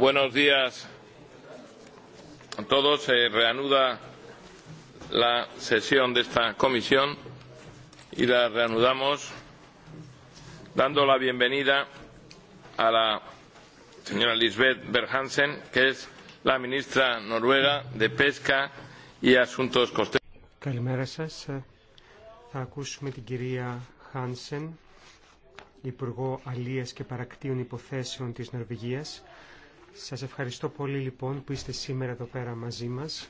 Buenos días a todos. Se reanuda la sesión de esta comisión y la reanudamos dando la bienvenida a la señora Lisbeth Berhansen, que es la ministra noruega de Pesca y Asuntos Costeros. Καλημέρα Θα ακούσουμε την κυρία Χάνσεν, Υπουργό Αλίας και Παρακτήων Υποθέσεων της Νορβηγίας. Σας ευχαριστώ πολύ λοιπόν που είστε σήμερα εδώ πέρα μαζί μας.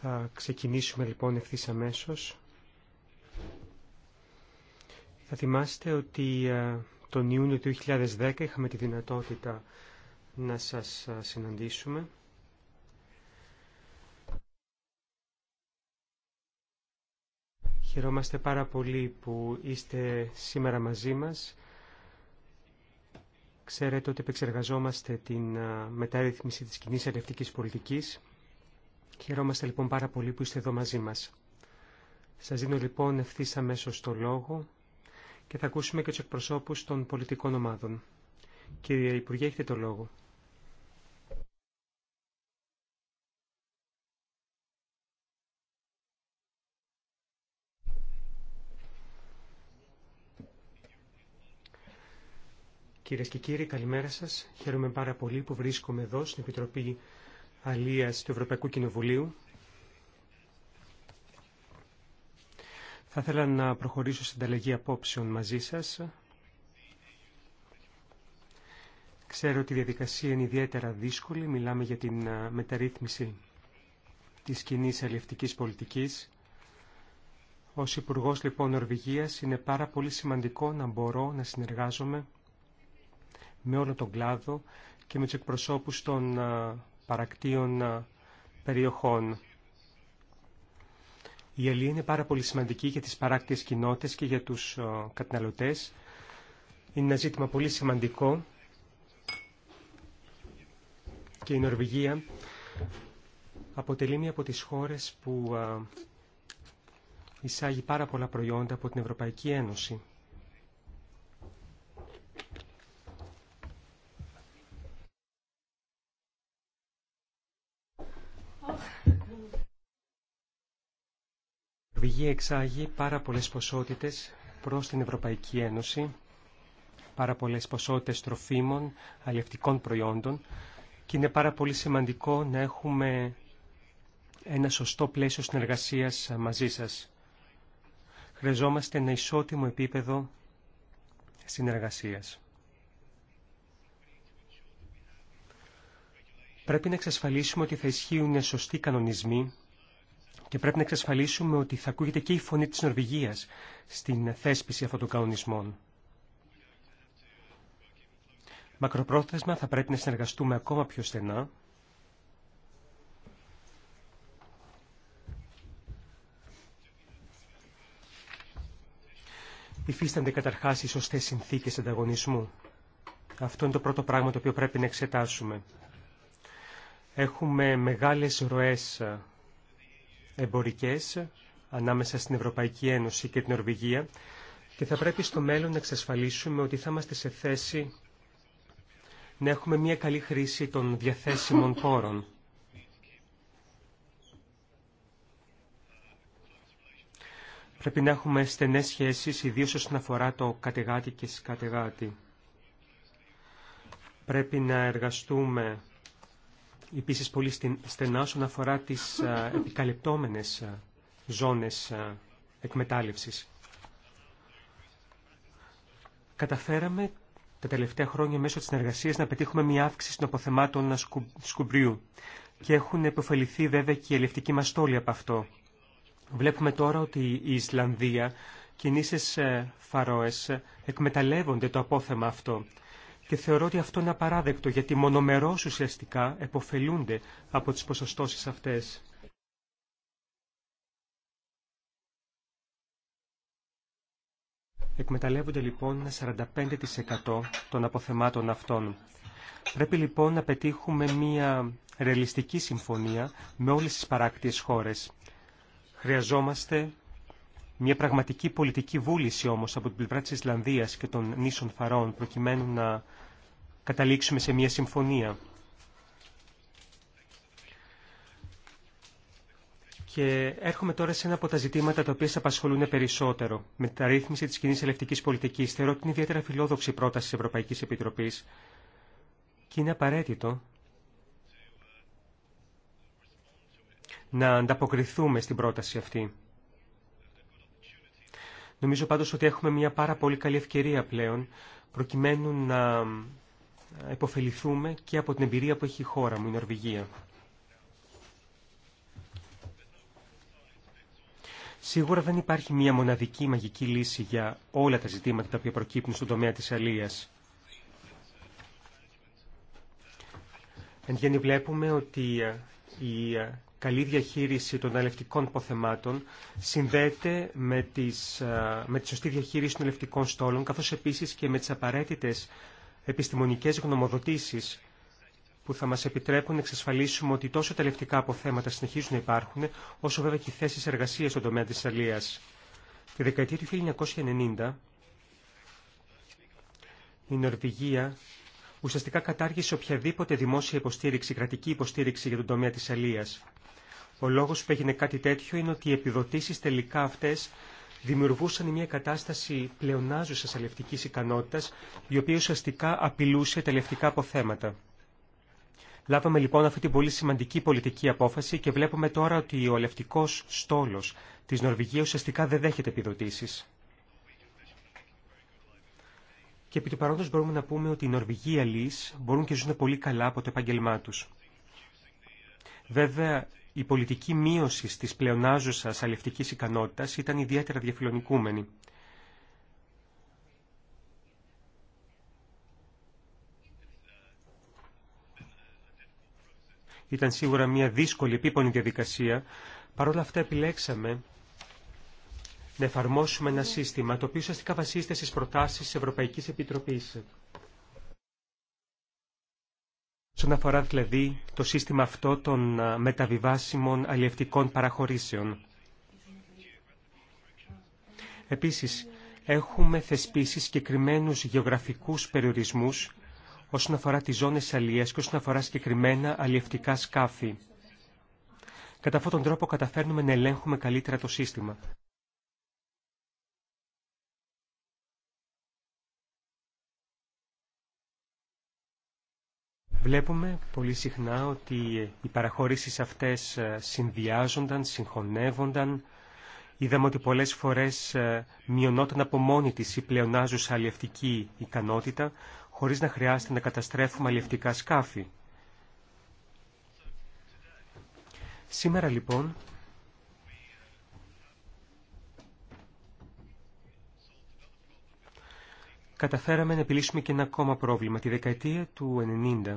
Θα ξεκινήσουμε λοιπόν ευθύς αμέσως. Θα θυμάστε ότι ε, τον Ιούνιο του 2010 είχαμε τη δυνατότητα να σας ε, συναντήσουμε. Χαιρόμαστε πάρα πολύ που είστε σήμερα μαζί μας. Ξέρετε ότι επεξεργαζόμαστε την μεταρρύθμιση της κοινή ελευτικής πολιτικής. Χαιρόμαστε λοιπόν πάρα πολύ που είστε εδώ μαζί μας. Σας δίνω λοιπόν ευθύ αμέσω το λόγο και θα ακούσουμε και τους εκπροσώπους των πολιτικών ομάδων. Κύριε Υπουργέ, έχετε το λόγο. Κυρίες και κύριοι, καλημέρα σας. Χαίρομαι πάρα πολύ που βρίσκομαι εδώ στην Επιτροπή Αλίας του Ευρωπαϊκού Κοινοβουλίου. Θα ήθελα να προχωρήσω στην ανταλλαγή απόψεων μαζί σας. Ξέρω ότι η διαδικασία είναι ιδιαίτερα δύσκολη. Μιλάμε για την μεταρρύθμιση της κοινή αλληλευτικής πολιτικής. Ως Υπουργός λοιπόν Νορβηγίας είναι πάρα πολύ σημαντικό να μπορώ να συνεργάζομαι με όλο τον κλάδο και με τους εκπροσώπους των ε, παρακτήων ε, περιοχών. Η Ελία είναι πάρα πολύ σημαντική για τις παράκτιες κοινότητες και για τους ε, καταναλωτές. Είναι ένα ζήτημα πολύ σημαντικό και η Νορβηγία αποτελεί μία από τις χώρες που εισάγει πάρα πολλά προϊόντα από την Ευρωπαϊκή Ένωση. Νορβηγία εξάγει πάρα πολλές ποσότητες προς την Ευρωπαϊκή Ένωση, πάρα πολλές ποσότητες τροφίμων, αλλιευτικών προϊόντων και είναι πάρα πολύ σημαντικό να έχουμε ένα σωστό πλαίσιο συνεργασίας μαζί σας. Χρειαζόμαστε ένα ισότιμο επίπεδο συνεργασίας. Πρέπει να εξασφαλίσουμε ότι θα ισχύουν σωστοί κανονισμοί και πρέπει να εξασφαλίσουμε ότι θα ακούγεται και η φωνή της Νορβηγίας στην θέσπιση αυτών των κανονισμών. Μακροπρόθεσμα θα πρέπει να συνεργαστούμε ακόμα πιο στενά υφίστανται καταρχάς οι σωστέ συνθήκε ανταγωνισμού. Αυτό είναι το πρώτο πράγμα το οποίο πρέπει να εξετάσουμε. Έχουμε μεγάλες ροές εμπορικές ανάμεσα στην Ευρωπαϊκή Ένωση και την Νορβηγία και θα πρέπει στο μέλλον να εξασφαλίσουμε ότι θα είμαστε σε θέση να έχουμε μια καλή χρήση των διαθέσιμων πόρων. Πρέπει να έχουμε στενές σχέσεις, ιδίως όσον αφορά το κατεγάτη και σκατεγάτη. Πρέπει να εργαστούμε επίσης πολύ στενά όσον αφορά τις επικαλυπτόμενες ζώνες εκμετάλλευσης. Καταφέραμε τα τελευταία χρόνια μέσω της συνεργασίας να πετύχουμε μια αύξηση των αποθεμάτων σκουμπριού και έχουν επωφεληθεί βέβαια και οι ελευτικοί μας στόλοι από αυτό. Βλέπουμε τώρα ότι η Ισλανδία και οι νήσες Φαρόες εκμεταλλεύονται το απόθεμα αυτό και θεωρώ ότι αυτό είναι απαράδεκτο γιατί μονομερώς ουσιαστικά εποφελούνται από τις ποσοστώσεις αυτές. Εκμεταλλεύονται λοιπόν ένα 45% των αποθεμάτων αυτών. Πρέπει λοιπόν να πετύχουμε μία ρεαλιστική συμφωνία με όλες τις παράκτιες χώρες. Χρειαζόμαστε μια πραγματική πολιτική βούληση όμως από την πλευρά της Ισλανδίας και των νήσων Φαρών προκειμένου να καταλήξουμε σε μια συμφωνία. Και έρχομαι τώρα σε ένα από τα ζητήματα τα οποία σε απασχολούν περισσότερο. Με τα ρύθμιση τη κοινή ελευτική πολιτική. Θεωρώ ότι είναι ιδιαίτερα φιλόδοξη πρόταση τη Ευρωπαϊκή Επιτροπή και είναι απαραίτητο να ανταποκριθούμε στην πρόταση αυτή. Νομίζω πάντως ότι έχουμε μια πάρα πολύ καλή ευκαιρία πλέον προκειμένου να υποφεληθούμε και από την εμπειρία που έχει η χώρα μου, η Νορβηγία. Σίγουρα δεν υπάρχει μια μοναδική μαγική λύση για όλα τα ζητήματα τα οποία προκύπτουν στον τομέα της αλίας. Εν βλέπουμε ότι η καλή διαχείριση των αλευτικών υποθεμάτων συνδέεται με, τις, με τη σωστή διαχείριση των αλευτικών στόλων, καθώς επίσης και με τις απαραίτητες επιστημονικές γνωμοδοτήσεις που θα μας επιτρέπουν να εξασφαλίσουμε ότι τόσο τα λευτικά αποθέματα συνεχίζουν να υπάρχουν, όσο βέβαια και οι θέσεις εργασίας στον τομέα της αλίας. Τη δεκαετία του 1990, η Νορβηγία ουσιαστικά κατάργησε οποιαδήποτε δημόσια υποστήριξη, κρατική υποστήριξη για τον τομέα της αλίας. Ο λόγος που έγινε κάτι τέτοιο είναι ότι οι επιδοτήσεις τελικά αυτές δημιουργούσαν μια κατάσταση πλεονάζουσας αλληλευτικής ικανότητας, η οποία ουσιαστικά απειλούσε τα αλληλευτικά αποθέματα. Λάβαμε λοιπόν αυτή την πολύ σημαντική πολιτική απόφαση και βλέπουμε τώρα ότι ο αλληλευτικός στόλος της Νορβηγίας ουσιαστικά δεν δέχεται επιδοτήσεις. Και επί του παρόντος μπορούμε να πούμε ότι οι Νορβηγοί αλληλείς μπορούν και ζουν πολύ καλά από το επάγγελμά τους. Βέβαια, η πολιτική μείωση της πλεονάζουσας αλληλευτικής ικανότητας ήταν ιδιαίτερα διαφιλονικούμενη. Ήταν σίγουρα μια δύσκολη επίπονη διαδικασία. Παρ' όλα αυτά επιλέξαμε να εφαρμόσουμε ένα σύστημα το οποίο ουσιαστικά βασίζεται στις προτάσεις της Ευρωπαϊκής Επιτροπής όσον αφορά δηλαδή το σύστημα αυτό των μεταβιβάσιμων αλλιευτικών παραχωρήσεων. Επίσης, έχουμε θεσπίσει συγκεκριμένου γεωγραφικούς περιορισμούς όσον αφορά τις ζώνες αλλιές και όσον αφορά συγκεκριμένα αλλιευτικά σκάφη. Κατά αυτόν τον τρόπο καταφέρνουμε να ελέγχουμε καλύτερα το σύστημα. Βλέπουμε πολύ συχνά ότι οι παραχωρήσεις αυτές ε, συνδυάζονταν, συγχωνεύονταν. Είδαμε ότι πολλές φορές ε, μειωνόταν από μόνη της η πλεονάζουσα αλλιευτική ικανότητα, χωρίς να χρειάζεται να καταστρέφουμε αλλιευτικά σκάφη. Σήμερα λοιπόν καταφέραμε να επιλύσουμε και ένα ακόμα πρόβλημα. Τη δεκαετία του 90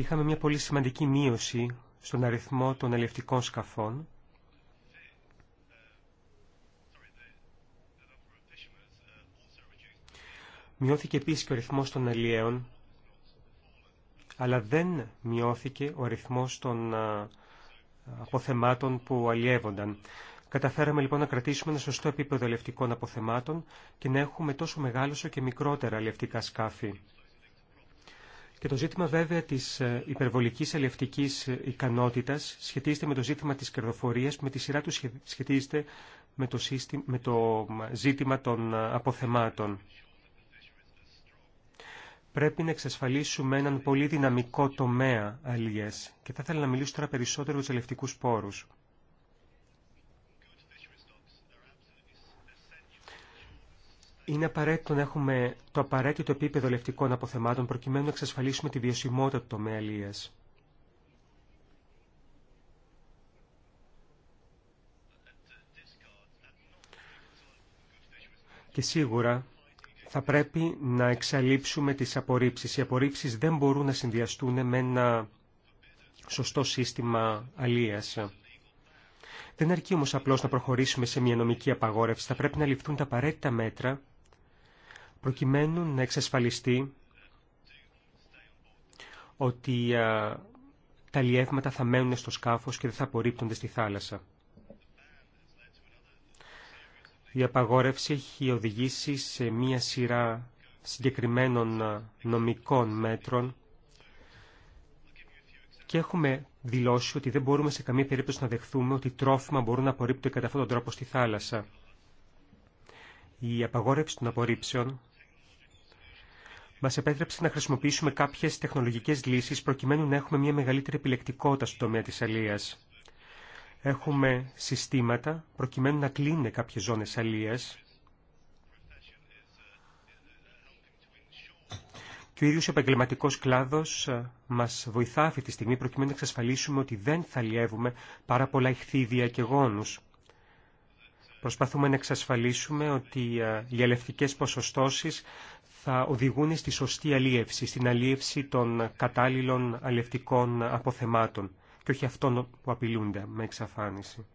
είχαμε μια πολύ σημαντική μείωση στον αριθμό των αλλιευτικών σκαφών Μειώθηκε επίσης και ο αριθμός των αλλιέων, αλλά δεν μειώθηκε ο αριθμός των αποθεμάτων που αλλιεύονταν. Καταφέραμε λοιπόν να κρατήσουμε ένα σωστό επίπεδο αλλιευτικών αποθεμάτων και να έχουμε τόσο μεγάλο όσο και μικρότερα αλλιευτικά σκάφη. Και το ζήτημα βέβαια της ε, υπερβολικής αλληλευτικής ε, ικανότητας σχετίζεται με το ζήτημα της κερδοφορίας που με τη σειρά του σχετίζεται με το, με το ζήτημα των ε, αποθεμάτων. Πρέπει να εξασφαλίσουμε έναν πολύ δυναμικό τομέα αλλιές και θα ήθελα να μιλήσω τώρα περισσότερο για τους αλληλευτικούς πόρους. είναι απαραίτητο να έχουμε το απαραίτητο επίπεδο λευτικών αποθεμάτων προκειμένου να εξασφαλίσουμε τη βιωσιμότητα του τομέα αλίας. Και σίγουρα θα πρέπει να εξαλείψουμε τις απορρίψεις. Οι απορρίψεις δεν μπορούν να συνδυαστούν με ένα σωστό σύστημα αλίας. Δεν αρκεί όμως απλώς να προχωρήσουμε σε μια νομική απαγόρευση. Θα πρέπει να ληφθούν τα απαραίτητα μέτρα προκειμένου να εξασφαλιστεί ότι τα λιεύματα θα μένουν στο σκάφος και δεν θα απορρίπτονται στη θάλασσα. Η απαγόρευση έχει οδηγήσει σε μία σειρά συγκεκριμένων νομικών μέτρων και έχουμε δηλώσει ότι δεν μπορούμε σε καμία περίπτωση να δεχθούμε ότι τρόφιμα μπορούν να απορρίπτονται κατά αυτόν τον τρόπο στη θάλασσα. Η απαγόρευση των απορρίψεων μα επέτρεψε να χρησιμοποιήσουμε κάποιε τεχνολογικέ λύσει προκειμένου να έχουμε μια μεγαλύτερη επιλεκτικότητα στον τομέα τη αλεία. Έχουμε συστήματα προκειμένου να κλείνουν κάποιε ζώνε αλεία. Και ο ίδιο επαγγελματικό κλάδο ε, μα βοηθά αυτή τη στιγμή προκειμένου να εξασφαλίσουμε ότι δεν θα λιεύουμε πάρα πολλά ηχθίδια και γόνου. Προσπαθούμε να εξασφαλίσουμε ότι ε, οι αλευτικές ποσοστώσεις θα οδηγούν στη σωστή αλίευση, στην αλίευση των κατάλληλων αλευτικών αποθεμάτων και όχι αυτών που απειλούνται με εξαφάνιση.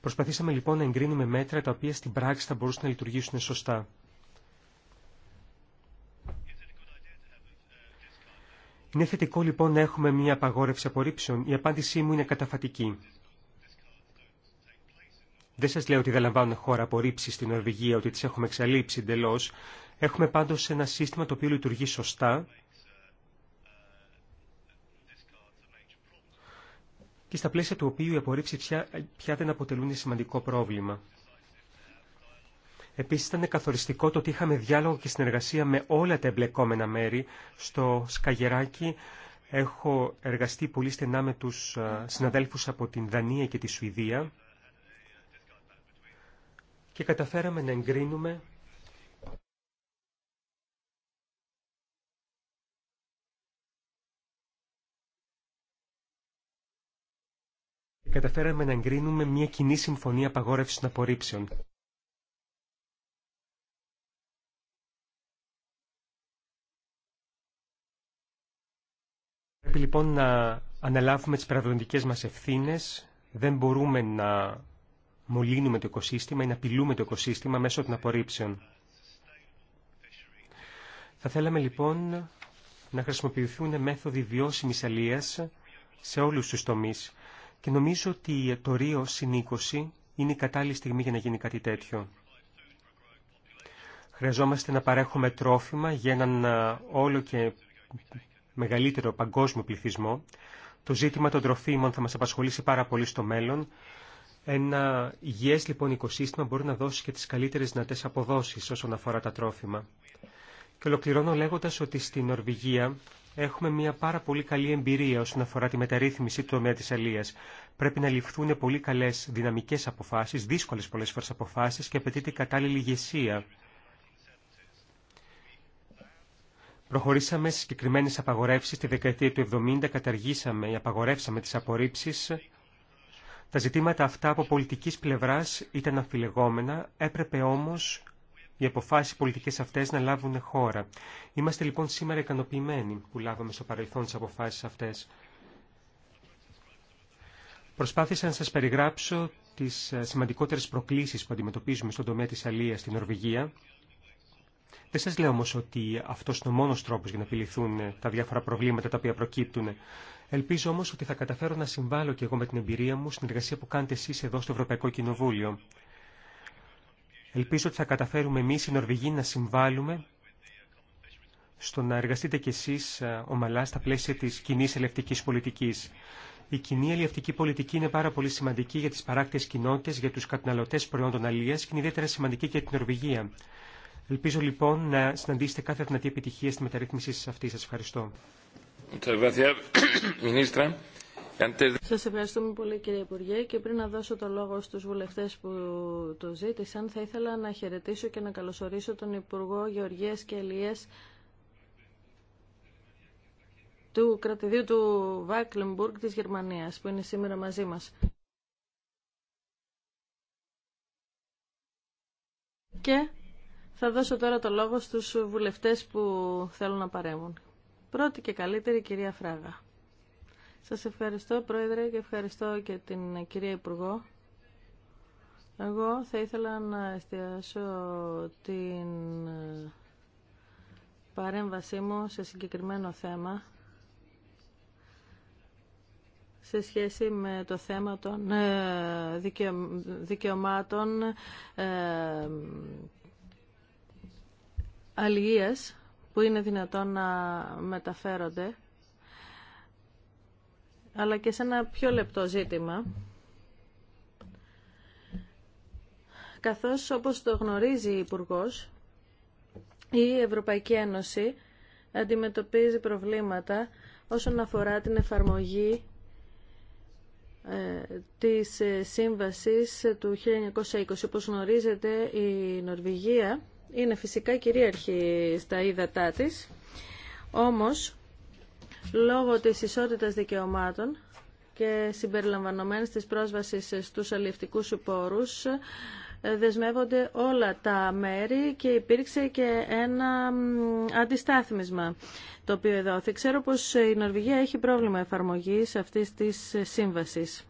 Προσπαθήσαμε λοιπόν να εγκρίνουμε μέτρα τα οποία στην πράξη θα μπορούσαν να λειτουργήσουν σωστά. Είναι θετικό λοιπόν να έχουμε μια απαγόρευση απορρίψεων. Η απάντησή μου είναι καταφατική. Δεν σα λέω ότι δεν λαμβάνουν χώρα απορρίψει στην Νορβηγία, ότι τι έχουμε εξαλείψει εντελώ. Έχουμε πάντω ένα σύστημα το οποίο λειτουργεί σωστά και στα πλαίσια του οποίου οι απορρίψει πια, πια δεν αποτελούν σημαντικό πρόβλημα. Επίσης ήταν καθοριστικό το ότι είχαμε διάλογο και συνεργασία με όλα τα εμπλεκόμενα μέρη. Στο Σκαγεράκι έχω εργαστεί πολύ στενά με τους ε, συναδέλφους από την Δανία και τη Σουηδία και καταφέραμε να εγκρίνουμε καταφέραμε να εγκρίνουμε μια κοινή συμφωνία απαγόρευσης των απορρίψεων. Πρέπει λοιπόν να αναλάβουμε τις παραδοντικές μας ευθύνες, δεν μπορούμε να μολύνουμε το οικοσύστημα ή να απειλούμε το οικοσύστημα μέσω των απορρίψεων. Θα θέλαμε λοιπόν να χρησιμοποιηθούν μέθοδοι βιώσιμης αλίας σε όλους τους τομείς και νομίζω ότι το Ρίο συνήκωση είναι η κατάλληλη στιγμή για να γίνει κάτι τέτοιο. Χρειαζόμαστε να παρέχουμε τρόφιμα για έναν όλο και μεγαλύτερο παγκόσμιο πληθυσμό. Το ζήτημα των τροφίμων θα μας απασχολήσει πάρα πολύ στο μέλλον ένα υγιές λοιπόν οικοσύστημα μπορεί να δώσει και τις καλύτερες δυνατές αποδόσεις όσον αφορά τα τρόφιμα. Και ολοκληρώνω λέγοντας ότι στην Νορβηγία έχουμε μια πάρα πολύ καλή εμπειρία όσον αφορά τη μεταρρύθμιση του τομέα της αλίας. Πρέπει να ληφθούν πολύ καλές δυναμικές αποφάσεις, δύσκολες πολλές φορές αποφάσεις και απαιτείται κατάλληλη ηγεσία. Προχωρήσαμε στι συγκεκριμένε απαγορεύσεις τη δεκαετία του 70, καταργήσαμε ή απαγορεύσαμε τις απορρίψεις τα ζητήματα αυτά από πολιτικής πλευράς ήταν αφιλεγόμενα, έπρεπε όμως οι αποφάσεις πολιτικές αυτές να λάβουν χώρα. Είμαστε λοιπόν σήμερα ικανοποιημένοι που λάβαμε στο παρελθόν τις αποφάσεις αυτές. Προσπάθησα να σας περιγράψω τις ε, σημαντικότερες προκλήσεις που αντιμετωπίζουμε στον τομέα της αλίας στην Νορβηγία. Δεν σας λέω όμως ότι αυτός είναι ο μόνος τρόπος για να επιληθούν ε, τα διάφορα προβλήματα τα οποία προκύπτουν. Ελπίζω όμω ότι θα καταφέρω να συμβάλλω και εγώ με την εμπειρία μου στην εργασία που κάνετε εσεί εδώ στο Ευρωπαϊκό Κοινοβούλιο. Ελπίζω ότι θα καταφέρουμε εμεί οι Νορβηγοί να συμβάλλουμε στο να εργαστείτε κι εσεί ε, ομαλά στα πλαίσια τη κοινή ελευτική πολιτική. Η κοινή ελευτική πολιτική είναι πάρα πολύ σημαντική για τι παράκτε κοινότητε, για του καταναλωτέ προϊόντων αλληλεία και είναι ιδιαίτερα σημαντική και για την Νορβηγία. Ελπίζω λοιπόν να συναντήσετε κάθε δυνατή επιτυχία στη μεταρρύθμιση αυτή. Σα ευχαριστώ. Σας ευχαριστούμε πολύ κύριε Υπουργέ και πριν να δώσω το λόγο στους βουλευτές που το ζήτησαν θα ήθελα να χαιρετήσω και να καλωσορίσω τον Υπουργό Γεωργίας και Ελιές του κρατηδίου του Βάκλεμπουργκ της Γερμανίας που είναι σήμερα μαζί μας. Και θα δώσω τώρα το λόγο στους βουλευτές που θέλουν να παρέμουν. Πρώτη και καλύτερη κυρία Φράγα. Σας ευχαριστώ Πρόεδρε και ευχαριστώ και την κυρία Υπουργό. Εγώ θα ήθελα να εστιάσω την παρέμβασή μου σε συγκεκριμένο θέμα σε σχέση με το θέμα των ε, δικαιωμάτων ε, αλληλείας που είναι δυνατόν να μεταφέρονται, αλλά και σε ένα πιο λεπτό ζήτημα, καθώς όπως το γνωρίζει η Υπουργός, η Ευρωπαϊκή Ένωση αντιμετωπίζει προβλήματα όσον αφορά την εφαρμογή ε, της ε, σύμβασης του 1920. Όπως γνωρίζετε, η Νορβηγία είναι φυσικά κυρίαρχη στα ύδατά της, όμως λόγω της ισότητας δικαιωμάτων και συμπεριλαμβανομένης της πρόσβασης στους αλληλευτικούς πόρους ε, δεσμεύονται όλα τα μέρη και υπήρξε και ένα αντιστάθμισμα το οποίο εδόθη. Ξέρω πως η Νορβηγία έχει πρόβλημα εφαρμογής αυτής της σύμβασης.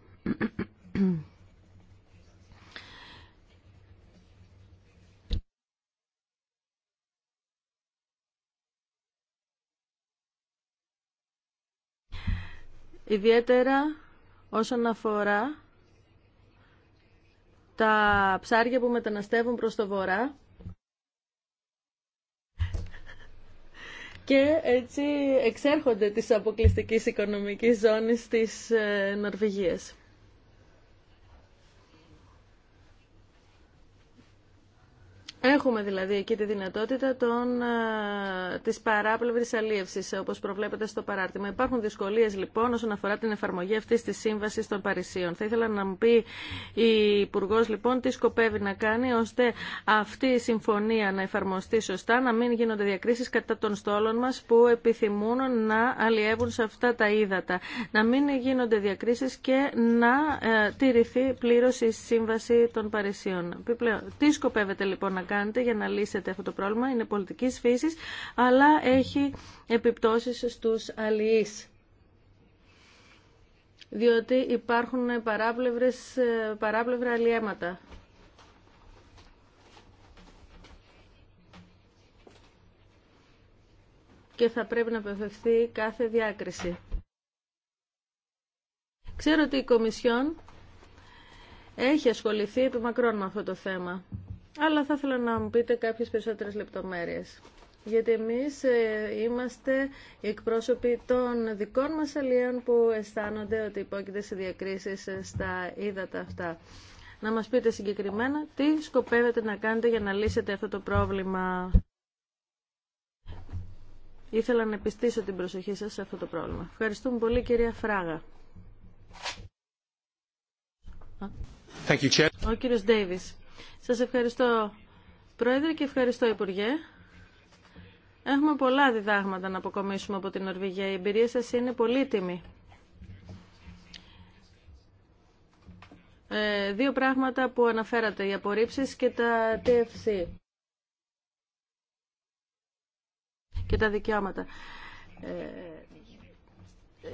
ιδιαίτερα όσον αφορά τα ψάρια που μεταναστεύουν προς το βορρά και έτσι εξέρχονται της αποκλειστικής οικονομικής ζώνης της ε, Νορβηγίας. Έχουμε δηλαδή εκεί τη δυνατότητα των, α, ε, της παράπλευρης αλίευσης, όπως προβλέπεται στο παράρτημα. Υπάρχουν δυσκολίες λοιπόν όσον αφορά την εφαρμογή αυτής της σύμβασης των Παρισίων. Θα ήθελα να μου πει η υπουργό λοιπόν τι σκοπεύει να κάνει, ώστε αυτή η συμφωνία να εφαρμοστεί σωστά, να μην γίνονται διακρίσεις κατά των στόλων μας που επιθυμούν να αλλιεύουν σε αυτά τα ύδατα, να μην γίνονται διακρίσεις και να ε, τηρηθεί πλήρως η σύμβαση των Παρισίων. Τι σκοπεύετε λοιπόν να κάνετε για να λύσετε αυτό το πρόβλημα. Είναι πολιτικής φύσης, αλλά έχει επιπτώσεις στους αλληλείς διότι υπάρχουν παράπλευρες, ε, παράπλευρα αλλιέματα. Και θα πρέπει να απευθευθεί κάθε διάκριση. Ξέρω ότι η Κομισιόν έχει ασχοληθεί επί μακρόν με αυτό το θέμα αλλά θα ήθελα να μου πείτε κάποιες περισσότερες λεπτομέρειες. Γιατί εμείς ε, είμαστε οι εκπρόσωποι των δικών μας αλλιών που αισθάνονται ότι υπόκειται σε διακρίσεις ε, στα ύδατα αυτά. Να μας πείτε συγκεκριμένα τι σκοπεύετε να κάνετε για να λύσετε αυτό το πρόβλημα. Ήθελα να επιστήσω την προσοχή σας σε αυτό το πρόβλημα. Ευχαριστούμε πολύ κυρία Φράγα. Ο κύριος Ντέιβις. Σας ευχαριστώ Πρόεδρε και ευχαριστώ Υπουργέ. Έχουμε πολλά διδάγματα να αποκομίσουμε από την Νορβηγία. Η εμπειρία σας είναι πολύτιμη. Ε, δύο πράγματα που αναφέρατε, οι απορρίψεις και τα TFC. Και τα δικαιώματα. Ε,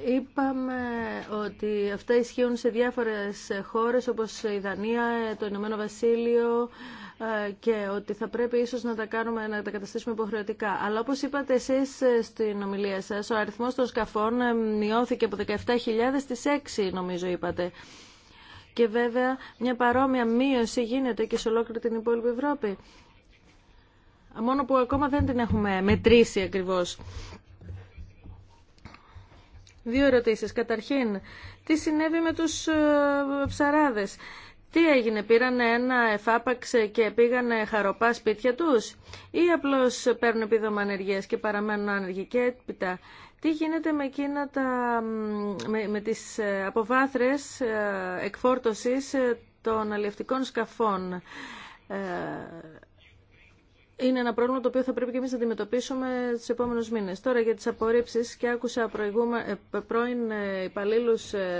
Είπαμε ότι αυτά ισχύουν σε διάφορες χώρες όπως η Δανία, το Ηνωμένο Βασίλειο ε, και ότι θα πρέπει ίσως να τα, κάνουμε, να τα καταστήσουμε υποχρεωτικά. Αλλά όπως είπατε εσείς ε, στην ομιλία σας, ο αριθμός των σκαφών ε, μειώθηκε από 17.000 στις 6 νομίζω είπατε. Και βέβαια μια παρόμοια μείωση γίνεται και σε ολόκληρη την υπόλοιπη Ευρώπη. Μόνο που ακόμα δεν την έχουμε μετρήσει ακριβώς. Δύο ερωτήσεις. Καταρχήν, τι συνέβη με τους ε, ψαράδες. Τι έγινε, πήραν ένα εφάπαξ και πήγανε χαροπά σπίτια τους ή απλώς παίρνουν επίδομα ανεργίας και παραμένουν άνεργοι και έπειτα. Τι γίνεται με εκείνα τα, με, με τις ε, αποβάθρες ε, εκφόρτωσης των αλληλευτικών σκαφών είναι ένα πρόβλημα το οποίο θα πρέπει και εμείς να αντιμετωπίσουμε τους επόμενους μήνες. Τώρα για τις απορρίψεις και άκουσα προηγούμε, ε, πρώην ε, υπαλλήλου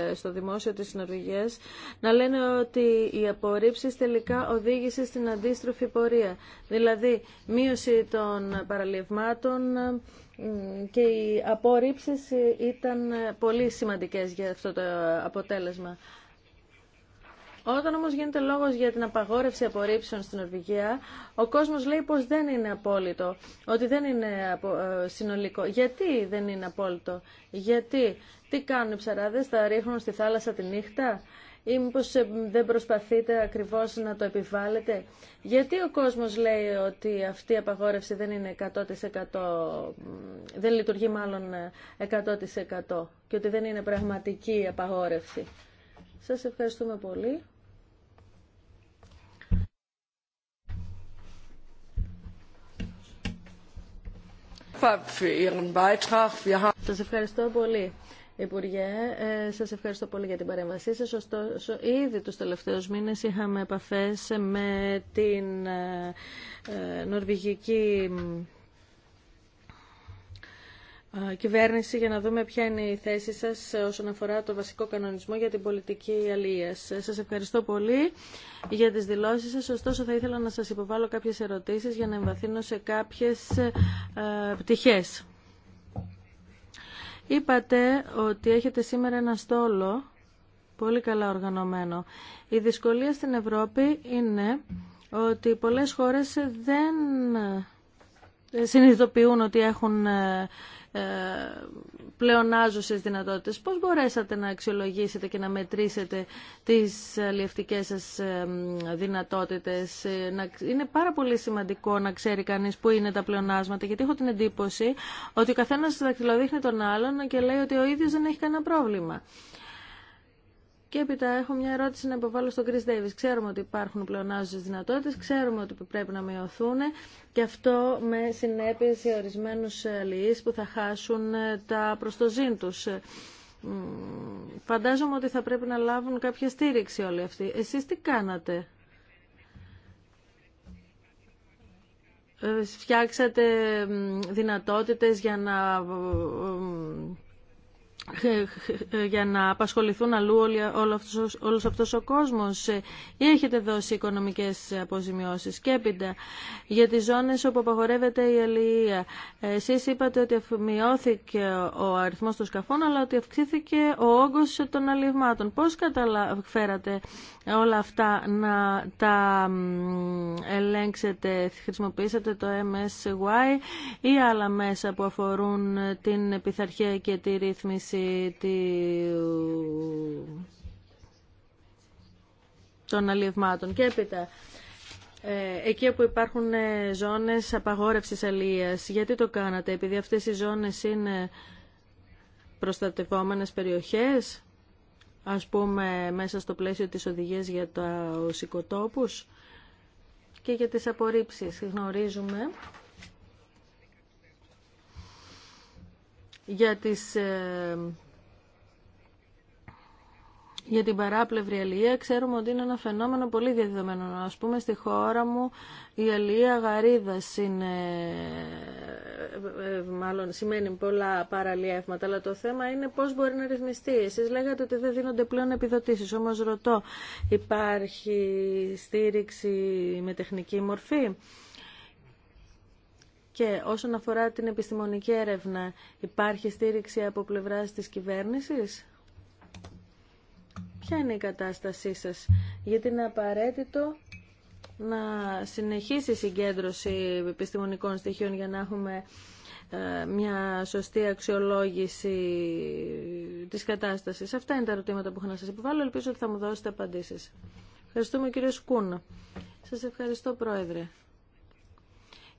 ε, στο δημόσιο της Νορβηγίας να λένε ότι οι απορρίψεις τελικά οδήγησε στην αντίστροφη πορεία. Δηλαδή μείωση των παραλιευμάτων και οι απορρίψεις ήταν πολύ σημαντικές για αυτό το αποτέλεσμα. Όταν όμως γίνεται λόγος για την απαγόρευση απορρίψεων στην Ορβηγία, ο κόσμος λέει πως δεν είναι απόλυτο, ότι δεν είναι ε, συνολικό. Γιατί δεν είναι απόλυτο, γιατί, τι κάνουν οι ψαράδες, τα ρίχνουν στη θάλασσα τη νύχτα ή μήπως ε, δεν προσπαθείτε ακριβώς να το επιβάλλετε. Γιατί ο κόσμος λέει ότι αυτή η απαγόρευση δεν είναι 100%, δεν λειτουργεί μάλλον 100% ε, και ότι δεν είναι πραγματική απαγόρευση. Σας ευχαριστούμε πολύ. Σας ευχαριστώ πολύ. Υπουργέ, ε, σας ευχαριστώ πολύ για την παρέμβασή σας. Ωστόσο, ήδη τους τελευταίους μήνες είχαμε επαφές με την ε, ε, νορβηγική κυβέρνηση για να δούμε ποια είναι η θέση σας όσον αφορά το βασικό κανονισμό για την πολιτική αλληλείας. Σας ευχαριστώ πολύ για τις δηλώσεις σας. Ωστόσο θα ήθελα να σας υποβάλω κάποιες ερωτήσεις για να εμβαθύνω σε κάποιες ε, πτυχές. Είπατε ότι έχετε σήμερα ένα στόλο πολύ καλά οργανωμένο. Η δυσκολία στην Ευρώπη είναι ότι πολλές χώρες δεν συνειδητοποιούν ότι έχουν ε, ε, πλεονάζουσες δυνατότητες. Πώς μπορέσατε να αξιολογήσετε και να μετρήσετε τις αλλιευτικές σας ε, δυνατότητες. Είναι πάρα πολύ σημαντικό να ξέρει κανείς που είναι τα πλεονάσματα, γιατί έχω την εντύπωση ότι ο καθένας δακτυλοδείχνει τον άλλον και λέει ότι ο ίδιος δεν έχει κανένα πρόβλημα. Και έπειτα έχω μια ερώτηση να υποβάλω στον Chris Davis. Ξέρουμε ότι υπάρχουν πλεονάζουσε δυνατότητες, ξέρουμε ότι πρέπει να μειωθούν και αυτό με συνέπειε σε ορισμένου αλληλείς που θα χάσουν ε, τα προστοζήν τους. Ε, φαντάζομαι ότι θα πρέπει να λάβουν κάποια στήριξη όλοι αυτοί. Εσείς τι κάνατε. Ε, φτιάξατε δυνατότητες για να για να απασχοληθούν αλλού όλο αυτός, ο κόσμος ή ε, έχετε δώσει οικονομικές αποζημιώσεις και έπειτα για τις ζώνες όπου απαγορεύεται η αλληλεία. Εσείς είπατε ότι μειώθηκε ο αριθμός των σκαφών αλλά ότι αυξήθηκε ο όγκος των αλληλευμάτων. Πώς καταφέρατε όλα αυτά να τα ελέγξετε, χρησιμοποιήσατε το MSY ή άλλα μέσα που αφορούν την πειθαρχία και τη ρύθμιση τη... των αλλιευμάτων. Και έπειτα, ε, εκεί όπου υπάρχουν ε, ζώνες απαγόρευσης αλλίας, γιατί το κάνατε, επειδή αυτές οι ζώνες είναι προστατευόμενες περιοχές, ας πούμε μέσα στο πλαίσιο της οδηγίας για τα οικοτόπους και για τις απορρίψεις. Γνωρίζουμε για, τις, ε, για την παράπλευρη αλληλεία ξέρουμε ότι είναι ένα φαινόμενο πολύ διαδεδομένο. Α πούμε στη χώρα μου η αλληλεία γαρίδα είναι, ε, ε, μάλλον σημαίνει πολλά παραλιεύματα, αλλά το θέμα είναι πώς μπορεί να ρυθμιστεί. Εσεί λέγατε ότι δεν δίνονται πλέον επιδοτήσεις, όμως ρωτώ, υπάρχει στήριξη με τεχνική μορφή. Και όσον αφορά την επιστημονική έρευνα, υπάρχει στήριξη από πλευράς της κυβέρνησης? Ποια είναι η κατάστασή σας, γιατί είναι απαραίτητο να συνεχίσει η συγκέντρωση επιστημονικών στοιχείων για να έχουμε ε, μια σωστή αξιολόγηση της κατάστασης. Αυτά είναι τα ερωτήματα που έχω να σας επιβάλλω. Ελπίζω ότι θα μου δώσετε απαντήσεις. Ευχαριστούμε κύριε Σκούνα. Σας ευχαριστώ Πρόεδρε.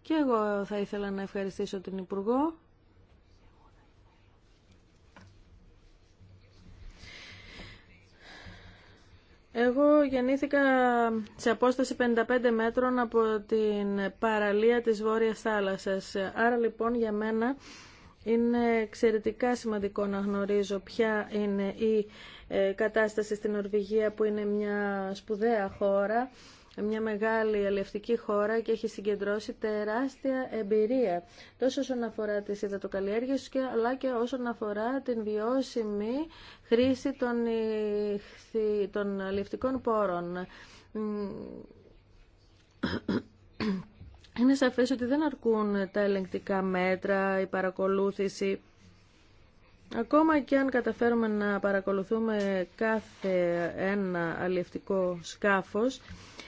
Και εγώ θα ήθελα να ευχαριστήσω την Υπουργό. Εγώ γεννήθηκα σε απόσταση 55 μέτρων από την παραλία της Βόρειας Θάλασσας. Άρα λοιπόν για μένα είναι εξαιρετικά σημαντικό να γνωρίζω ποια είναι η ε, κατάσταση στην Ορβηγία που είναι μια σπουδαία χώρα μια μεγάλη αλληλευτική χώρα και έχει συγκεντρώσει τεράστια εμπειρία τόσο όσον αφορά τις υδατοκαλλιέργειες αλλά και όσον αφορά την βιώσιμη χρήση των, των αλληλευτικών πόρων. Είναι σαφές ότι δεν αρκούν τα ελεγκτικά μέτρα, η παρακολούθηση. Ακόμα και αν καταφέρουμε να παρακολουθούμε κάθε ένα αλληλευτικό σκάφος,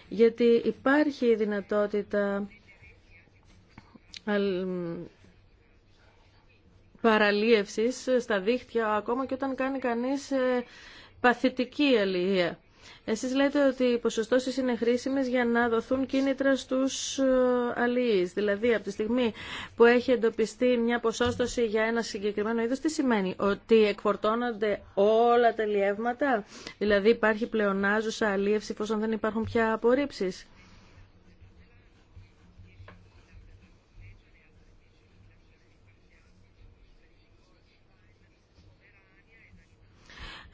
γιατί υπάρχει η δυνατότητα παραλίευσης στα δίχτυα ακόμα και όταν κάνει κανείς ε, παθητική αλληλεία. Εσείς λέτε ότι οι ποσοστώσεις είναι χρήσιμες για να δοθούν κίνητρα στους ε, αλληλείς. Δηλαδή, από τη στιγμή που έχει εντοπιστεί μια ποσόστοση για ένα συγκεκριμένο είδος, τι σημαίνει, ότι εκφορτώνονται όλα τα λιεύματα, δηλαδή υπάρχει πλεονάζουσα αλλίευση, εφόσον δεν υπάρχουν πια απορρίψεις.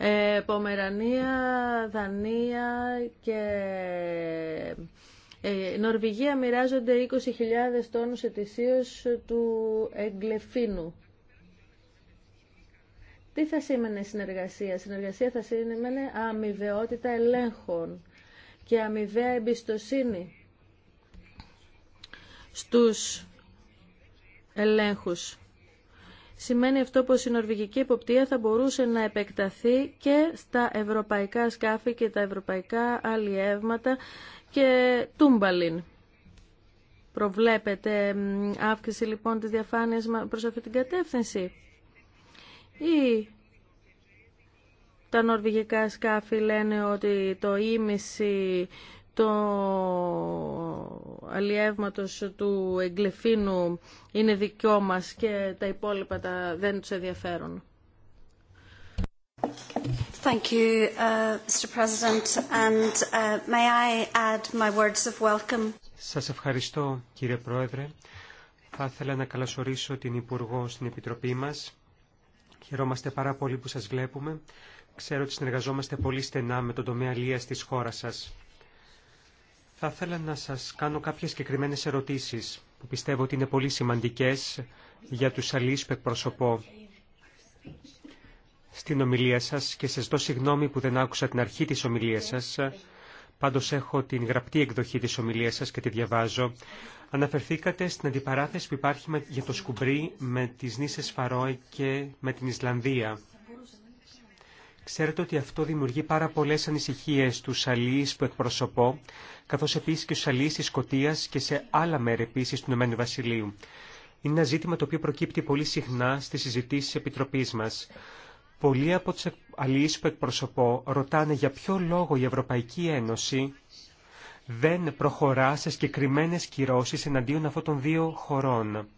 ε, Πομερανία, Δανία και η ε, Νορβηγία μοιράζονται 20.000 τόνους ετησίως του εγκλεφίνου. Τι θα σήμαινε συνεργασία. Συνεργασία θα σήμαινε αμοιβαιότητα ελέγχων και αμοιβαία εμπιστοσύνη στους ελέγχους σημαίνει αυτό πως η νορβηγική εποπτεία θα μπορούσε να επεκταθεί και στα ευρωπαϊκά σκάφη και τα ευρωπαϊκά αλλιεύματα και τούμπαλιν. Προβλέπετε αύξηση λοιπόν της διαφάνειας προς αυτή την κατεύθυνση ή τα νορβηγικά σκάφη λένε ότι το ίμιση το αλλιεύματος του εγκλεφίνου είναι δικιό μας και τα υπόλοιπα δεν τους ενδιαφέρουν. Thank uh, and uh, my words of welcome. Σας ευχαριστώ, κύριε Πρόεδρε. Θα ήθελα να καλωσορίσω την Υπουργό στην Επιτροπή μας. Χαιρόμαστε πάρα πολύ που σας βλέπουμε. Ξέρω ότι συνεργαζόμαστε πολύ στενά με τον τομέα αλίας της χώρας σας. Θα ήθελα να σας κάνω κάποιες συγκεκριμένε ερωτήσεις που πιστεύω ότι είναι πολύ σημαντικές για τους αλληλείς που εκπροσωπώ στην ομιλία σας και σας δω συγγνώμη που δεν άκουσα την αρχή της ομιλίας σας. Πάντως έχω την γραπτή εκδοχή της ομιλίας σας και τη διαβάζω. Αναφερθήκατε στην αντιπαράθεση που υπάρχει για το σκουμπρί με τις νήσες Φαρόε και με την Ισλανδία. Ξέρετε ότι αυτό δημιουργεί πάρα πολλέ ανησυχίε στου αλληλεί που εκπροσωπώ, καθώ επίση και στου αλληλεί τη Σκωτία και σε άλλα μέρη επίση του Ηνωμένου Βασιλείου. Είναι ένα ζήτημα το οποίο προκύπτει πολύ συχνά στι συζητήσει τη Επιτροπή μα. Πολλοί από του αλληλεί που εκπροσωπώ ρωτάνε για ποιο λόγο η Ευρωπαϊκή Ένωση δεν προχωρά σε συγκεκριμένε κυρώσει εναντίον αυτών των δύο χωρών.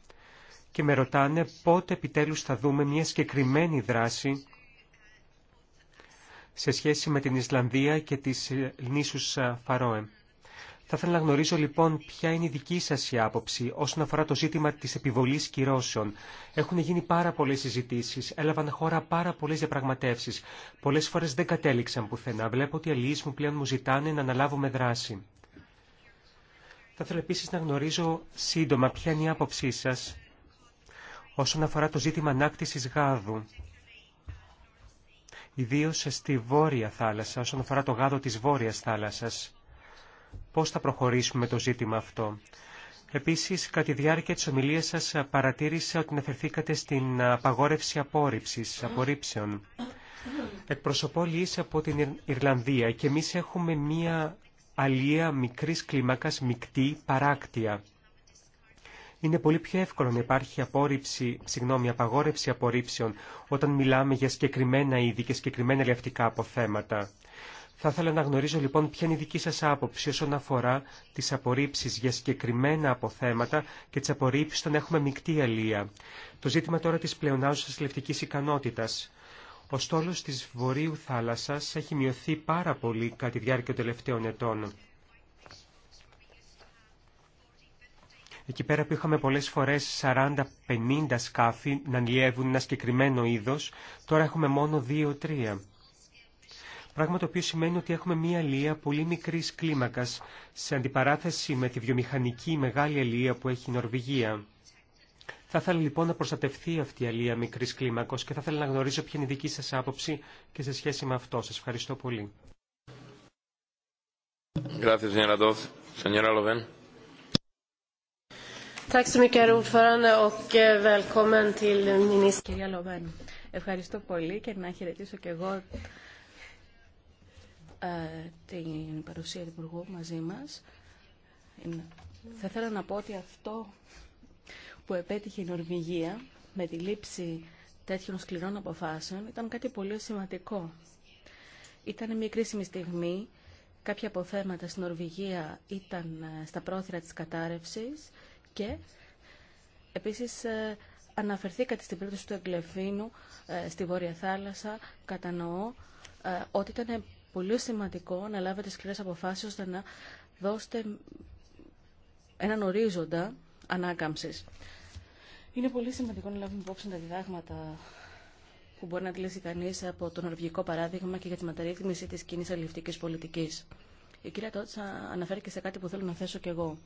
Και με ρωτάνε πότε επιτέλου θα δούμε μια συγκεκριμένη δράση σε σχέση με την Ισλανδία και τις νήσους ε, Φαρόε. Θα ήθελα να γνωρίζω λοιπόν ποια είναι η δική σας η άποψη όσον αφορά το ζήτημα της επιβολής κυρώσεων. Έχουν γίνει πάρα πολλές συζητήσεις, έλαβαν χώρα πάρα πολλές διαπραγματεύσεις. Πολλές φορές δεν κατέληξαν πουθενά. Βλέπω ότι οι αλληλείς μου πλέον μου ζητάνε να αναλάβουμε δράση. Θα ήθελα επίσης να γνωρίζω σύντομα ποια είναι η άποψή σας όσον αφορά το ζήτημα ανάκτησης γάδου ιδίως στη Βόρεια Θάλασσα, όσον αφορά το γάδο της Βόρειας Θάλασσας. Πώς θα προχωρήσουμε το ζήτημα αυτό. Επίσης, κατά τη διάρκεια της ομιλίας σας παρατήρησα ότι αναφερθήκατε στην απαγόρευση απόρριψης, απορρίψεων. Εκπροσωπώ λύση από την Ιρλανδία και εμείς έχουμε μία αλία μικρής κλίμακας, μεικτή, παράκτεια είναι πολύ πιο εύκολο να υπάρχει απόρριψη, συγγνώμη, απαγόρευση απορρίψεων όταν μιλάμε για συγκεκριμένα είδη και συγκεκριμένα λευτικά αποθέματα. Θα ήθελα να γνωρίζω λοιπόν ποια είναι η δική σας άποψη όσον αφορά τις απορρίψεις για συγκεκριμένα αποθέματα και τις απορρίψεις όταν έχουμε μεικτή αλεία. Το ζήτημα τώρα της πλεονάζουσας λευτικής ικανότητας. Ο στόλος της Βορείου θάλασσας έχει μειωθεί πάρα πολύ κατά τη διάρκεια των τελευταίων ετών. Εκεί πέρα που είχαμε πολλές φορές 40-50 σκάφη να λιεύουν ένα συγκεκριμένο είδος, τώρα έχουμε μόνο 2-3. Πράγμα το οποίο σημαίνει ότι έχουμε μία αλία πολύ μικρής κλίμακας, σε αντιπαράθεση με τη βιομηχανική μεγάλη αλία που έχει η Νορβηγία. Θα ήθελα λοιπόν να προστατευτεί αυτή η αλία μικρή κλίμακο και θα ήθελα να γνωρίζω ποια είναι η δική σα άποψη και σε σχέση με αυτό. Σα ευχαριστώ πολύ. Gracias, señora Κυρία ευχαριστώ πολύ και να χαιρετήσω και εγώ ε, την παρουσία του Υπουργού μαζί μας. Θα ήθελα να πω ότι αυτό που επέτυχε η Νορβηγία με τη λήψη τέτοιων σκληρών αποφάσεων ήταν κάτι πολύ σημαντικό. Ήταν μια κρίσιμη στιγμή. Κάποια αποθέματα στην Νορβηγία ήταν ε, στα πρόθυρα της κατάρρευσης και επίσης ε, αναφερθήκατε στην περίπτωση του Εγκλεφίνου ε, στη Βόρεια Θάλασσα. Κατανοώ ε, ότι ήταν πολύ σημαντικό να λάβετε σκληρές αποφάσεις ώστε να δώσετε έναν ορίζοντα ανάκαμψης. Είναι πολύ σημαντικό να λάβουμε υπόψη τα διδάγματα που μπορεί να αντιλήσει κανεί από το νορβηγικό παράδειγμα και για τη μεταρρύθμιση τη κοινή αλληλευτική πολιτική. Η κυρία Τότσα αναφέρει και σε κάτι που θέλω να θέσω κι εγώ.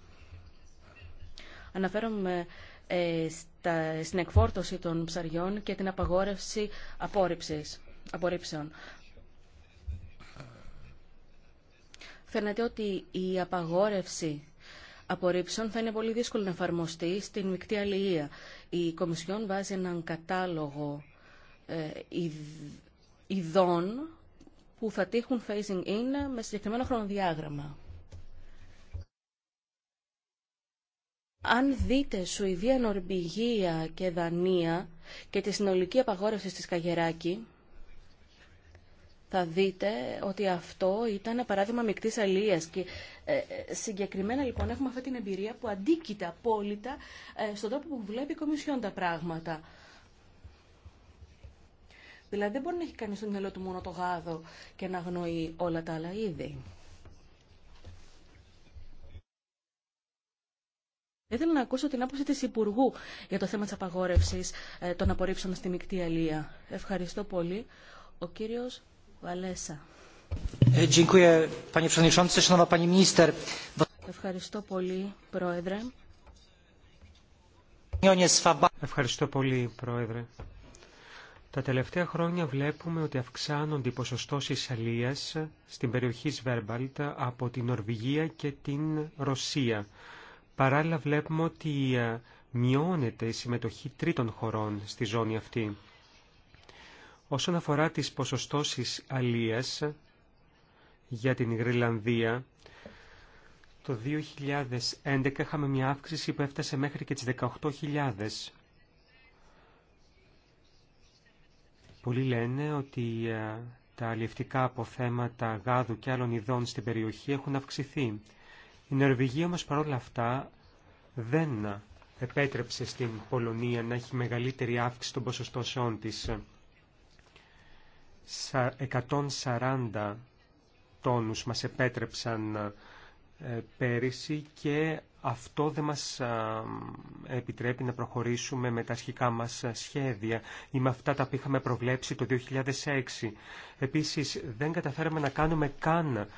Αναφέρομαι ε, στα, στην εκφόρτωση των ψαριών και την απαγόρευση απόρριψης, απορρίψεων. Φαίνεται ότι η απαγόρευση απορρίψεων θα είναι πολύ δύσκολη να εφαρμοστεί στην μεικτή αλληλεία. Η Κομισιόν βάζει έναν κατάλογο ε, ειδών που θα τύχουν phasing in με συγκεκριμένο χρονοδιάγραμμα. Αν δείτε Σουηδία, Σουηδία-Νορμπηγία και Δανία και τη συνολική απαγόρευση της Καγεράκη, θα δείτε ότι αυτό ήταν παράδειγμα μεικτής αλίας και ε, ε, συγκεκριμένα λοιπόν έχουμε αυτή την εμπειρία που αντίκειται απόλυτα ε, στον τρόπο που βλέπει η Κομισιόν τα πράγματα. Δηλαδή δεν μπορεί να έχει κανείς στο μυαλό του μόνο το γάδο και να γνωρίζει όλα τα άλλα είδη. Ήθελα να ακούσω την άποψη της Υπουργού για το θέμα της απαγόρευσης ε, των απορρίψεων στη Μικτή αλία. Ευχαριστώ πολύ. Ο κύριος Βαλέσα. Ε, Ευχαριστώ πολύ, Πρόεδρε. Ευχαριστώ πολύ, Πρόεδρε. Τα τελευταία χρόνια βλέπουμε ότι αυξάνονται οι ποσοστώσεις αλίας στην περιοχή Σβέρμπαλτ από την Νορβηγία και την Ρωσία. Παράλληλα βλέπουμε ότι ε, μειώνεται η συμμετοχή τρίτων χωρών στη ζώνη αυτή. Όσον αφορά τις ποσοστώσεις αλίας για την Γρυλανδία, το 2011 είχαμε μια αύξηση που έφτασε μέχρι και τις 18.000. Πολλοί λένε ότι ε, τα αλλιευτικά αποθέματα γάδου και άλλων ειδών στην περιοχή έχουν αυξηθεί. Η Νορβηγία όμως παρόλα αυτά δεν επέτρεψε στην Πολωνία να έχει μεγαλύτερη αύξηση των ποσοστώσεών της. 140 τόνους μας επέτρεψαν ε, πέρυσι και αυτό δεν μας επιτρέπει να προχωρήσουμε με τα αρχικά μας σχέδια ή με αυτά τα που είχαμε προβλέψει το 2006. Επίσης δεν καταφέραμε να κάνουμε καν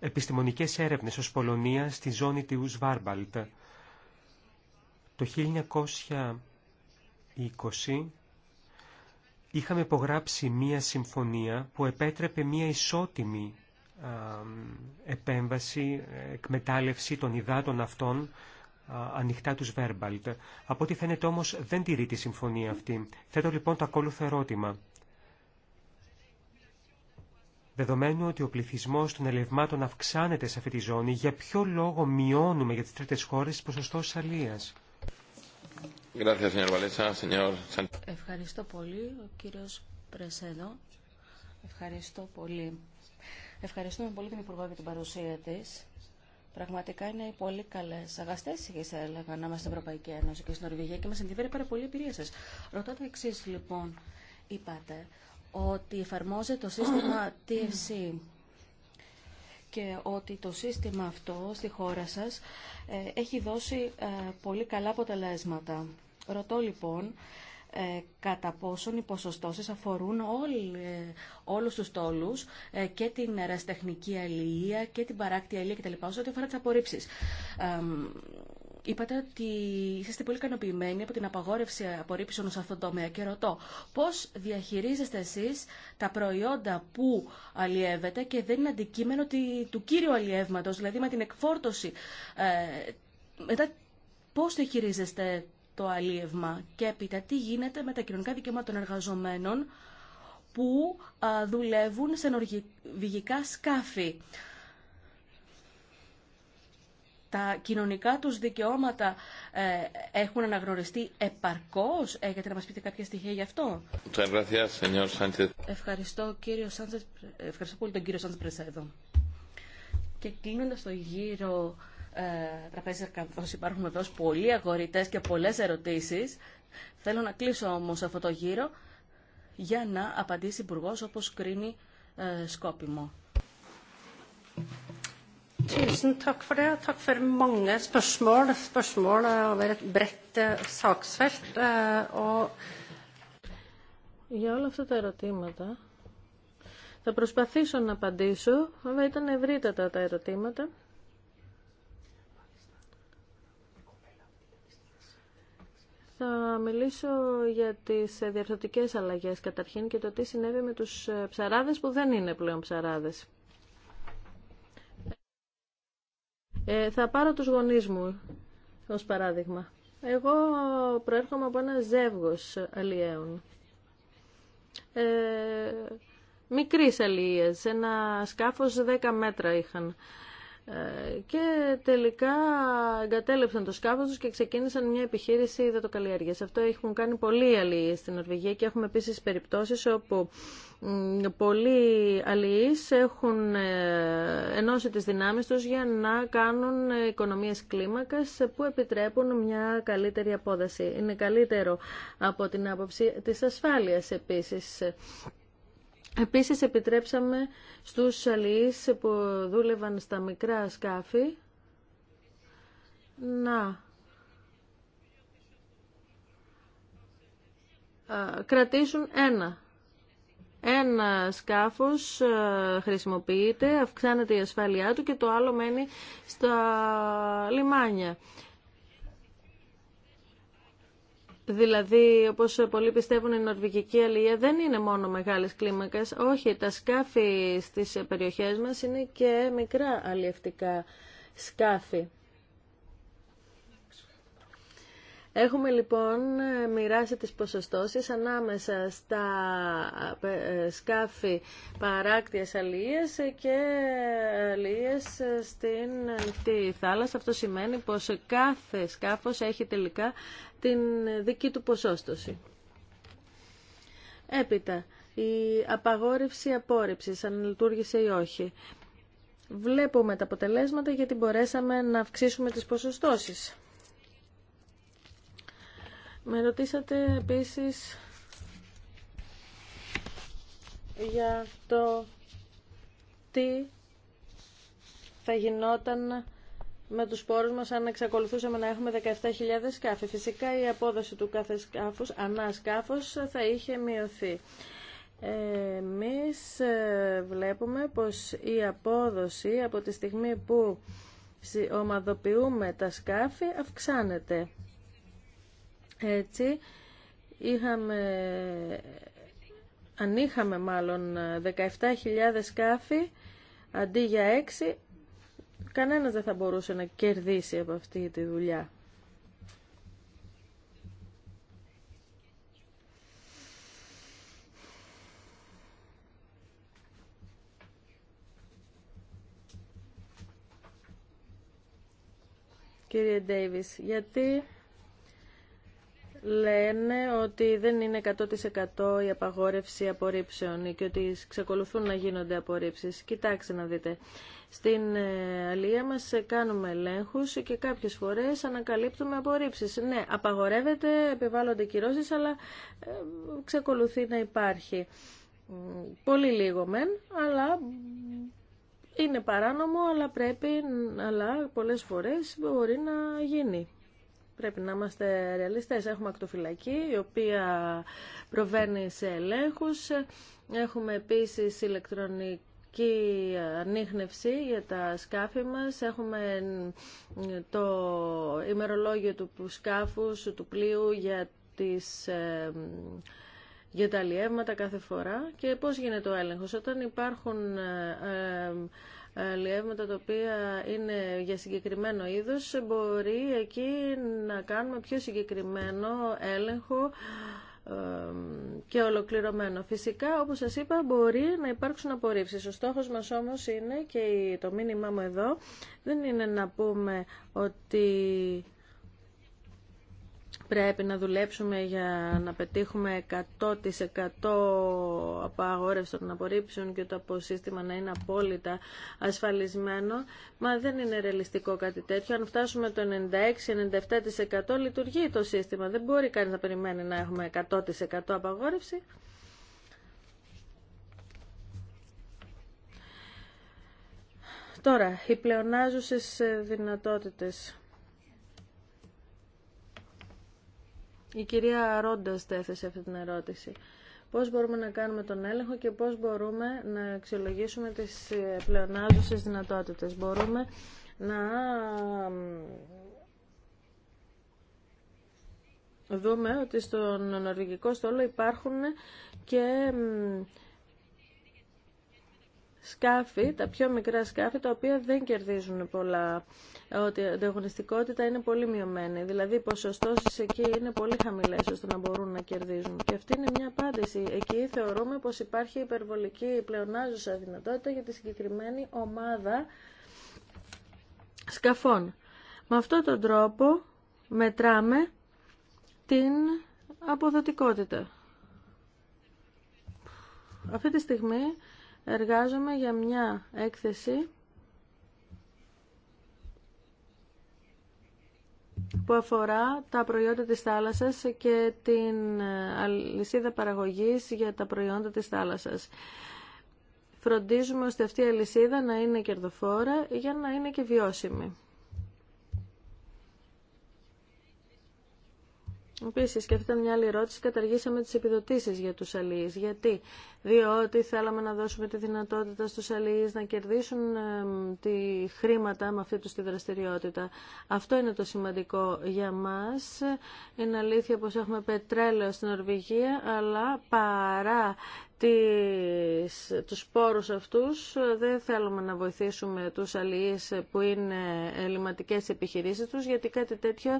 επιστημονικές έρευνες ως Πολωνία στη ζώνη του Σβάρμπαλτ. Το 1920 είχαμε υπογράψει μία συμφωνία που επέτρεπε μία ισότιμη επέμβαση, εκμετάλλευση των υδάτων αυτών ανοιχτά του Βέρμπαλτ. Από ό,τι φαίνεται όμως δεν τηρεί τη συμφωνία αυτή. Θέτω λοιπόν το ακόλουθο ερώτημα. Δεδομένου ότι ο πληθυσμό των ελευμάτων αυξάνεται σε αυτή τη ζώνη, για ποιο λόγο μειώνουμε για τι τρίτε χώρε τι ποσοστώσει αλλία. Ευχαριστώ πολύ, ο κύριο Πρεσέδο. Ευχαριστώ πολύ. Ευχαριστούμε πολύ την Υπουργό για την παρουσία τη. Πραγματικά είναι πολύ καλέ αγαστέ οι θα έλεγα να είμαστε στην Ευρωπαϊκή Ένωση και στην Νορβηγία και μα ενδιαφέρει πάρα πολύ η εμπειρία σα. Ρωτώ το εξή λοιπόν. Είπατε ότι εφαρμόζεται το σύστημα TFC και ότι το σύστημα αυτό στη χώρα σας ε, έχει δώσει ε, πολύ καλά αποτελέσματα. Ρωτώ λοιπόν ε, κατά πόσον οι ποσοστώσεις αφορούν όλ, όλους τους τόλους και την εραστεχνική αλληλεία και την παράκτη αλληλεία κτλ. ό,τι αφορά τις απορρίψεις. Είπατε ότι είσαστε πολύ ικανοποιημένοι από την απαγόρευση απορρίψεων σε αυτό το τομέα και ρωτώ πώς διαχειρίζεστε εσείς τα προϊόντα που αλλιεύετε και δεν είναι αντικείμενο του κύριου αλλιεύματος, δηλαδή με την εκφόρτωση. Ε, μετά πώς διαχειρίζεστε το αλλιεύμα και έπειτα τι γίνεται με τα κοινωνικά δικαιώματα των εργαζομένων που δουλεύουν σε νορβηγικά σκάφη τα κοινωνικά τους δικαιώματα ε, έχουν αναγνωριστεί επαρκώς. Έχετε να μας πείτε κάποια στοιχεία γι' αυτό. Ευχαριστώ, κύριο ε, ευχαριστώ πολύ τον κύριο Σάντζε Πρεσέδο. Και κλείνοντας το γύρο ε, τραπέζι, καθώς υπάρχουν εδώ πολλοί αγορητές και πολλές ερωτήσεις, θέλω να κλείσω όμως αυτό το γύρο για να απαντήσει υπουργό όπως κρίνει ε, σκόπιμο. Tusen takk for det, og takk for mange spørsmål. Spørsmål over et bredt eh, saksfelt. Eh, για όλα αυτά τα ερωτήματα θα προσπαθήσω να απαντήσω, αλλά ήταν ευρύτατα τα ερωτήματα. Θα μιλήσω για τις διαρθωτικές αλλαγές καταρχήν και το τι συνέβη με τους ε, ψαράδες που δεν είναι πλέον ψαράδες. Ε, θα πάρω τους γονείς μου ως παράδειγμα. Εγώ προέρχομαι από ένα ζεύγος αλλιέων. Ε, μικρής αλλιείας, ένα σκάφος 10 μέτρα είχαν. Ε, και τελικά εγκατέλειψαν το σκάφο του και ξεκίνησαν μια επιχείρηση υδατοκαλλιέργεια. Αυτό έχουν κάνει πολλοί αλληλεί στην Νορβηγία και έχουμε επίσης περιπτώσεις όπου πολλοί αλληλεί έχουν ε, ενώσει τις δυνάμεις τους για να κάνουν οικονομίε κλίμακας που επιτρέπουν μια καλύτερη απόδοση. Είναι καλύτερο από την άποψη τη ασφάλεια επίση. Επίσης επιτρέψαμε στους αλληλείς που δούλευαν στα μικρά σκάφη να κρατήσουν ένα. Ένα σκάφος χρησιμοποιείται, αυξάνεται η ασφάλειά του και το άλλο μένει στα λιμάνια. Δηλαδή, όπως πολλοί πιστεύουν, η νορβηγική αλληλεία δεν είναι μόνο μεγάλες κλίμακες. Όχι, τα σκάφη στι περιοχέ μας είναι και μικρά αλληλευτικά σκάφη. Έχουμε λοιπόν μοιράσει τις ποσοστώσεις ανάμεσα στα ε, σκάφη παράκτιας αλίες και αλίες στην ανοιχτή θάλασσα. Αυτό σημαίνει πως κάθε σκάφος έχει τελικά την δική του ποσόστοση. Έπειτα, η απαγόρευση-απόρριψης, αν λειτουργήσε ή όχι. Βλέπουμε τα αποτελέσματα γιατί μπορέσαμε να αυξήσουμε τις ποσοστώσεις. Με ρωτήσατε επίσης για το τι θα γινόταν με τους σπόρους μας αν εξακολουθούσαμε να έχουμε 17.000 σκάφη. Φυσικά η απόδοση του κάθε σκάφους, ανά σκάφος, θα είχε μειωθεί. Εμείς ε, βλέπουμε πως η απόδοση από τη στιγμή που ομαδοποιούμε τα σκάφη αυξάνεται. Έτσι, είχαμε, αν είχαμε μάλλον 17.000 σκάφη, αντί για 6, κανένας δεν θα μπορούσε να κερδίσει από αυτή τη δουλειά. Κύριε Ντέιβις, γιατί λένε ότι δεν είναι 100% η απαγόρευση απορρίψεων και ότι ξεκολουθούν να γίνονται απορρίψεις. Κοιτάξτε να δείτε. Στην ε, αλία μας ε, κάνουμε ελέγχους και κάποιες φορές ανακαλύπτουμε απορρίψεις. Ναι, απαγορεύεται, επιβάλλονται κυρώσεις, αλλά ε, ξεκολουθεί να υπάρχει. Πολύ λίγο μεν, αλλά είναι παράνομο, αλλά πρέπει, αλλά πολλές φορές μπορεί να γίνει. Πρέπει να είμαστε ρεαλιστές. Έχουμε ακτοφυλακή, η οποία προβαίνει σε ελέγχους. Έχουμε επίσης ηλεκτρονική και ανείχνευση για τα σκάφη μας. Έχουμε ε, το ημερολόγιο του σκάφους, του πλοίου για, τις, ε, για τα αλλιεύματα κάθε φορά. Και πώς γίνεται ο έλεγχος. Όταν υπάρχουν ε, αλλιεύματα τα οποία είναι για συγκεκριμένο είδος, μπορεί εκεί να κάνουμε πιο συγκεκριμένο έλεγχο και ολοκληρωμένο. Φυσικά, όπως σας είπα, μπορεί να υπάρξουν απορρίψεις. Ο στόχος μας όμως είναι, και το μήνυμά μου εδώ, δεν είναι να πούμε ότι πρέπει να δουλέψουμε για να πετύχουμε 100% απαγόρευση των απορρίψεων και το αποσύστημα να είναι απόλυτα ασφαλισμένο. Μα δεν είναι ρεαλιστικό κάτι τέτοιο. Αν φτάσουμε το 96-97% λειτουργεί το σύστημα. Δεν μπορεί κανείς να περιμένει να έχουμε 100% απαγόρευση. Τώρα, οι πλεονάζουσες δυνατότητες. Η κυρία ρόντα έθεσε αυτή την ερώτηση. Πώς μπορούμε να κάνουμε τον έλεγχο και πώς μπορούμε να αξιολογήσουμε τις ε, πλεονάζουσε δυνατότητες. Μπορούμε να δούμε ότι στον νορβηγικό στόλο υπάρχουν και σκάφη, τα πιο μικρά σκάφη, τα οποία δεν κερδίζουν πολλά ότι η ανταγωνιστικότητα είναι πολύ μειωμένη. Δηλαδή, οι ποσοστώσει εκεί είναι πολύ χαμηλέ ώστε να μπορούν να κερδίζουν. Και αυτή είναι μια απάντηση. Εκεί θεωρούμε πω υπάρχει υπερβολική πλεονάζουσα δυνατότητα για τη συγκεκριμένη ομάδα σκαφών. Με αυτόν τον τρόπο μετράμε την αποδοτικότητα. Αυτή τη στιγμή εργάζομαι για μια έκθεση που αφορά τα προϊόντα της θάλασσας και την αλυσίδα παραγωγής για τα προϊόντα της θάλασσας. Φροντίζουμε ώστε αυτή η αλυσίδα να είναι κερδοφόρα για να είναι και βιώσιμη. Επίση, και αυτή μια άλλη ερώτηση, καταργήσαμε τι επιδοτήσει για του αλληλεί. Γιατί? Διότι θέλαμε να δώσουμε τη δυνατότητα στου αλληλεί να κερδίσουν τη χρήματα με αυτή του τη δραστηριότητα. Αυτό είναι το σημαντικό για μα. Είναι αλήθεια πω έχουμε πετρέλαιο στην Νορβηγία, αλλά παρά τις, τους πόρους αυτούς δεν θέλουμε να βοηθήσουμε τους αλληλείς που είναι ελληματικές επιχειρήσεις τους γιατί κάτι τέτοιο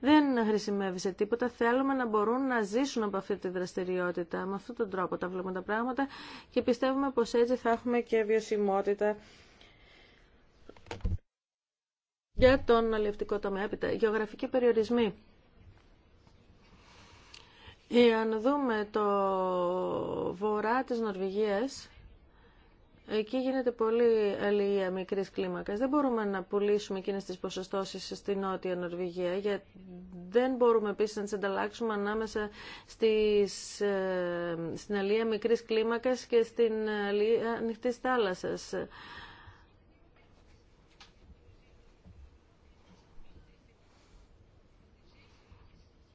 δεν χρησιμεύει σε τίποτα θέλουμε να μπορούν να ζήσουν από αυτή τη δραστηριότητα με αυτόν τον τρόπο τα βλέπουμε τα πράγματα και πιστεύουμε πως έτσι θα έχουμε και βιωσιμότητα για τον αλληλευτικό τομέα, γεωγραφικοί περιορισμοί. Ή ε, αν δούμε το βορρά της Νορβηγίας, εκεί γίνεται πολύ αλληλεία μικρής κλίμακας. Δεν μπορούμε να πουλήσουμε εκείνες τις ποσοστώσεις στη Νότια Νορβηγία, γιατί δεν μπορούμε επίσης να τις ανταλλάξουμε ανάμεσα στις, ε, στην αλληλεία μικρής κλίμακας και στην αλληλεία ανοιχτής θάλασσας.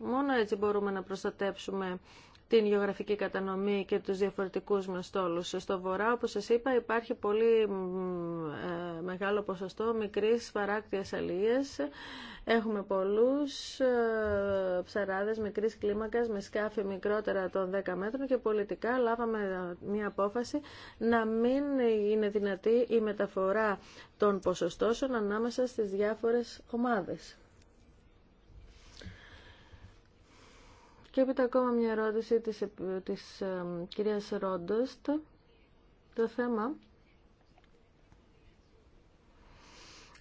Μόνο έτσι μπορούμε να προστατέψουμε την γεωγραφική κατανομή και τους διαφορετικούς μας στόλους. Στο βορρά, όπως σας είπα, υπάρχει πολύ ε, μεγάλο ποσοστό μικρής φαράκτιας αλίες, Έχουμε πολλούς ε, ψαράδες μικρής κλίμακας με σκάφη μικρότερα των 10 μέτρων και πολιτικά λάβαμε μια απόφαση να μην είναι δυνατή η μεταφορά των ποσοστώσεων ανάμεσα στις διάφορες ομάδες. Και έπειτα ακόμα μια ερώτηση της, της κυρίας Ρόντοστ. Το θέμα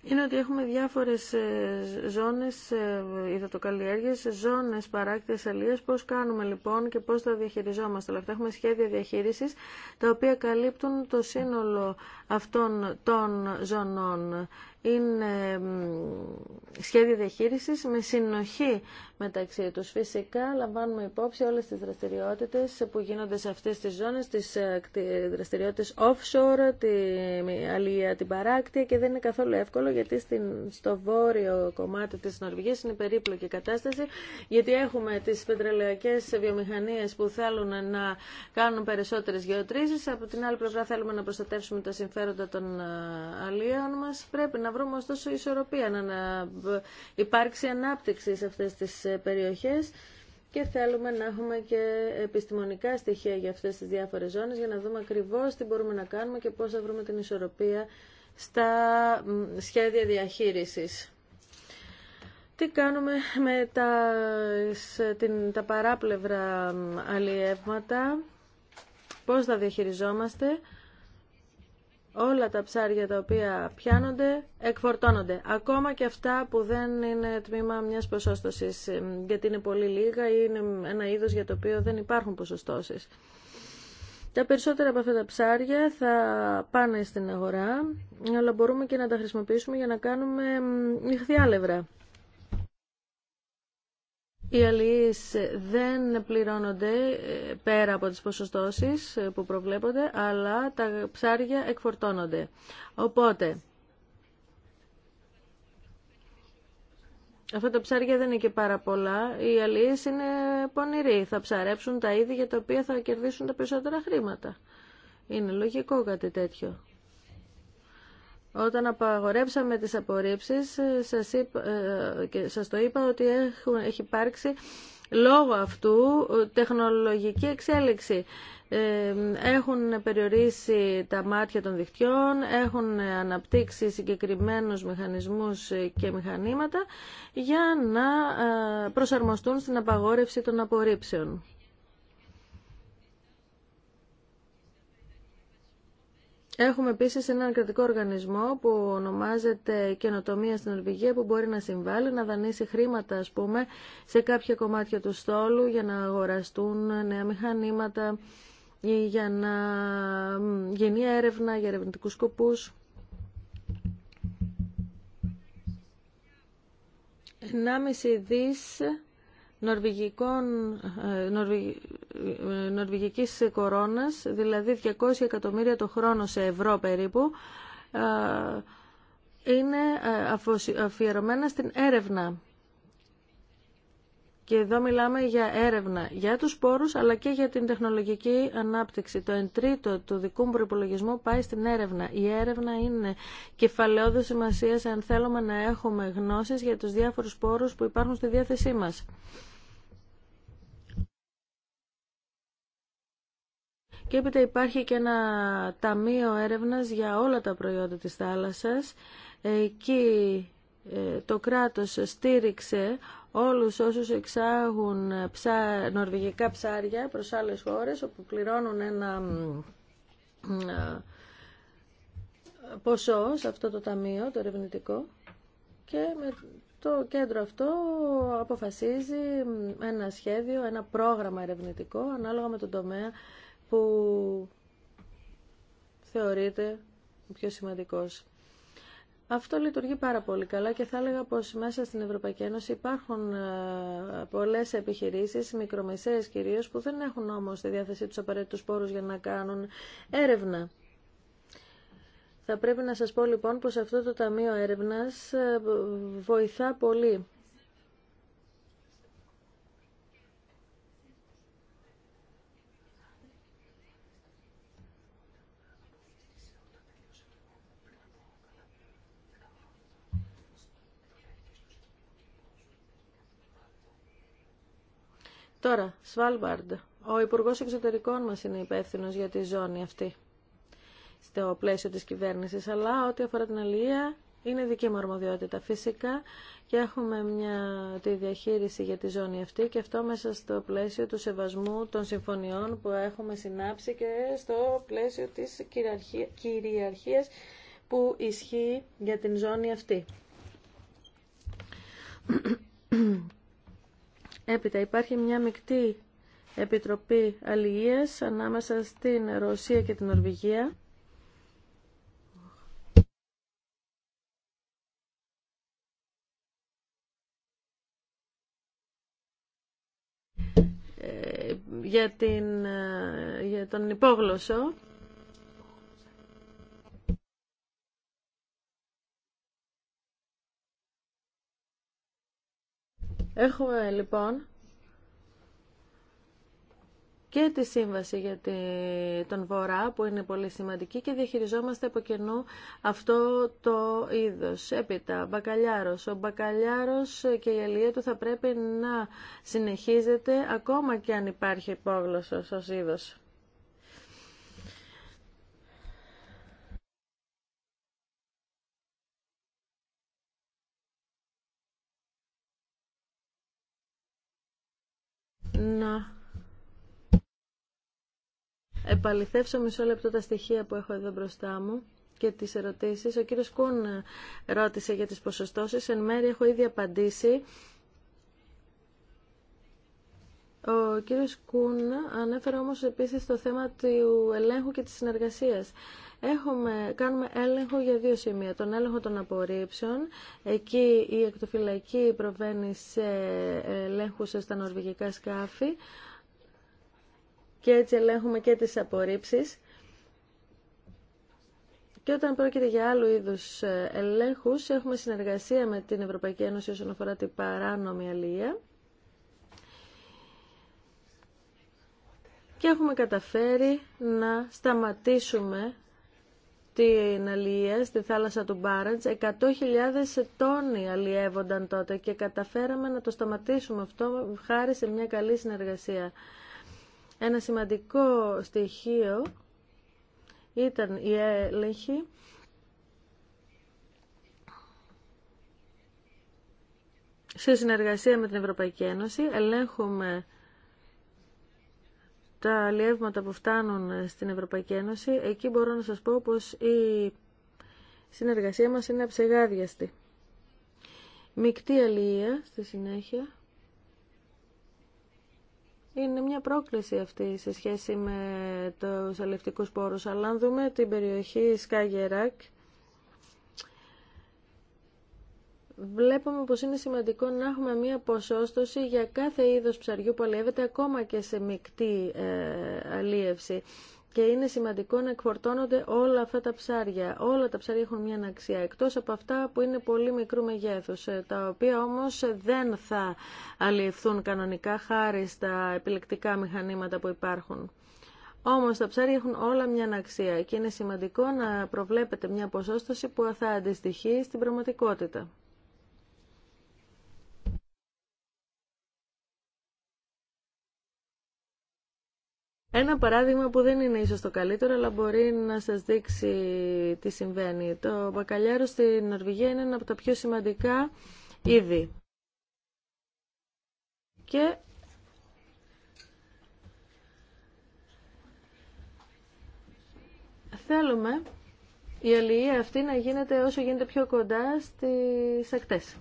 είναι ότι έχουμε διάφορες ε, ζώνες ε, υδατοκαλλιέργειας, ζώνες παράκτης αλλίες. Πώς κάνουμε λοιπόν και πώς τα διαχειριζόμαστε. Αλλά αυτά έχουμε σχέδια διαχείρισης τα οποία καλύπτουν το σύνολο αυτών των ζωνών. Είναι σχέδια διαχείρισης με συνοχή μεταξύ τους. Φυσικά λαμβάνουμε υπόψη όλες τις δραστηριότητες που γίνονται σε αυτές τις ζώνες, τις ε, δραστηριότητες offshore, τη αλία, την παράκτεια και δεν είναι καθόλου εύκολο γιατί στην, στο βόρειο κομμάτι της Νορβηγίας είναι περίπλοκη κατάσταση γιατί έχουμε τις πετρελαϊκές βιομηχανίες που θέλουν να κάνουν περισσότερες γεωτρήσεις, από την άλλη πλευρά θέλουμε να προστατεύσουμε τα συμφέροντα συμφέροντα των ε, αλλιών μας. Πρέπει να βρούμε ωστόσο ισορροπία, να υπάρξει ανάπτυξη σε αυτές τις ε, περιοχές και θέλουμε να έχουμε και επιστημονικά στοιχεία για αυτές τις διάφορες ζώνες για να δούμε ακριβώς τι μπορούμε να κάνουμε και πώς θα βρούμε την ισορροπία στα σχέδια διαχείρισης. Τι κάνουμε με τα, την, τα παράπλευρα αλλιεύματα, πώς θα διαχειριζόμαστε όλα τα ψάρια τα οποία πιάνονται εκφορτώνονται. Ακόμα και αυτά που δεν είναι τμήμα μιας ποσόστοσης, γιατί είναι πολύ λίγα ή είναι ένα είδος για το οποίο δεν υπάρχουν ποσοστώσεις. Τα περισσότερα από αυτά τα ψάρια θα πάνε στην αγορά, αλλά μπορούμε και να τα χρησιμοποιήσουμε για να κάνουμε νυχθιάλευρα. Οι αλληλείς δεν πληρώνονται ε, πέρα από τις ποσοστώσεις ε, που προβλέπονται, αλλά τα ψάρια εκφορτώνονται. Οπότε, Αυτά τα ψάρια δεν είναι και πάρα πολλά. Οι αλληλείς είναι πονηροί. Θα ψαρέψουν τα είδη για τα οποία θα κερδίσουν τα περισσότερα χρήματα. Είναι λογικό κάτι τέτοιο. Όταν απαγορέψαμε τις απορρίψεις, σας, είπα, ε, και σας το είπα ότι έχουν, έχει υπάρξει λόγω αυτού τεχνολογική εξέλιξη. Ε, έχουν περιορίσει τα μάτια των δικτυών, έχουν αναπτύξει συγκεκριμένους μηχανισμούς και μηχανήματα για να ε, προσαρμοστούν στην απαγόρευση των απορρίψεων. Έχουμε επίση έναν κρατικό οργανισμό που ονομάζεται Καινοτομία στην Ορβηγία που μπορεί να συμβάλλει, να δανείσει χρήματα ας πούμε σε κάποια κομμάτια του στόλου για να αγοραστούν νέα μηχανήματα ή για να γίνει έρευνα για ερευνητικού σκοπού. δις νορβηγικών, ε, νορβη, ε, νορβηγικής κορώνας, δηλαδή 200 εκατομμύρια το χρόνο σε ευρώ περίπου, ε, είναι αφιερωμένα στην έρευνα. Και εδώ μιλάμε για έρευνα για τους πόρους αλλά και για την τεχνολογική ανάπτυξη. Το εν τρίτο του δικού μου προπολογισμού πάει στην έρευνα. Η έρευνα είναι κεφαλαιόδοση σημασία αν θέλουμε να έχουμε γνώσεις για τους διάφορους πόρους που υπάρχουν στη διάθεσή μας. και έπειτα υπάρχει και ένα ταμείο έρευνας για όλα τα προϊόντα της θάλασσας. Εκεί ε, το κράτος στήριξε όλους όσους εξάγουν ψά, νορβηγικά ψάρια προς άλλες χώρες όπου πληρώνουν ένα ε, ποσό σε αυτό το ταμείο, το ερευνητικό και το κέντρο αυτό αποφασίζει ένα σχέδιο, ένα πρόγραμμα ερευνητικό ανάλογα με τον τομέα που θεωρείται ο πιο σημαντικός. Αυτό λειτουργεί πάρα πολύ καλά και θα έλεγα πως μέσα στην Ευρωπαϊκή Ένωση υπάρχουν ε, πολλές επιχειρήσεις, μικρομεσαίες κυρίως, που δεν έχουν όμως τη διάθεσή τους απαραίτητους πόρους για να κάνουν έρευνα. Θα πρέπει να σας πω λοιπόν πως αυτό το Ταμείο Έρευνας ε, βοηθά πολύ Τώρα, Σβάλμπαρντ. Ο Υπουργό Εξωτερικών μα είναι υπεύθυνο για τη ζώνη αυτή στο πλαίσιο τη κυβέρνηση. Αλλά ό,τι αφορά την αλληλεία, είναι δική μου αρμοδιότητα φυσικά και έχουμε μια, τη διαχείριση για τη ζώνη αυτή και αυτό μέσα στο πλαίσιο του σεβασμού των συμφωνιών που έχουμε συνάψει και στο πλαίσιο της κυριαρχίας που ισχύει για την ζώνη αυτή. Έπειτα υπάρχει μια μεικτή επιτροπή αλληλείας ανάμεσα στην Ρωσία και την Νορβηγία. Ε, για, την, ε, για τον υπόγλωσσο Έχουμε λοιπόν και τη σύμβαση για τον Βορρά που είναι πολύ σημαντική και διαχειριζόμαστε από κενού αυτό το είδος. Έπειτα, μπακαλιάρος. Ο μπακαλιάρος και η αλληλεία του θα πρέπει να συνεχίζεται ακόμα και αν υπάρχει υπόγλωσσος ως είδος. επαληθεύσω μισό λεπτό τα στοιχεία που έχω εδώ μπροστά μου και τις ερωτήσεις. Ο κύριος Κούν ρώτησε για τις ποσοστώσεις. Εν μέρη έχω ήδη απαντήσει. Ο κύριος Κούν ανέφερε όμως επίσης το θέμα του ελέγχου και της συνεργασίας. Έχουμε, κάνουμε έλεγχο για δύο σημεία. Τον έλεγχο των απορρίψεων. Εκεί η εκτοφυλακή προβαίνει σε ελέγχους στα νορβηγικά σκάφη και έτσι ελέγχουμε και τις απορρίψεις. Και όταν πρόκειται για άλλου είδους ε, ελέγχου, έχουμε συνεργασία με την Ευρωπαϊκή Ένωση όσον αφορά την παράνομη αλληλεία. Και έχουμε καταφέρει να σταματήσουμε την αλληλεία στη θάλασσα του Μπάραντς. 100.000 τόνοι αλλιεύονταν τότε και καταφέραμε να το σταματήσουμε αυτό χάρη σε μια καλή συνεργασία. Ένα σημαντικό στοιχείο ήταν η έλεγχη σε συνεργασία με την Ευρωπαϊκή Ένωση. Ελέγχουμε τα αλλιεύματα που φτάνουν στην Ευρωπαϊκή Ένωση. Εκεί μπορώ να σας πω πως η συνεργασία μας είναι αψεγάδιαστη. Μικτή αλληλεία στη συνέχεια. Είναι μια πρόκληση αυτή σε σχέση με τους αλευτικούς πόρους. Αλλά αν δούμε την περιοχή Σκάγερακ, βλέπουμε πως είναι σημαντικό να έχουμε μία ποσόστοση για κάθε είδος ψαριού που αλλιεύεται ακόμα και σε μεικτή ε, αλίευση και είναι σημαντικό να εκφορτώνονται όλα αυτά τα ψάρια. Όλα τα ψάρια έχουν μια αναξία, εκτός από αυτά που είναι πολύ μικρού μεγέθους, ε, τα οποία όμως δεν θα αλλιευθούν κανονικά χάρη στα επιλεκτικά μηχανήματα που υπάρχουν. Όμως τα ψάρια έχουν όλα μια αναξία και είναι σημαντικό να προβλέπετε μια ποσόστοση που θα αντιστοιχεί στην πραγματικότητα. Ένα παράδειγμα που δεν είναι ίσως το καλύτερο, αλλά μπορεί να σας δείξει τι συμβαίνει. Το μπακαλιάρο στη Νορβηγία είναι ένα από τα πιο σημαντικά είδη. Και θέλουμε η αλληλεία αυτή να γίνεται όσο γίνεται πιο κοντά στις ακτές.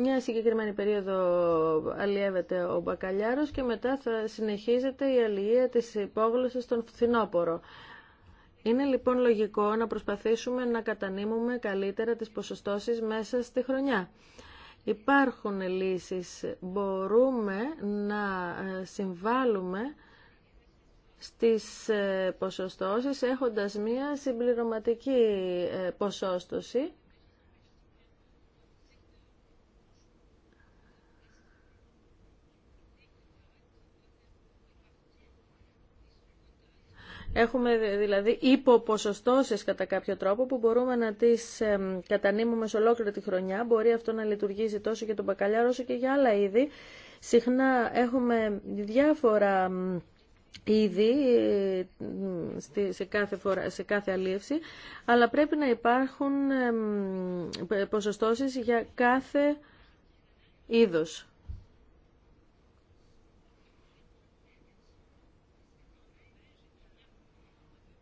Μια συγκεκριμένη περίοδο αλλιεύεται ο μπακαλιάρος και μετά θα συνεχίζεται η αλλιεία της υπόγλωσσας στον φθινόπορο. Είναι λοιπόν λογικό να προσπαθήσουμε να κατανείμουμε καλύτερα τις ποσοστώσεις μέσα στη χρονιά. Υπάρχουν λύσεις. Μπορούμε να ε, συμβάλλουμε στις ε, ποσοστώσεις έχοντας μία συμπληρωματική ε, ποσόστοση Έχουμε δηλαδή υποποσοστώσεις κατά κάποιο τρόπο που μπορούμε να τις κατανείμουμε σε ολόκληρη τη χρονιά. Μπορεί αυτό να λειτουργήσει τόσο για τον μπακαλιάρο όσο και για άλλα είδη. Συχνά έχουμε διάφορα είδη ε, σε κάθε, φορά, σε κάθε αλίευση, αλλά πρέπει να υπάρχουν ποσοστώσεις για κάθε είδος.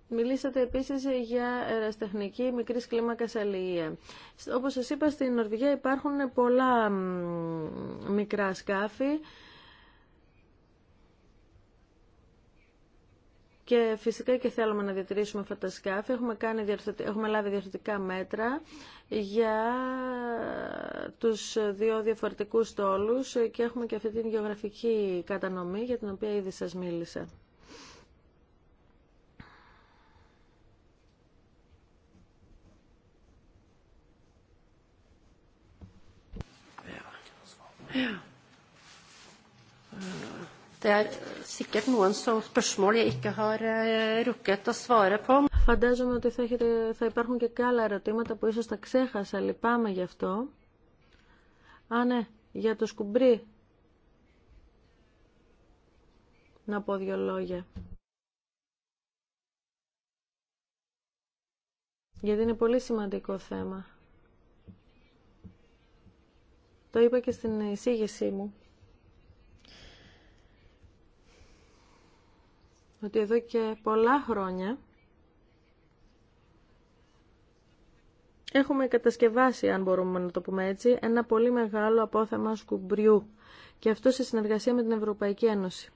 Μιλήσατε επίσης για αεραστεχνική μικρής κλίμακας αλληλεία. Όπως σας είπα, στην Νορβηγία υπάρχουν πολλά μικρά σκάφη και φυσικά και θέλουμε να διατηρήσουμε αυτά τα σκάφη. Έχουμε, κάνει έχουμε λάβει διαρθωτικά μέτρα για τους δύο διαφορετικούς τόλους και έχουμε και αυτή την γεωγραφική κατανομή για την οποία ήδη σας μίλησα. Φαντάζομαι ότι θα, υπάρχουν και άλλα ερωτήματα που ίσως τα ξέχασα, λυπάμαι γι' αυτό. Α, ναι, για το σκουμπρί. Να πω δύο λόγια. Γιατί είναι πολύ σημαντικό θέμα. Το είπα και στην εισήγησή μου. Ότι εδώ και πολλά χρόνια έχουμε κατασκευάσει, αν μπορούμε να το πούμε έτσι, ένα πολύ μεγάλο απόθεμα σκουμπριού. Και αυτό σε συνεργασία με την Ευρωπαϊκή Ένωση.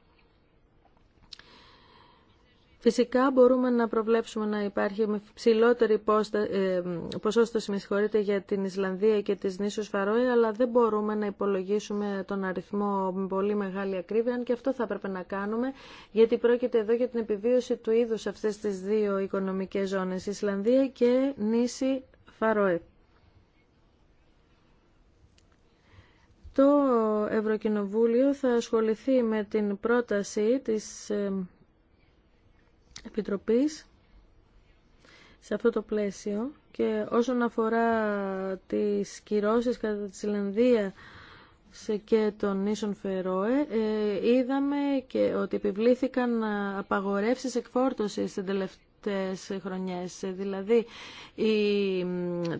Φυσικά μπορούμε να προβλέψουμε να υπάρχει με ψηλότερη ε, ποσόστοση με για την Ισλανδία και τις νήσους Φαρόε, αλλά δεν μπορούμε να υπολογίσουμε τον αριθμό με πολύ μεγάλη ακρίβεια, αν και αυτό θα έπρεπε να κάνουμε, γιατί πρόκειται εδώ για την επιβίωση του είδους αυτές τις δύο οικονομικές ζώνες, Ισλανδία και νήσι Φαρόε. Το Ευρωκοινοβούλιο θα ασχοληθεί με την πρόταση της ε, Επιτροπής σε αυτό το πλαίσιο και όσον αφορά τις κυρώσεις κατά τη Ισλανδία και των νήσων Φερόε ε, είδαμε και ότι επιβλήθηκαν απαγορεύσεις εκφόρτωσης στην τελευταία τελευταίες χρονιές. Δηλαδή, η,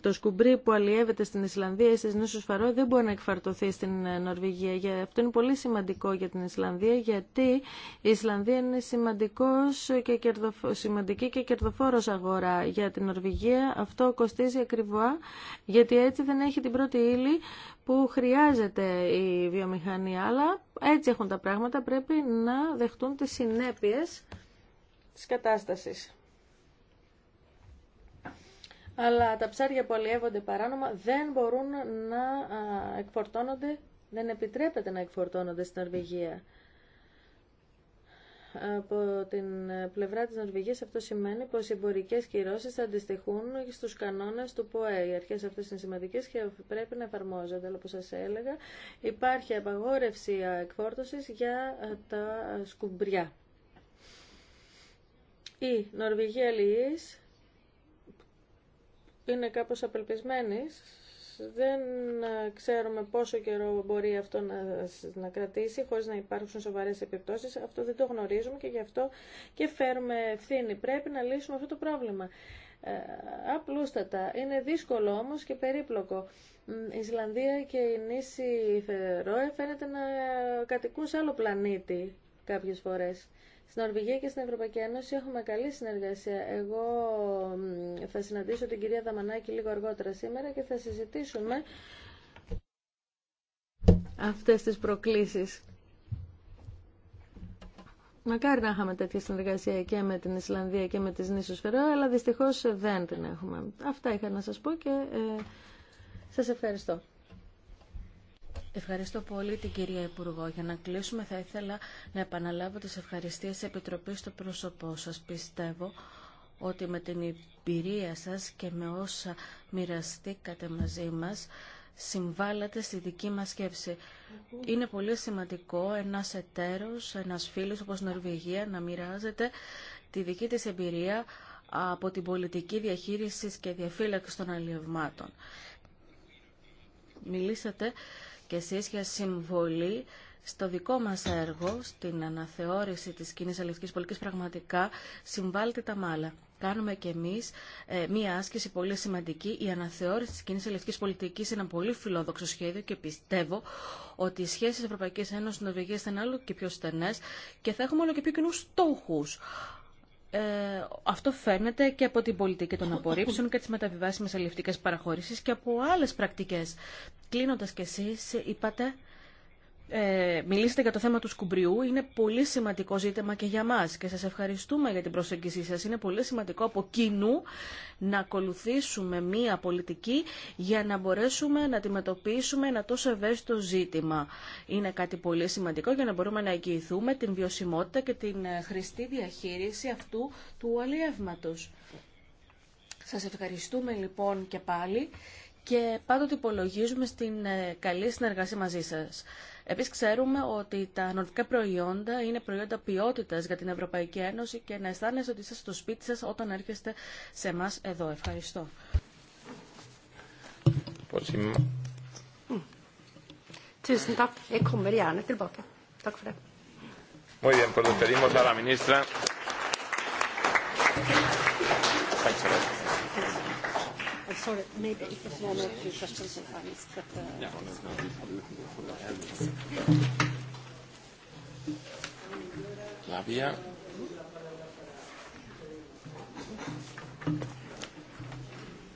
το σκουμπρί που αλλιεύεται στην Ισλανδία ή στις νήσους Φαρό δεν μπορεί να εκφαρτωθεί στην Νορβηγία. Για, αυτό είναι πολύ σημαντικό για την Ισλανδία, γιατί η Ισλανδία είναι και κερδοφο, σημαντική και κερδοφόρος αγορά για την Νορβηγία. Αυτό κοστίζει ακριβά, γιατί έτσι δεν έχει την πρώτη ύλη που χρειάζεται η βιομηχανία. Αλλά έτσι έχουν τα πράγματα, πρέπει να δεχτούν τις συνέπειες της κατάστασης αλλά τα ψάρια που αλλιεύονται παράνομα δεν μπορούν να εκφορτώνονται, δεν επιτρέπεται να εκφορτώνονται στην Νορβηγία. Από την πλευρά της Νορβηγίας αυτό σημαίνει πως οι εμπορικές κυρώσεις θα αντιστοιχούν στους κανόνες του ΠΟΕ. Οι αρχές αυτές είναι σημαντικές και πρέπει να εφαρμόζονται. Αλλά όπως σας έλεγα υπάρχει απαγόρευση εκφόρτωσης για τα σκουμπριά. Η Νορβηγία Λιής είναι κάπως απελπισμένης. Δεν ξέρουμε πόσο καιρό μπορεί αυτό να, κρατήσει χωρίς να υπάρξουν σοβαρές επιπτώσεις. Αυτό δεν το γνωρίζουμε και γι' αυτό και φέρουμε ευθύνη. Πρέπει να λύσουμε αυτό το πρόβλημα. Ε, απλούστατα. Είναι δύσκολο όμως και περίπλοκο. Η Ισλανδία και η νήσι Φερόε φαίνεται να κατοικούν σε άλλο πλανήτη κάποιες φορές. Στην Νορβηγία και στην Ευρωπαϊκή Ένωση έχουμε καλή συνεργασία. Εγώ θα συναντήσω την κυρία Δαμανάκη λίγο αργότερα σήμερα και θα συζητήσουμε αυτές τις προκλήσεις. Μακάρι να είχαμε τέτοια συνεργασία και με την Ισλανδία και με τις νήσους Φερό, αλλά δυστυχώς δεν την έχουμε. Αυτά είχα να σας πω και ε, σας ευχαριστώ. Ευχαριστώ πολύ την κυρία Υπουργό. Για να κλείσουμε θα ήθελα να επαναλάβω τις ευχαριστίες της Επιτροπής στο πρόσωπό σας. Πιστεύω ότι με την εμπειρία σας και με όσα μοιραστήκατε μαζί μας συμβάλλατε στη δική μας σκέψη. Είναι πολύ σημαντικό ένας εταίρος, ένας φίλος όπως Νορβηγία να μοιράζεται τη δική της εμπειρία από την πολιτική διαχείριση και διαφύλαξη των αλλιευμάτων. Μιλήσατε και εσείς για συμβολή στο δικό μας έργο, στην αναθεώρηση της κοινή αλληλευτικής πολιτικής, πραγματικά συμβάλλετε τα μάλα. Κάνουμε και εμείς ε, μία άσκηση πολύ σημαντική. Η αναθεώρηση της κοινή αλληλευτικής πολιτικής είναι ένα πολύ φιλόδοξο σχέδιο και πιστεύω ότι οι σχέσεις Ευρωπαϊκής Ένωσης Νορβηγίας θα είναι άλλο και πιο στενές και θα έχουμε όλο και πιο κοινού στόχους. Ε, αυτό φαίνεται και από την πολιτική των απορρίψεων και τι μεταβιβάσιμε αλληλευτικέ παραχωρήσει και από άλλες πρακτικές. κλείνοντα κι εσεί είπατε ε, μιλήσετε για το θέμα του σκουμπριού. Είναι πολύ σημαντικό ζήτημα και για μας και σας ευχαριστούμε για την προσέγγιση σας. Είναι πολύ σημαντικό από κοινού να ακολουθήσουμε μία πολιτική για να μπορέσουμε να αντιμετωπίσουμε ένα τόσο ευαίσθητο ζήτημα. Είναι κάτι πολύ σημαντικό για να μπορούμε να εγγυηθούμε την βιωσιμότητα και την ε, χρηστή διαχείριση αυτού του αλλιεύματος. Σας ευχαριστούμε λοιπόν και πάλι και πάντοτε υπολογίζουμε στην ε, καλή συνεργασία μαζί σας. Επίσης ξέρουμε ότι τα νορβικά προϊόντα είναι προϊόντα ποιότητας για την Ευρωπαϊκή Ένωση και να αισθάνεστε ότι είστε στο σπίτι σας όταν έρχεστε σε εμά εδώ. Ευχαριστώ. Muy bien, pues despedimos a la ministra. Thanks I Maybe questions Lavia.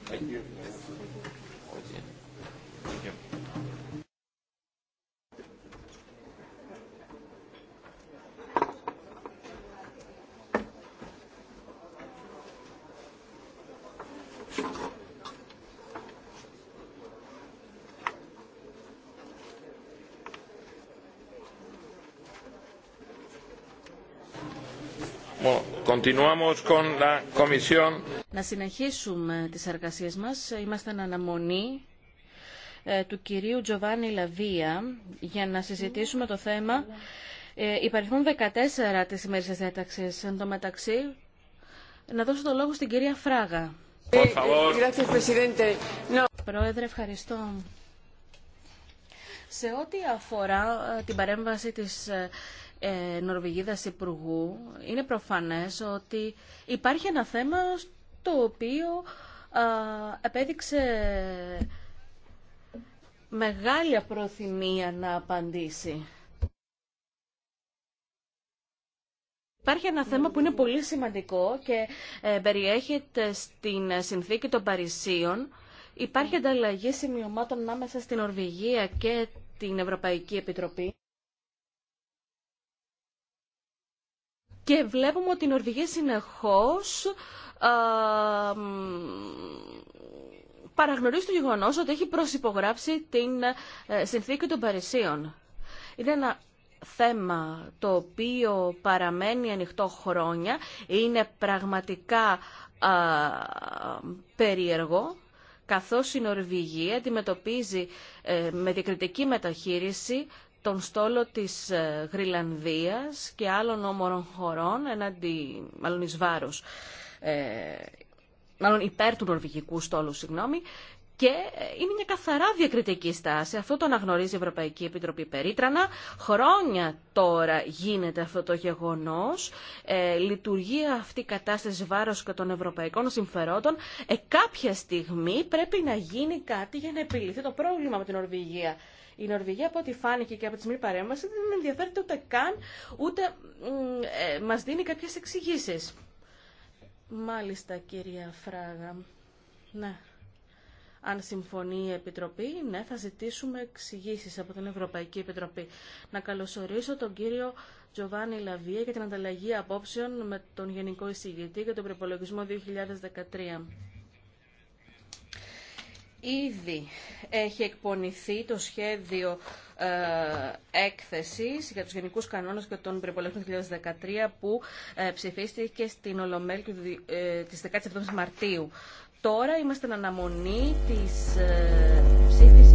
Thank you. Να συνεχίσουμε τις εργασίες μας. Είμαστε αναμονή ε, του κυρίου Τζοβάνι Λαβία για να συζητήσουμε το θέμα ε, 14 της ημέρης της Εν τω μεταξύ, να δώσω το λόγο στην κυρία Φράγα. Πρόεδρε, ευχαριστώ. Σε ό,τι αφορά ε, την παρέμβαση της ε, ε, Νορβηγίδας Υπουργού, είναι προφανές ότι υπάρχει ένα θέμα το οποίο επέδειξε μεγάλη απροθυμία να απαντήσει. Υπάρχει ένα θέμα που είναι πολύ σημαντικό και ε, περιέχεται στην συνθήκη των Παρισίων. Υπάρχει ανταλλαγή σημειωμάτων ανάμεσα στην Νορβηγία και την Ευρωπαϊκή Επιτροπή. Και βλέπουμε ότι η Νορβηγία συνεχώς παραγνωρίζει το γεγονός ότι έχει προσυπογράψει την ε, συνθήκη των Παρισίων. Είναι ένα θέμα το οποίο παραμένει ανοιχτό χρόνια, είναι πραγματικά περίεργο, καθώς η Νορβηγία αντιμετωπίζει ε, με διακριτική μεταχείριση τον στόλο της ε, Γρυλανδίας και άλλων όμορων χωρών εναντί, μάλλον εις ε, μάλλον υπέρ του νορβηγικού στόλου, συγγνώμη, και ε, είναι μια καθαρά διακριτική στάση. Αυτό το αναγνωρίζει η Ευρωπαϊκή Επιτροπή περίτρανα. Χρόνια τώρα γίνεται αυτό το γεγονός. Ε, λειτουργεί αυτή η κατάσταση βάρος και των ευρωπαϊκών συμφερόντων. Ε, κάποια στιγμή πρέπει να γίνει κάτι για να επιληθεί το πρόβλημα με την Ορβηγία. Η Νορβηγία, από ό,τι φάνηκε και από τη μη παρέμβαση, δεν ενδιαφέρεται ούτε καν, ούτε ε, μας δίνει κάποιες εξηγήσει. Μάλιστα, κυρία Φράγα. Ναι. Αν συμφωνεί η Επιτροπή, ναι, θα ζητήσουμε εξηγήσει από την Ευρωπαϊκή Επιτροπή. Να καλωσορίσω τον κύριο Τζοβάνι Λαβία για την ανταλλαγή απόψεων με τον Γενικό Εισηγητή για τον προπολογισμό 2013. Ήδη έχει εκπονηθεί το σχέδιο ε, έκθεσης για τους γενικούς κανόνες και τον του 2013 που ε, ψηφίστηκε στην ολομέλεια ε, της 17 Μαρτίου. Τώρα είμαστε αναμονή της ε, ψήφισης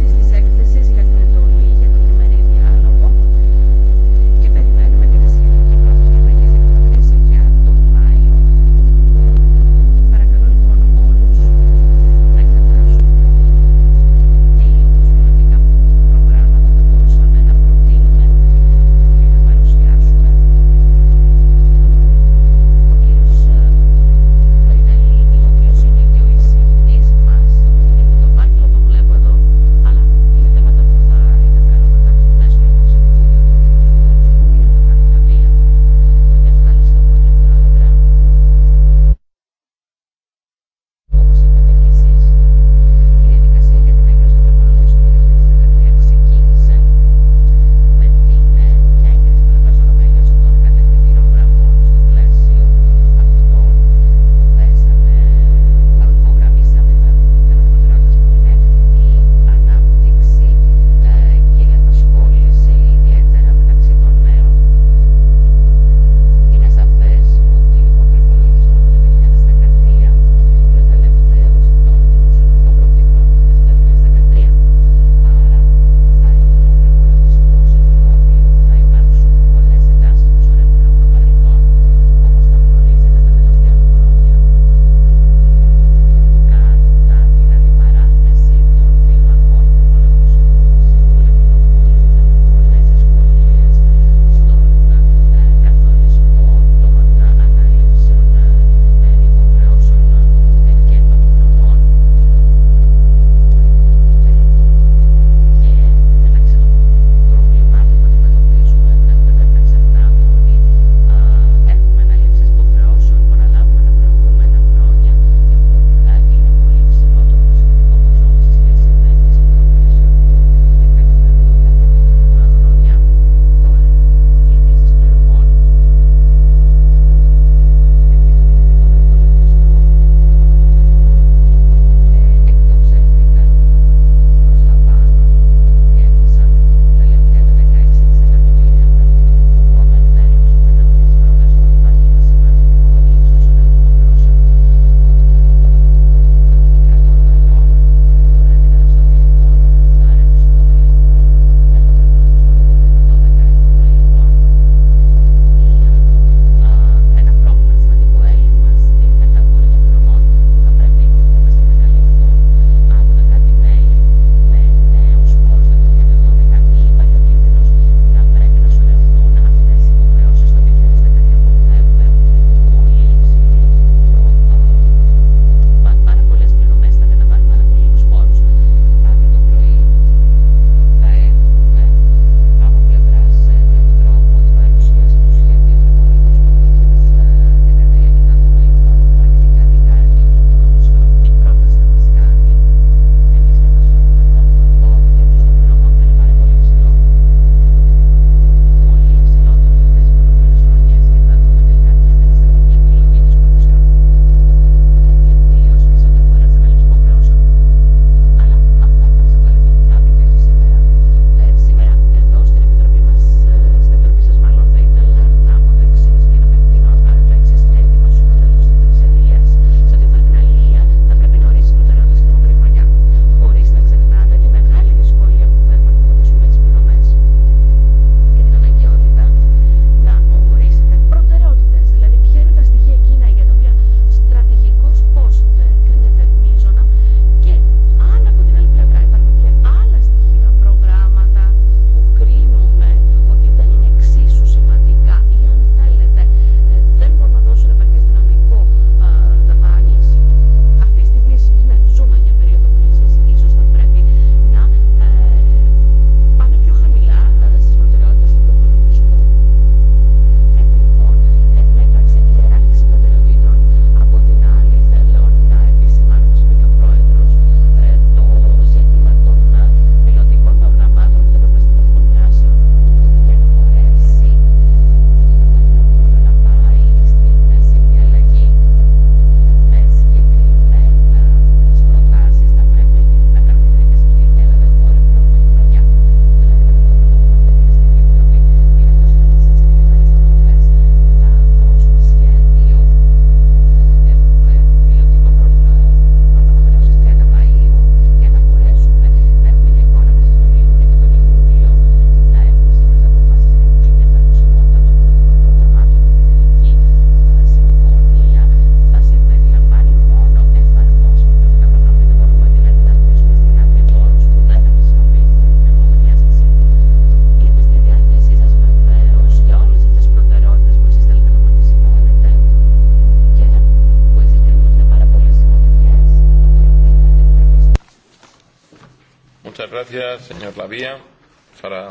señor Lavia, para...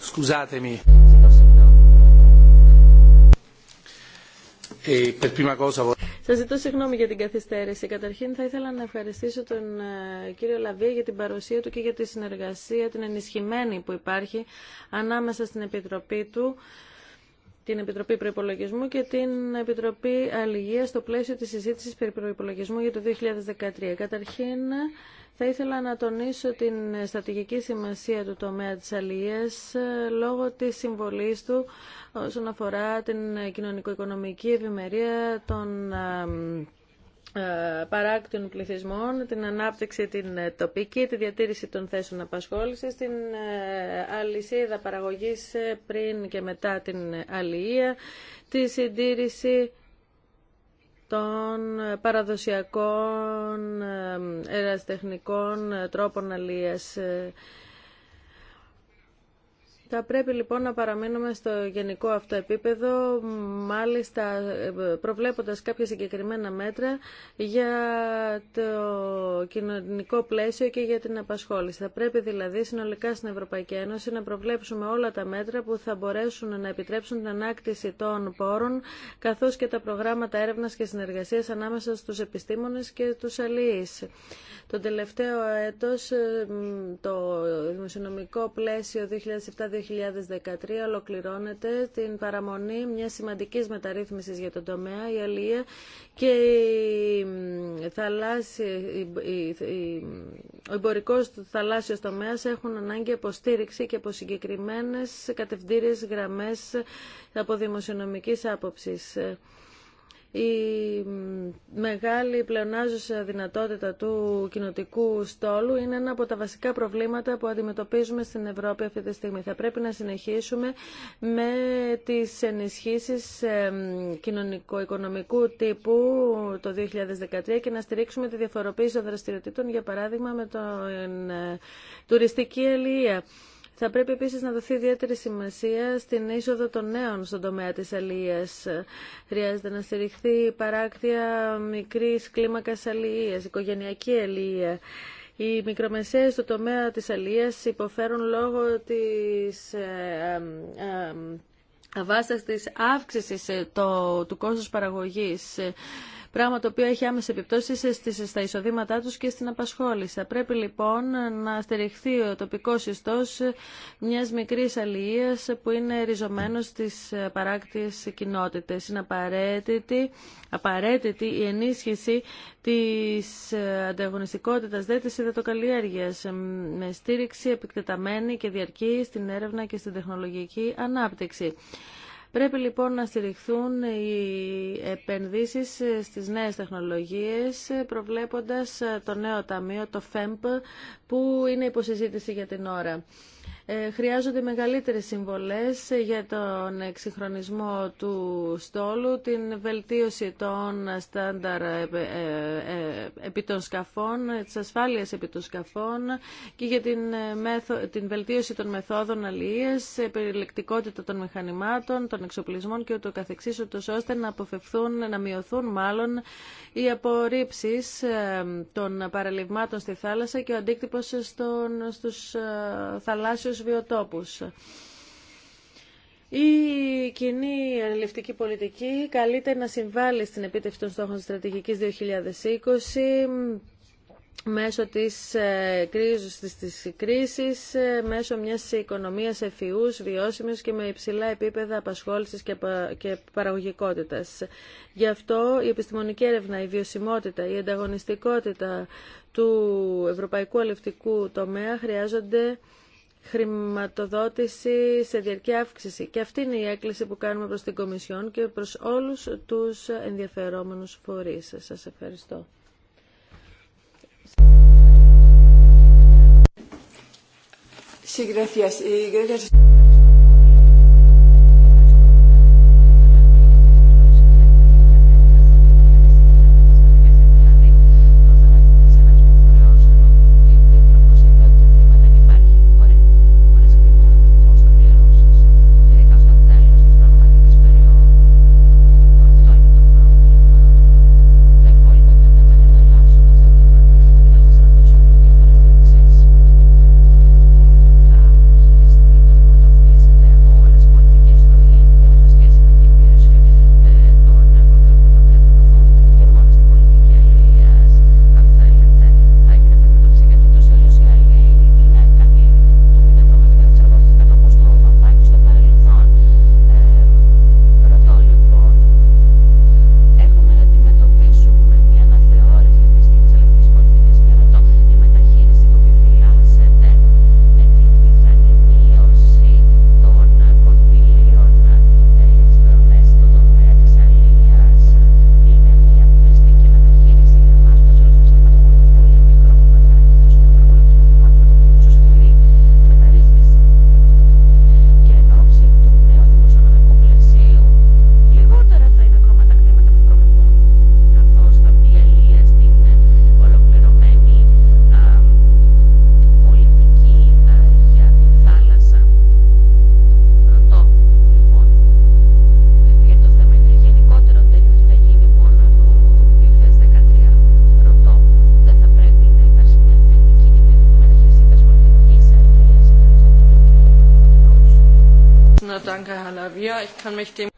Scusatemi. E per prima cosa Σα ζητώ συγγνώμη για την καθυστέρηση. Καταρχήν θα ήθελα να ευχαριστήσω τον ε, κύριο Λαβία για την παρουσία του και για τη συνεργασία, την ενισχυμένη που υπάρχει ανάμεσα στην Επιτροπή του την Επιτροπή Προπολογισμού και την Επιτροπή Αλληλεία στο πλαίσιο της συζήτησης περί προπολογισμού για το 2013. Καταρχήν, θα ήθελα να τονίσω την στρατηγική σημασία του τομέα της αλληλείας ε, λόγω της συμβολής του όσον αφορά την κοινωνικο-οικονομική ευημερία των ε, παράκτων πληθυσμών, την ανάπτυξη την ε, τοπική, τη διατήρηση των θέσεων απασχόλησης, την αλυσίδα παραγωγής πριν και μετά την αλληλεία, τη συντήρηση των ε, παραδοσιακών ε, εραστεχνικών ε, τρόπων αλίας θα πρέπει λοιπόν να παραμείνουμε στο γενικό αυτό επίπεδο, μάλιστα ε, προβλέποντας κάποια συγκεκριμένα μέτρα για το κοινωνικό πλαίσιο και για την απασχόληση. Θα πρέπει δηλαδή συνολικά στην Ευρωπαϊκή Ένωση να προβλέψουμε όλα τα μέτρα που θα μπορέσουν να επιτρέψουν την ανάκτηση των πόρων, καθώς και τα προγράμματα έρευνας και συνεργασίας ανάμεσα στους επιστήμονες και τους αλληλείς. Το τελευταίο έτος, ε, το δημοσιονομικό πλαίσιο 2013 ολοκληρώνεται την παραμονή μια σημαντικής μεταρρύθμισης για τον τομέα, η αλία και η θαλάσσια, ο εμπορικός θαλάσσιος τομέας έχουν ανάγκη από στήριξη και από συγκεκριμένε κατευθύνσεις γραμμές από δημοσιονομικής άποψης η μεγάλη πλεονάζουσα δυνατότητα του κοινοτικού στόλου είναι ένα από τα βασικά προβλήματα που αντιμετωπίζουμε στην Ευρώπη αυτή τη στιγμή. Θα πρέπει να συνεχίσουμε με τις ενισχύσεις κοινωνικο-οικονομικού τύπου το 2013 και να στηρίξουμε τη διαφοροποίηση των δραστηριοτήτων, για παράδειγμα με την ε, τουριστική ελληνία. Θα πρέπει επίσης να δοθεί ιδιαίτερη σημασία στην είσοδο των νέων στον τομέα της αλληλείας. Χρειάζεται να στηριχθεί η παράκτεια μικρής κλίμακας αλληλείας, οικογενειακή αλληλεία. Οι μικρομεσαίες στο τομέα της αλληλείας υποφέρουν λόγω της ε, της αύξησης ε, το, του κόστους παραγωγής πράγμα το οποίο έχει άμεση επιπτώσει στα εισοδήματά τους και στην απασχόληση. θα Πρέπει λοιπόν να στηριχθεί ο τοπικός ιστός μιας μικρής αλληλείας που είναι ριζωμένος στις παράκτης κοινότητες. Είναι απαραίτητη, η ενίσχυση της ανταγωνιστικότητα, δε της με στήριξη επικτεταμένη και διαρκή στην έρευνα και στην τεχνολογική ανάπτυξη. Πρέπει λοιπόν να στηριχθούν οι επενδύσεις στις νέες τεχνολογίες προβλέποντας το νέο ταμείο, το FEMP, που είναι υποσυζήτηση για την ώρα. Ε, χρειάζονται μεγαλύτερες συμβολές ε, για τον εξυγχρονισμό του στόλου, την βελτίωση των στάνταρ ε, επί των σκαφών, της ασφάλειας επί των σκαφών και για την, την βελτίωση των μεθόδων αλληλείας, περιλεκτικότητα των μηχανημάτων, των εξοπλισμών και ούτω καθεξής, ούτως ώστε να αποφευθούν, να μειωθούν μάλλον οι απορρίψεις των παραλυμάτων στη θάλασσα και ο αντίκτυπος στους θαλάσσιους τους βιοτόπους. Η κοινή αλληλευτική πολιτική καλείται να συμβάλλει στην επίτευξη των στόχων της στρατηγικής 2020 μέσω της ε, κρίσης, της, της ε, μέσω μιας οικονομίας εφιούς, βιώσιμης και με υψηλά επίπεδα απασχόλησης και, και παραγωγικότητας. Γι' αυτό η επιστημονική έρευνα, η βιωσιμότητα, η ανταγωνιστικότητα του ευρωπαϊκού αλευτικού τομέα χρειάζονται χρηματοδότηση σε διαρκή αύξηση. Και αυτή είναι η έκκληση που κάνουμε προς την Κομισιόν και προς όλους τους ενδιαφερόμενους φορείς. Σας ευχαριστώ.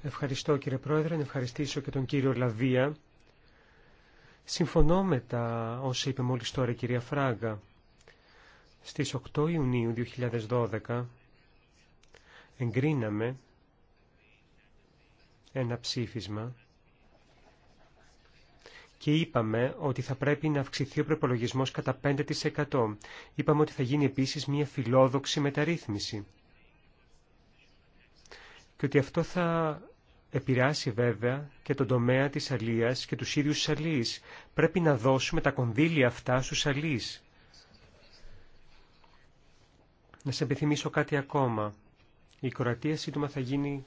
Ευχαριστώ κύριε Πρόεδρε, ευχαριστήσω και τον κύριο Λαβία. Συμφωνώ με τα όσα είπε μόλις τώρα η κυρία Φράγκα. Στις 8 Ιουνίου 2012 εγκρίναμε ένα ψήφισμα και είπαμε ότι θα πρέπει να αυξηθεί ο προπολογισμό κατά 5%. Είπαμε ότι θα γίνει επίσης μια φιλόδοξη μεταρρύθμιση και ότι αυτό θα επηρεάσει βέβαια και τον τομέα της αλίας και τους ίδιους σαλείς. Πρέπει να δώσουμε τα κονδύλια αυτά στους αλίες. Να σε επιθυμίσω κάτι ακόμα. Η Κροατία σύντομα θα γίνει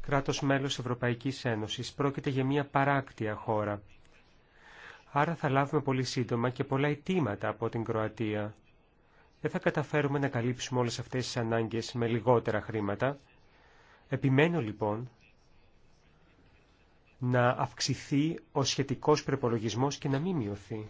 κράτος μέλος Ευρωπαϊκής Ένωσης. Πρόκειται για μια παράκτια χώρα. Άρα θα λάβουμε πολύ σύντομα και πολλά αιτήματα από την Κροατία. Δεν θα καταφέρουμε να καλύψουμε όλες αυτές τις ανάγκες με λιγότερα χρήματα. Επιμένω λοιπόν να αυξηθεί ο σχετικός προπολογισμό και να μην μειωθεί.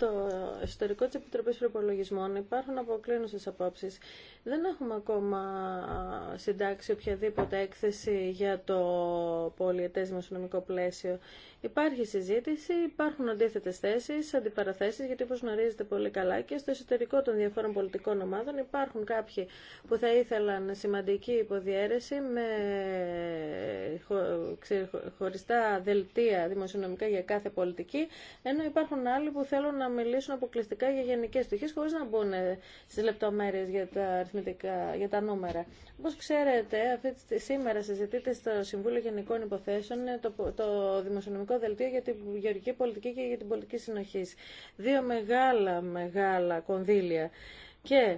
στο εσωτερικό τη Επιτροπή Προπολογισμών υπάρχουν αποκλίνουσε απόψει. Δεν έχουμε ακόμα συντάξει οποιαδήποτε έκθεση για το πολιετέ δημοσιονομικό πλαίσιο Υπάρχει συζήτηση, υπάρχουν αντίθετε θέσει αντιπαραθέσει, γιατί όπω γνωρίζετε πολύ καλά και στο εσωτερικό των διαφόρων πολιτικών ομάδων υπάρχουν κάποιοι που θα ήθελαν σημαντική υποδιέρεση με χωριστά δελτία δημοσιονομικά για κάθε πολιτική, ενώ υπάρχουν άλλοι που θέλουν να μιλήσουν αποκλειστικά για γενικέ στοιχείε χωρί να μπουν στι λεπτομέρειε για τα, αριθμητικά, για τα νούμερα. Όπω ξέρετε, αυτή, σήμερα συζητείται στο Συμβούλιο Γενικών Υποθέσεων ε, το, το δημοσιονομικό Κοινωνικό Δελτίο για την Γεωργική Πολιτική και για την Πολιτική Συνοχή. Δύο μεγάλα, μεγάλα κονδύλια. Και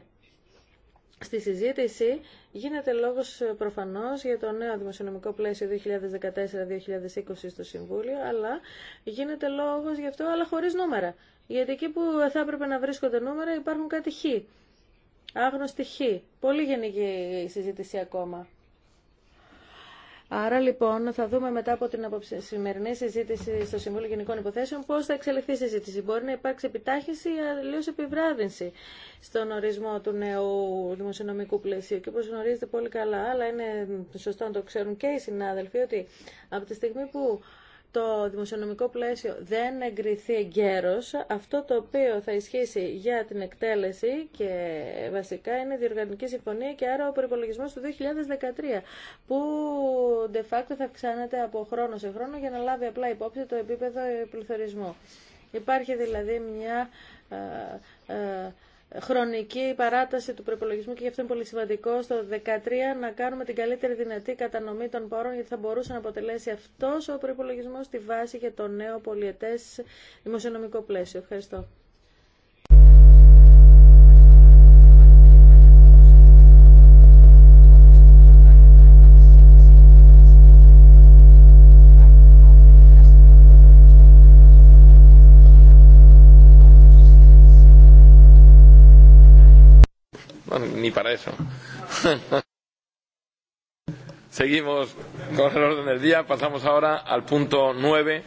Στη συζήτηση γίνεται λόγος ε, προφανώ για το νέο δημοσιονομικό πλαίσιο 2014-2020 στο Συμβούλιο, αλλά γίνεται λόγος γι' αυτό, αλλά χωρίς νούμερα. Γιατί εκεί που θα έπρεπε να βρίσκονται νούμερα υπάρχουν κάτι χ, άγνωστη χ. Πολύ γενική συζήτηση ακόμα. Άρα λοιπόν θα δούμε μετά από την σημερινή συζήτηση στο Συμβούλιο Γενικών Υποθέσεων πώς θα εξελιχθεί η συζήτηση. Μπορεί να υπάρξει επιτάχυνση ή αλλιώς επιβράδυνση στον ορισμό του νέου δημοσιονομικού πλαισίου. Και όπως γνωρίζετε πολύ καλά, αλλά είναι σωστό να το ξέρουν και οι συνάδελφοι, ότι από τη στιγμή που το δημοσιονομικό πλαίσιο δεν εγκριθεί εγκαίρως, αυτό το οποίο θα ισχύσει για την εκτέλεση και βασικά είναι η διοργανική συμφωνία και άρα ο προπολογισμό του 2013, που de facto θα αυξάνεται από χρόνο σε χρόνο για να λάβει απλά υπόψη το επίπεδο πληθωρισμού. Υπάρχει δηλαδή μια ε, ε, χρονική παράταση του προπολογισμού και γι' αυτό είναι πολύ σημαντικό στο 2013 να κάνουμε την καλύτερη δυνατή κατανομή των πόρων γιατί θα μπορούσε να αποτελέσει αυτός ο προπολογισμό τη βάση για το νέο πολιετές δημοσιονομικό πλαίσιο. Ευχαριστώ. ni para eso. Seguimos con el orden del día. Pasamos ahora al punto 9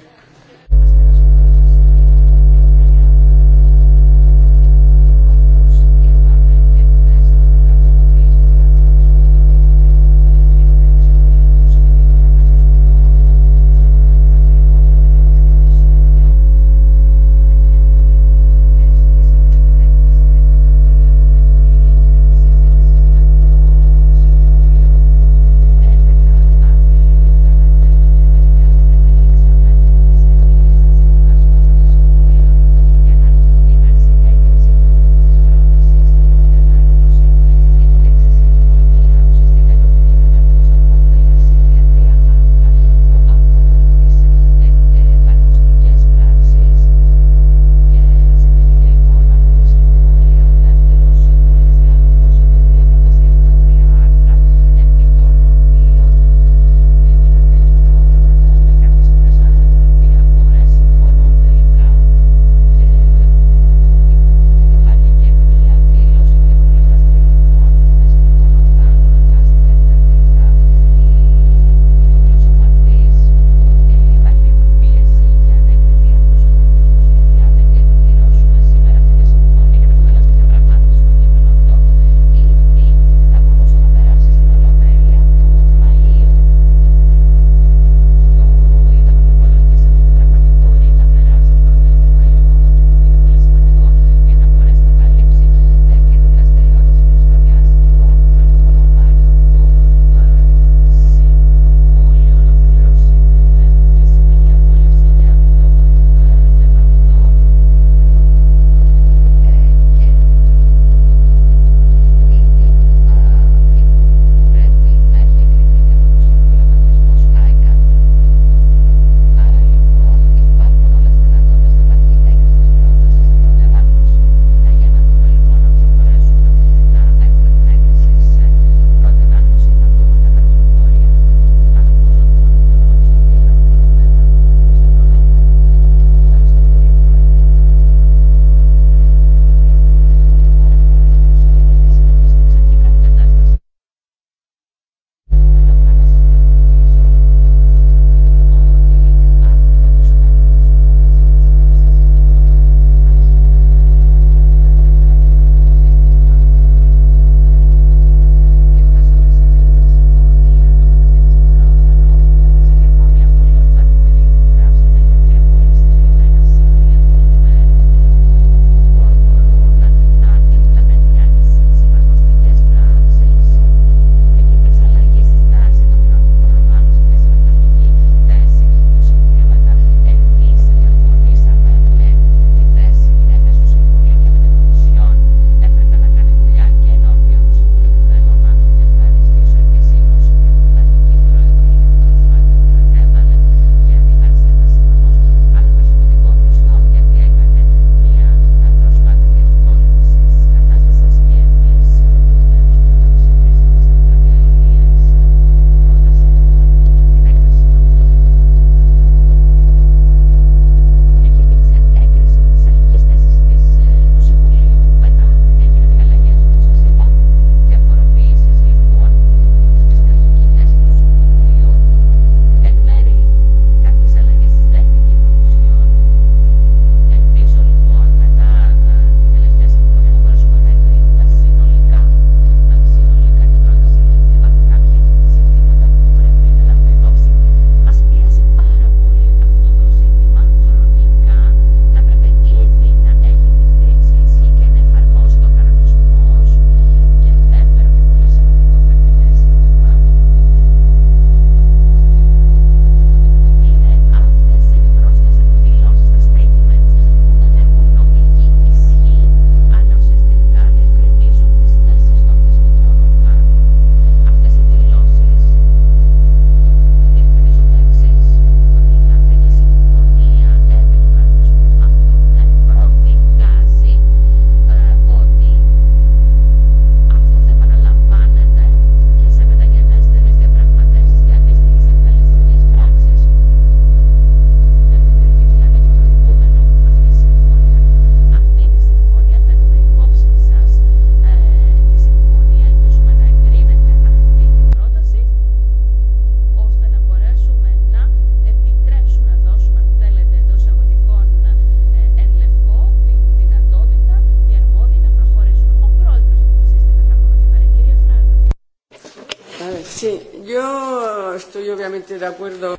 de acuerdo.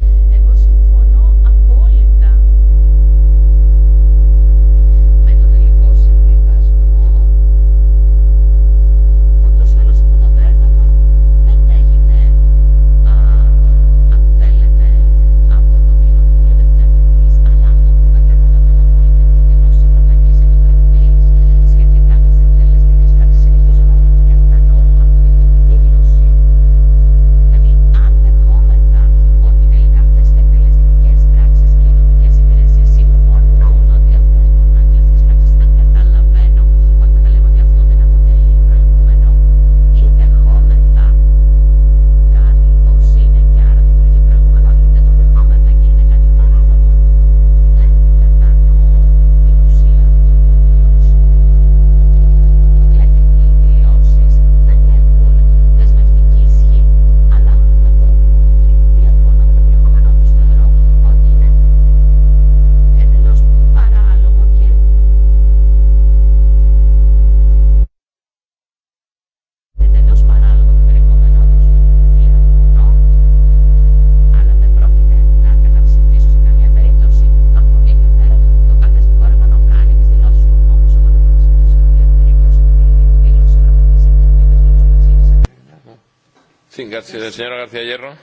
Gracias, señora García Hierro.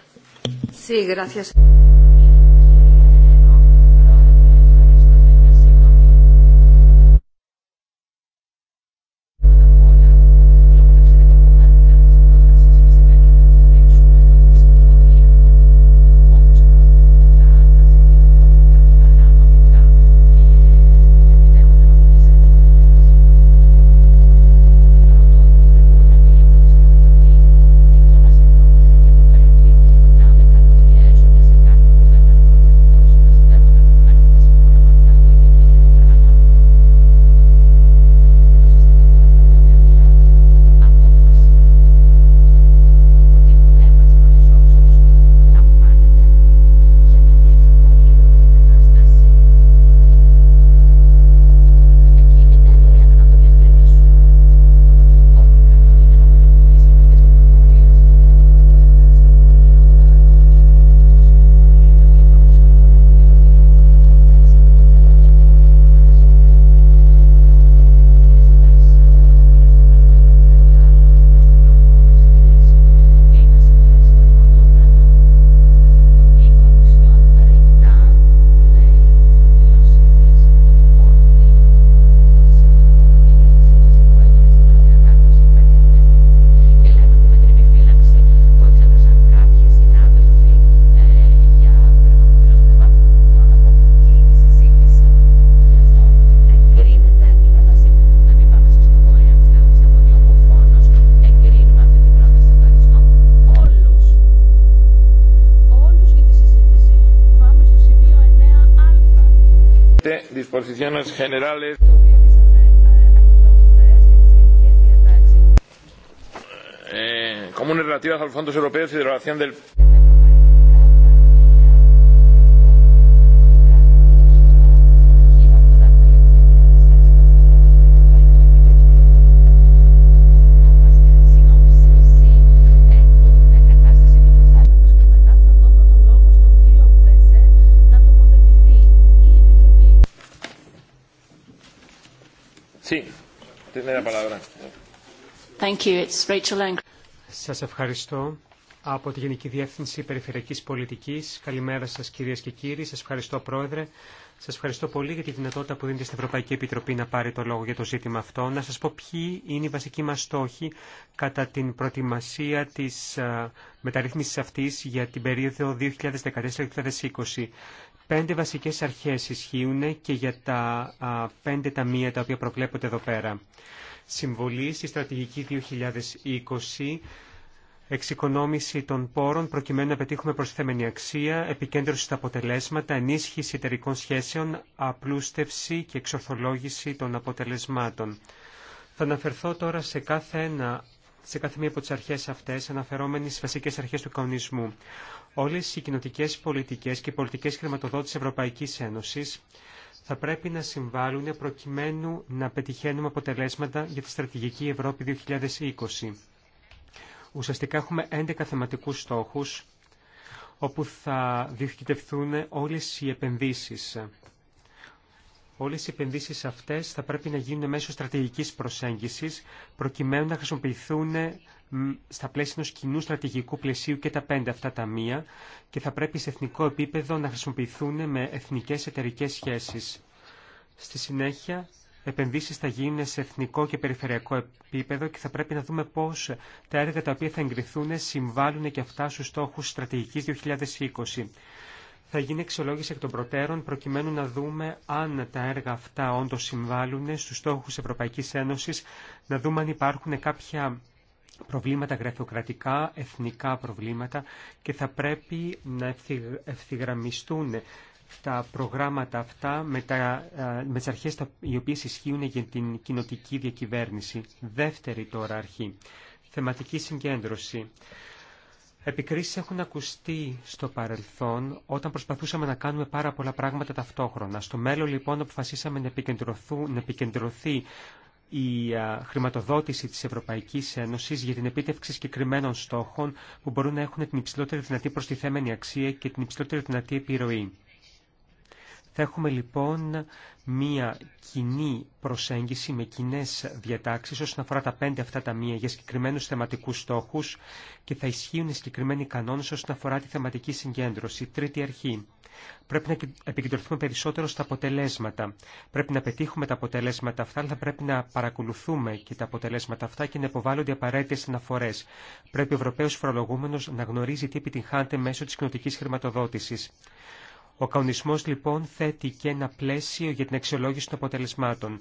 Sí, gracias. disposiciones Generales. Eh, comunes relativas a los fondos europeos y de relación del. Thank σας ευχαριστώ από τη Γενική Διεύθυνση Περιφερειακής Πολιτικής. Καλημέρα σας κυρίες και κύριοι. Σας ευχαριστώ Πρόεδρε. Σας ευχαριστώ πολύ για τη δυνατότητα που δίνετε στην Ευρωπαϊκή Επιτροπή να πάρει το λόγο για το ζήτημα αυτό. Να σας πω ποιοι είναι οι βασικοί μας στόχοι κατά την προετοιμασία της ε, μεταρρύθμισης αυτής για την περίοδο 2014-2020. Πέντε βασικές αρχές ισχύουν και για τα α, πέντε ταμεία τα οποία προβλέπονται εδώ πέρα. Συμβολή στη στρατηγική 2020, εξοικονόμηση των πόρων προκειμένου να πετύχουμε προσθέμενη αξία, επικέντρωση στα αποτελέσματα, ενίσχυση εταιρικών σχέσεων, απλούστευση και εξορθολόγηση των αποτελεσμάτων. Θα αναφερθώ τώρα σε κάθε ένα σε κάθε μία από τι αρχέ αυτέ, αναφερόμενοι στι βασικέ αρχέ του κανονισμού. Όλε οι κοινοτικέ πολιτικέ και οι πολιτικέ χρηματοδότηση Ευρωπαϊκή Ένωση θα πρέπει να συμβάλλουν προκειμένου να πετυχαίνουμε αποτελέσματα για τη στρατηγική Ευρώπη 2020. Ουσιαστικά έχουμε 11 θεματικού στόχου όπου θα διοικητευθούν όλες οι επενδύσεις Όλε οι επενδύσει αυτές θα πρέπει να γίνουν μέσω στρατηγικής προσέγγισης, προκειμένου να χρησιμοποιηθούν στα πλαίσια ενό κοινού στρατηγικού πλαισίου και τα πέντε αυτά ταμεία και θα πρέπει σε εθνικό επίπεδο να χρησιμοποιηθούν με εθνικές εταιρικές σχέσεις. Στη συνέχεια, επενδύσει θα γίνουν σε εθνικό και περιφερειακό επίπεδο και θα πρέπει να δούμε πώς τα έργα τα οποία θα εγκριθούν συμβάλλουν και αυτά στους στόχους στρατηγικής 2020 θα γίνει εξολόγηση εκ των προτέρων προκειμένου να δούμε αν τα έργα αυτά όντως συμβάλλουν στους στόχους Ευρωπαϊκής Ένωσης, να δούμε αν υπάρχουν κάποια προβλήματα γραφειοκρατικά, εθνικά προβλήματα και θα πρέπει να ευθυγραμμιστούν τα προγράμματα αυτά με, τα, ε, με τις αρχές τα, οι οποίες ισχύουν για την κοινοτική διακυβέρνηση. Δεύτερη τώρα αρχή. Θεματική συγκέντρωση. Επικρίσεις έχουν ακουστεί στο παρελθόν όταν προσπαθούσαμε να κάνουμε πάρα πολλά πράγματα ταυτόχρονα. Στο μέλλον λοιπόν αποφασίσαμε να, να επικεντρωθεί η χρηματοδότηση της Ευρωπαϊκής Ένωσης για την επίτευξη συγκεκριμένων στόχων που μπορούν να έχουν την υψηλότερη δυνατή προστιθέμενη αξία και την υψηλότερη δυνατή επιρροή. Θα έχουμε λοιπόν μία κοινή προσέγγιση με κοινέ διατάξεις όσον αφορά τα πέντε αυτά ταμεία για συγκεκριμένους θεματικούς στόχους και θα ισχύουν οι συγκεκριμένοι κανόνες όσον αφορά τη θεματική συγκέντρωση. Τρίτη αρχή. Πρέπει να επικεντρωθούμε περισσότερο στα αποτελέσματα. Πρέπει να πετύχουμε τα αποτελέσματα αυτά, αλλά θα πρέπει να παρακολουθούμε και τα αποτελέσματα αυτά και να υποβάλλονται απαραίτητε αναφορέ. Πρέπει ο Ευρωπαίο φορολογούμενο να γνωρίζει τι επιτυγχάνεται μέσω τη κοινοτική χρηματοδότηση. Ο κανονισμός λοιπόν θέτει και ένα πλαίσιο για την αξιολόγηση των αποτελεσμάτων.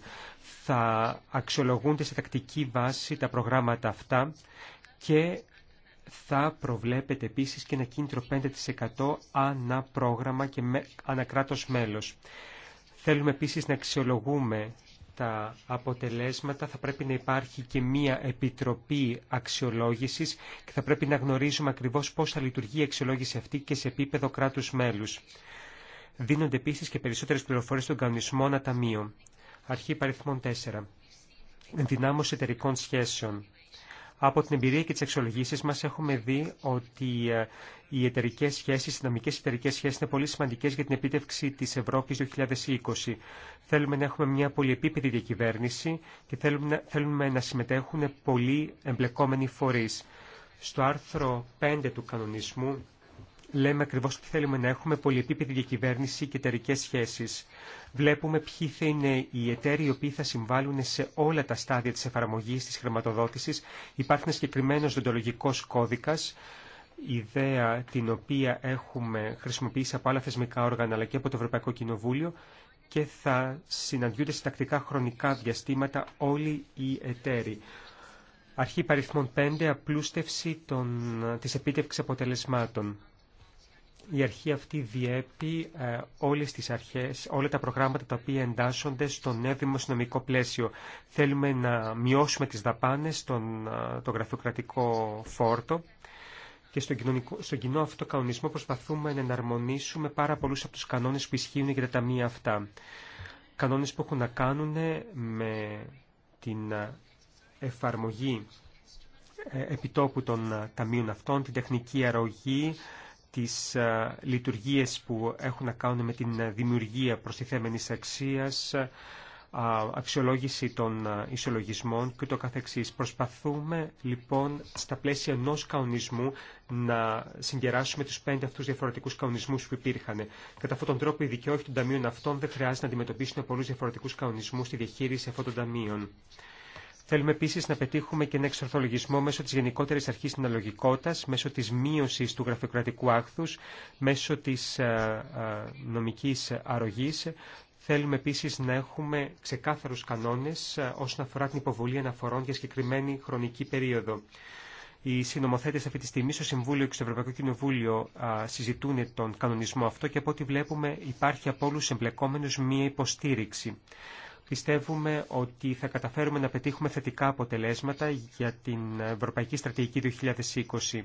Θα αξιολογούνται σε τακτική βάση τα προγράμματα αυτά και θα προβλέπεται επίσης και ένα κίνητρο 5% ανά πρόγραμμα και ανά κράτος μέλος. Θέλουμε επίσης να αξιολογούμε τα αποτελέσματα θα πρέπει να υπάρχει και μία επιτροπή αξιολόγησης και θα πρέπει να γνωρίζουμε ακριβώς πώς θα λειτουργεί η αξιολόγηση αυτή και σε επίπεδο κράτους μέλους. Δίνονται επίση και περισσότερε πληροφορίε στον κανονισμό αταμείων. Αρχή παριθμών 4. Ενδυνάμωση εταιρικών σχέσεων. Από την εμπειρία και τι εξολογήσει μα έχουμε δει ότι ε, οι εταιρικέ σχέσει, οι δυναμικέ εταιρικέ σχέσει είναι πολύ σημαντικέ για την επίτευξη τη Ευρώπη 2020. Θέλουμε να έχουμε μια πολυεπίπεδη διακυβέρνηση και θέλουμε, θέλουμε να συμμετέχουν πολλοί εμπλεκόμενοι φορεί. Στο άρθρο 5 του κανονισμού λέμε ακριβώ ότι θέλουμε να έχουμε πολυεπίπεδη διακυβέρνηση και εταιρικέ σχέσει. Βλέπουμε ποιοι θα είναι οι εταίροι οι οποίοι θα συμβάλλουν σε όλα τα στάδια τη εφαρμογή, τη χρηματοδότηση. Υπάρχει ένα συγκεκριμένο δοντολογικός κώδικα, ιδέα την οποία έχουμε χρησιμοποιήσει από άλλα θεσμικά όργανα αλλά και από το Ευρωπαϊκό Κοινοβούλιο και θα συναντιούνται σε τακτικά χρονικά διαστήματα όλοι οι εταίροι. Αρχή παριθμών 5. Απλούστευση των, της επίτευξης αποτελεσμάτων η αρχή αυτή διέπει ε, όλες τις αρχές, όλα τα προγράμματα τα οποία εντάσσονται στο νέο δημοσιονομικό πλαίσιο. Θέλουμε να μειώσουμε τις δαπάνες στον ε, το γραφειοκρατικό φόρτο και στον, κοινό αυτό κανονισμό προσπαθούμε να εναρμονίσουμε πάρα πολλούς από τους κανόνες που ισχύουν για τα ταμεία αυτά. Κανόνες που έχουν να κάνουν με την ε, εφαρμογή ε, επιτόπου των ταμείων αυτών, την τεχνική αρρωγή, τις ε, λειτουργίες που έχουν να κάνουν με την ε, δημιουργία προστιθέμενης αξίας, ε, αξιολόγηση των ισολογισμών και το καθεξής. Προσπαθούμε λοιπόν στα πλαίσια ενό καονισμού να συγκεράσουμε τους πέντε αυτούς διαφορετικούς καονισμούς που υπήρχαν. Κατά αυτόν τον τρόπο οι δικαιώχοι των ταμείων αυτών δεν χρειάζεται να αντιμετωπίσουν πολλούς διαφορετικούς καονισμούς στη διαχείριση αυτών των ταμείων. Θέλουμε επίση να πετύχουμε και ένα εξορθολογισμό μέσω τη γενικότερη αρχή συναλλογικότητα, μέσω τη μείωση του γραφειοκρατικού άχθου, μέσω τη ε, ε, νομική αρρωγή. Θέλουμε επίση να έχουμε ξεκάθαρου κανόνε ε, όσον αφορά την υποβολή αναφορών για συγκεκριμένη χρονική περίοδο. Οι συνομοθέτε αυτή τη στιγμή στο Συμβούλιο και στο Ευρωπαϊκό Κοινοβούλιο συζητούν τον κανονισμό αυτό και από ό,τι βλέπουμε υπάρχει από όλου εμπλεκόμενου μία υποστήριξη πιστεύουμε ότι θα καταφέρουμε να πετύχουμε θετικά αποτελέσματα για την Ευρωπαϊκή Στρατηγική 2020.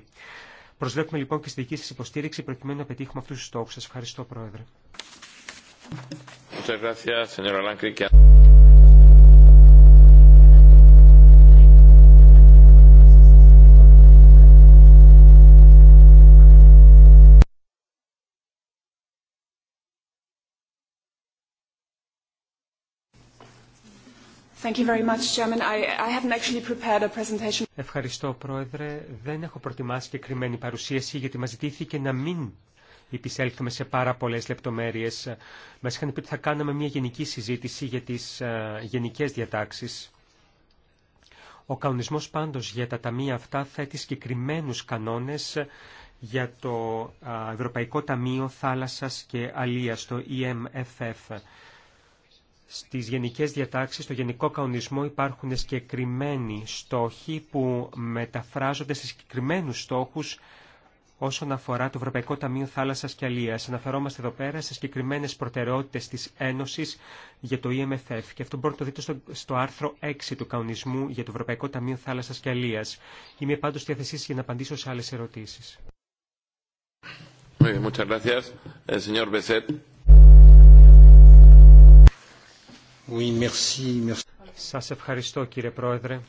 Προσβλέπουμε λοιπόν και στη δική σας υποστήριξη προκειμένου να πετύχουμε αυτούς τους στόχους. Σας ευχαριστώ Πρόεδρε. Ευχαριστώ, Πρόεδρε. Δεν έχω προτιμάσει συγκεκριμένη παρουσίαση, γιατί μας ζητήθηκε να μην επισέλθουμε σε πάρα πολλές λεπτομέρειες. Μας είχαν πει ότι θα κάναμε μια γενική συζήτηση για τις γενικέ γενικές διατάξεις. Ο κανονισμός πάντως για τα ταμεία αυτά θέτει συγκεκριμένου κανόνες για το ε, Ευρωπαϊκό Ταμείο Θάλασσας και Αλίας, το EMFF. Στις γενικές διατάξεις, στο γενικό καονισμό υπάρχουν συγκεκριμένοι στόχοι που μεταφράζονται σε συγκεκριμένου στόχους όσον αφορά το Ευρωπαϊκό Ταμείο Θάλασσας και Αλίας. Αναφερόμαστε εδώ πέρα σε συγκεκριμένες προτεραιότητες της Ένωσης για το EMFF και αυτό μπορείτε να το δείτε στο, άρθρο 6 του καονισμού για το Ευρωπαϊκό Ταμείο Θάλασσας και Αλίας. Είμαι πάντως διαθεσής για να απαντήσω σε άλλες ερωτήσεις. Oui, Σας ευχαριστώ κύριε Πρόεδρε.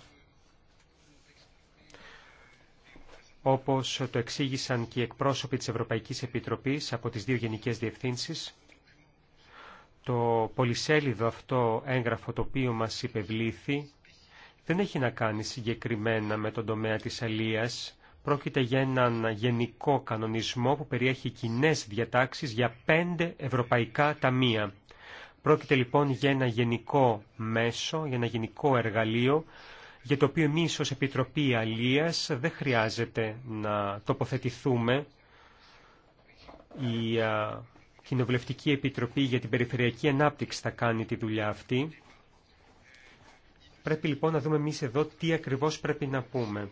Όπως το εξήγησαν και οι εκπρόσωποι της Ευρωπαϊκής Επιτροπής από τις δύο Γενικές Διευθύνσεις, το πολυσέλιδο αυτό έγγραφο το οποίο μας υπευλήθη δεν έχει να κάνει συγκεκριμένα με τον τομέα της αλίας. Πρόκειται για έναν γενικό κανονισμό που περιέχει κοινέ διατάξεις για πέντε ευρωπαϊκά ταμεία. Πρόκειται λοιπόν για ένα γενικό μέσο, για ένα γενικό εργαλείο, για το οποίο εμεί ω Επιτροπή Αλίας δεν χρειάζεται να τοποθετηθούμε. Η Κοινοβουλευτική Επιτροπή για την Περιφερειακή Ανάπτυξη θα κάνει τη δουλειά αυτή. Πρέπει λοιπόν να δούμε εμεί εδώ τι ακριβώς πρέπει να πούμε.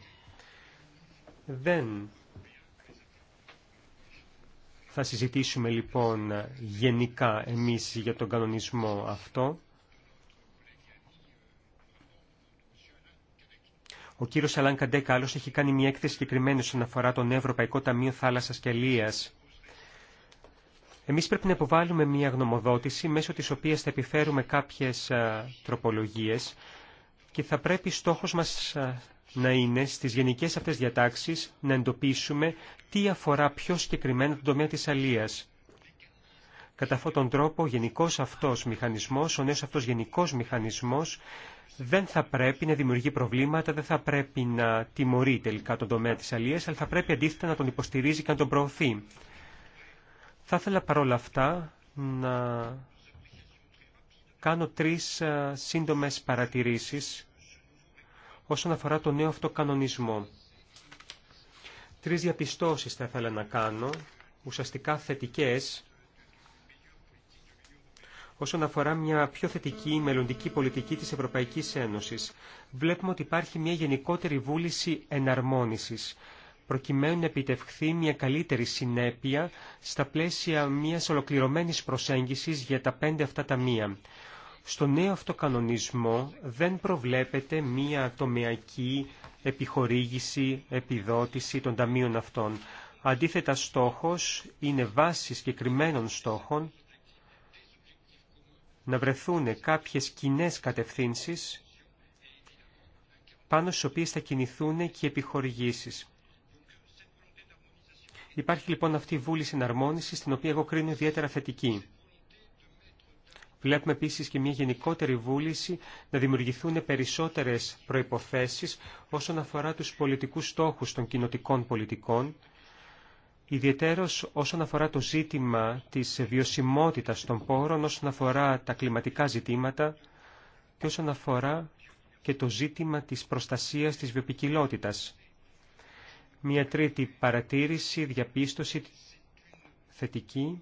Δεν θα συζητήσουμε λοιπόν γενικά εμείς για τον κανονισμό αυτό. Ο κύριος Αλάν Καντέκα άλλωστε έχει κάνει μια έκθεση συγκεκριμένη όσον αφορά τον Ευρωπαϊκό Ταμείο Θάλασσας και Λίας. Εμείς πρέπει να υποβάλουμε μια γνωμοδότηση μέσω της οποίας θα επιφέρουμε κάποιες τροπολογίες και θα πρέπει στόχος μας να είναι στις γενικές αυτές διατάξεις να εντοπίσουμε τι αφορά πιο συγκεκριμένα τον τομέα της αλίας. Κατά αυτόν τον τρόπο, ο γενικός αυτός μηχανισμός, ο νέος αυτός γενικός μηχανισμός, δεν θα πρέπει να δημιουργεί προβλήματα, δεν θα πρέπει να τιμωρεί τελικά τον τομέα της αλίας, αλλά θα πρέπει αντίθετα να τον υποστηρίζει και να τον προωθεί. Θα ήθελα παρόλα αυτά να κάνω τρεις σύντομες παρατηρήσεις όσον αφορά τον νέο αυτοκανονισμό, κανονισμό. Τρεις διαπιστώσεις θα ήθελα να κάνω, ουσιαστικά θετικές, όσον αφορά μια πιο θετική μελλοντική πολιτική της Ευρωπαϊκής Ένωσης. Βλέπουμε ότι υπάρχει μια γενικότερη βούληση εναρμόνισης, προκειμένου να επιτευχθεί μια καλύτερη συνέπεια στα πλαίσια μιας ολοκληρωμένης προσέγγισης για τα πέντε αυτά ταμεία. Στο νέο αυτοκανονισμό δεν προβλέπεται μία τομεακή επιχορήγηση, επιδότηση των ταμείων αυτών. Αντίθετα στόχος είναι βάση συγκεκριμένων στόχων να βρεθούν κάποιες κοινέ κατευθύνσεις πάνω στις οποίες θα κινηθούν και επιχορηγήσεις. Υπάρχει λοιπόν αυτή η βούληση εναρμόνισης, την οποία εγώ κρίνω ιδιαίτερα θετική. Βλέπουμε επίσης και μια γενικότερη βούληση να δημιουργηθούν περισσότερες προϋποθέσεις όσον αφορά τους πολιτικούς στόχους των κοινοτικών πολιτικών, ιδιαιτέρως όσον αφορά το ζήτημα της βιωσιμότητας των πόρων, όσον αφορά τα κλιματικά ζητήματα και όσον αφορά και το ζήτημα της προστασίας της βιοπικιλότητας. Μια τρίτη παρατήρηση, διαπίστωση θετική,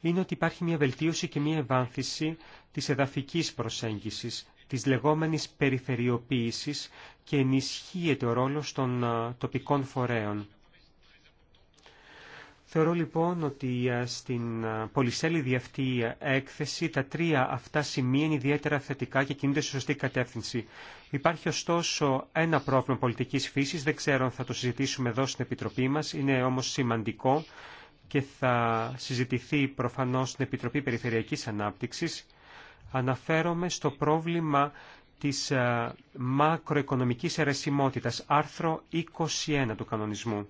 είναι ότι υπάρχει μια βελτίωση και μια ευάνθηση της εδαφικής προσέγγισης, της λεγόμενης περιφερειοποίησης και ενισχύεται ο ρόλος των τοπικών φορέων. Θεωρώ λοιπόν ότι στην πολυσέλιδη αυτή έκθεση τα τρία αυτά σημεία είναι ιδιαίτερα θετικά και κινούνται σε σωστή κατεύθυνση. Υπάρχει ωστόσο ένα πρόβλημα πολιτικής φύσης, δεν ξέρω αν θα το συζητήσουμε εδώ στην Επιτροπή μας, είναι όμως σημαντικό και θα συζητηθεί προφανώς στην Επιτροπή Περιφερειακής Ανάπτυξης, αναφέρομαι στο πρόβλημα της ε, μακροοικονομικής αιρεσιμότητας, άρθρο 21 του κανονισμού.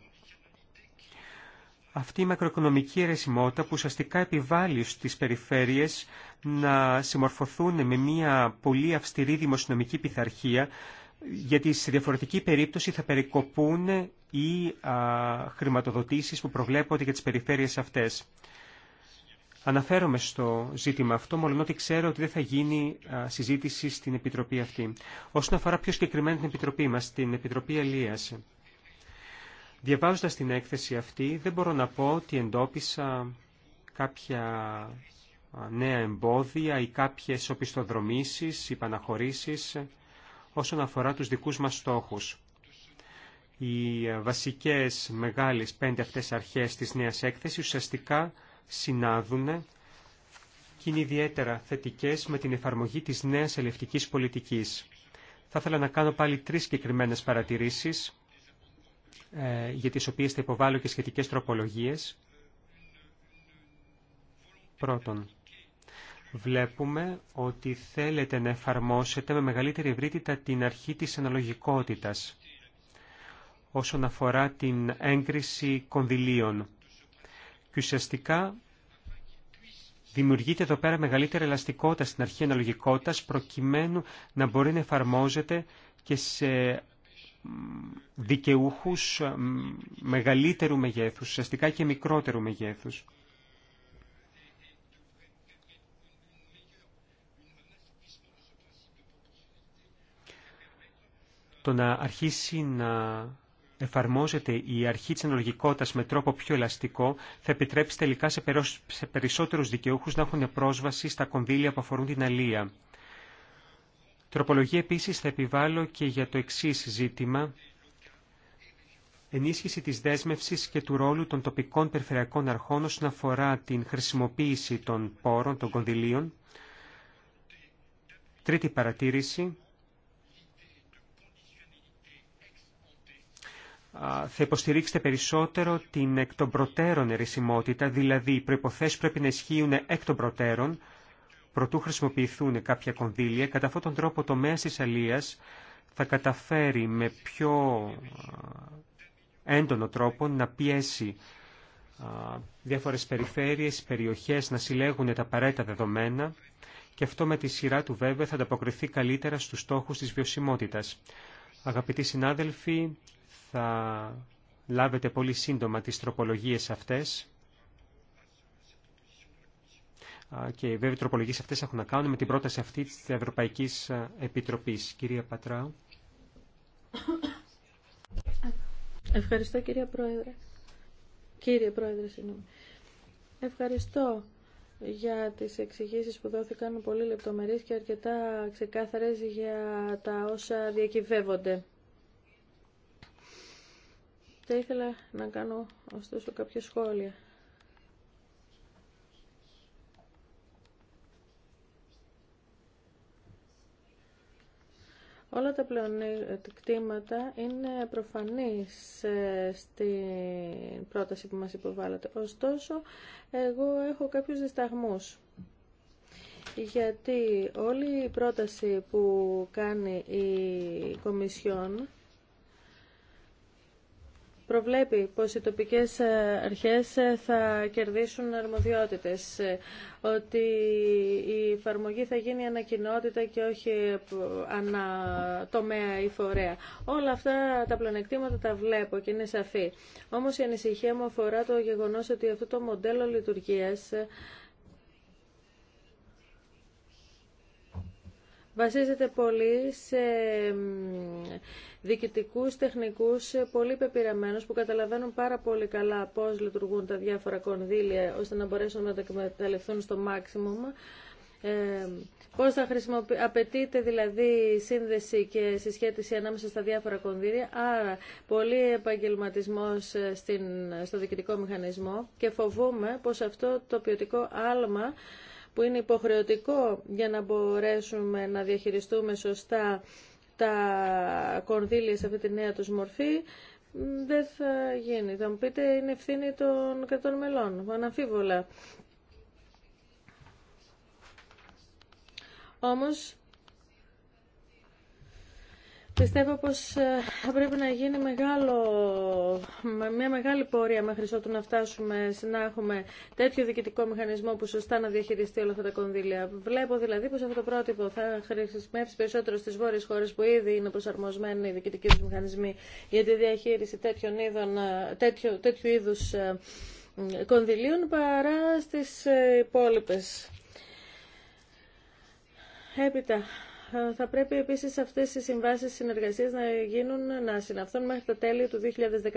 Αυτή η μακροοικονομική αιρεσιμότητα που ουσιαστικά επιβάλλει στις περιφέρειες να συμμορφωθούν με μια πολύ αυστηρή δημοσιονομική πειθαρχία γιατί σε διαφορετική περίπτωση θα περικοπούν οι α, χρηματοδοτήσεις που προβλέπονται για τις περιφέρειες αυτές. Αναφέρομαι στο ζήτημα αυτό, μόνο ότι ξέρω ότι δεν θα γίνει συζήτηση στην Επιτροπή αυτή. Όσον αφορά πιο συγκεκριμένα την Επιτροπή μας, την Επιτροπή Ελίας. Διαβάζοντας την έκθεση αυτή, δεν μπορώ να πω ότι εντόπισα κάποια νέα εμπόδια ή κάποιες οπισθοδρομήσεις ή παναχωρήσεις όσον αφορά τους δικούς μας στόχους. Οι βασικές μεγάλες πέντε αυτές αρχές της νέας έκθεσης ουσιαστικά συνάδουν και είναι ιδιαίτερα θετικές με την εφαρμογή της νέας ελευτικής πολιτικής. Θα ήθελα να κάνω πάλι τρεις συγκεκριμένε παρατηρήσεις, ε, για τις οποίες θα υποβάλω και σχετικές τροπολογίες. Πρώτον, βλέπουμε ότι θέλετε να εφαρμόσετε με μεγαλύτερη ευρύτητα την αρχή της αναλογικότητας όσον αφορά την έγκριση κονδυλίων. Και ουσιαστικά δημιουργείται εδώ πέρα μεγαλύτερη ελαστικότητα στην αρχή αναλογικότητας προκειμένου να μπορεί να εφαρμόζεται και σε δικαιούχους μεγαλύτερου μεγέθους, ουσιαστικά και μικρότερου μεγέθους. το να αρχίσει να εφαρμόζεται η αρχή της αναλογικότητας με τρόπο πιο ελαστικό θα επιτρέψει τελικά σε περισσότερους δικαιούχους να έχουν πρόσβαση στα κονδύλια που αφορούν την αλία. Τροπολογία επίσης θα επιβάλλω και για το εξή ζήτημα ενίσχυση της δέσμευσης και του ρόλου των τοπικών περιφερειακών αρχών όσον αφορά την χρησιμοποίηση των πόρων, των κονδυλίων. Τρίτη παρατήρηση, θα υποστηρίξετε περισσότερο την εκ των προτέρων ερησιμότητα, δηλαδή οι προϋποθέσεις πρέπει να ισχύουν εκ των προτέρων, προτού χρησιμοποιηθούν κάποια κονδύλια. Κατά αυτόν τον τρόπο το μέσο τη αλίας θα καταφέρει με πιο έντονο τρόπο να πιέσει διάφορες περιφέρειες, περιοχές να συλλέγουν τα απαραίτητα δεδομένα και αυτό με τη σειρά του βέβαια θα ανταποκριθεί καλύτερα στους στόχους της βιωσιμότητας. Αγαπητοί συνάδελφοι, θα λάβετε πολύ σύντομα τις τροπολογίες αυτές. Και βέβαια οι τροπολογίες αυτές έχουν να κάνουν με την πρόταση αυτή της Ευρωπαϊκής Επιτροπής. Κυρία Πατράου. Ευχαριστώ κυρία Πρόεδρε. Κύριε Πρόεδρε, συγγνώμη. Ευχαριστώ για τις εξηγήσεις που δόθηκαν πολύ λεπτομερείς και αρκετά ξεκάθαρες για τα όσα διακυβεύονται. Θα ήθελα να κάνω ωστόσο κάποια σχόλια. Όλα τα πλεονεκτήματα είναι προφανής ε, στην πρόταση που μας υποβάλλατε. Ωστόσο, εγώ έχω κάποιους δισταγμούς. Γιατί όλη η πρόταση που κάνει η Κομισιόν προβλέπει πως οι τοπικές ε, αρχές ε, θα κερδίσουν αρμοδιότητες, ε, ότι η εφαρμογή θα γίνει ανακοινότητα και όχι ανατομέα ή φορέα. Όλα αυτά τα πλανεκτήματα τα βλέπω και είναι σαφή. Όμως η ανησυχία μου αφορά το γεγονός ότι αυτό το μοντέλο λειτουργίας βασίζεται πολύ σε διοικητικούς, τεχνικούς, πολύ πεπειραμένους που καταλαβαίνουν πάρα πολύ καλά πώς λειτουργούν τα διάφορα κονδύλια ώστε να μπορέσουν να τα εκμεταλλευτούν στο μάξιμουμ. Ε, πώς θα χρησιμοποιήσουν, απαιτείται δηλαδή σύνδεση και συσχέτιση... ανάμεσα στα διάφορα κονδύλια. Άρα, πολύ επαγγελματισμός στο διοικητικό μηχανισμό... και φοβούμαι Ε, πώς θα χρησιμοποιεί, απαιτείται δηλαδή σύνδεση και συσχέτιση ανάμεσα στα διάφορα κονδύλια, άρα πολύ επαγγελματισμός στην, στο διοικητικό μηχανισμό και φοβούμε πως αυτό το ποιοτικό άλμα που είναι υποχρεωτικό για να μπορέσουμε να διαχειριστούμε σωστά τα κονδύλια σε αυτή τη νέα τους μορφή, δεν θα γίνει. Θα μου πείτε είναι ευθύνη των κρατών μελών, αναμφίβολα. Όμως Πιστεύω πως ε, θα πρέπει να γίνει μεγάλο, μια μεγάλη πορεία μέχρι ότου να φτάσουμε να έχουμε τέτοιο διοικητικό μηχανισμό που σωστά να διαχειριστεί όλα αυτά τα κονδύλια. Βλέπω δηλαδή πως αυτό το πρότυπο θα χρησιμεύσει περισσότερο στις βόρειες χώρες που ήδη είναι προσαρμοσμένοι οι διοικητικοί τους μηχανισμοί για τη διαχείριση ε, τέτοιου, τέτοιου είδους ε, κονδυλίων παρά στις υπόλοιπε. Έπειτα, θα πρέπει επίσης αυτές οι συμβάσεις συνεργασίας να γίνουν, να συναυθούν μέχρι το τέλειο του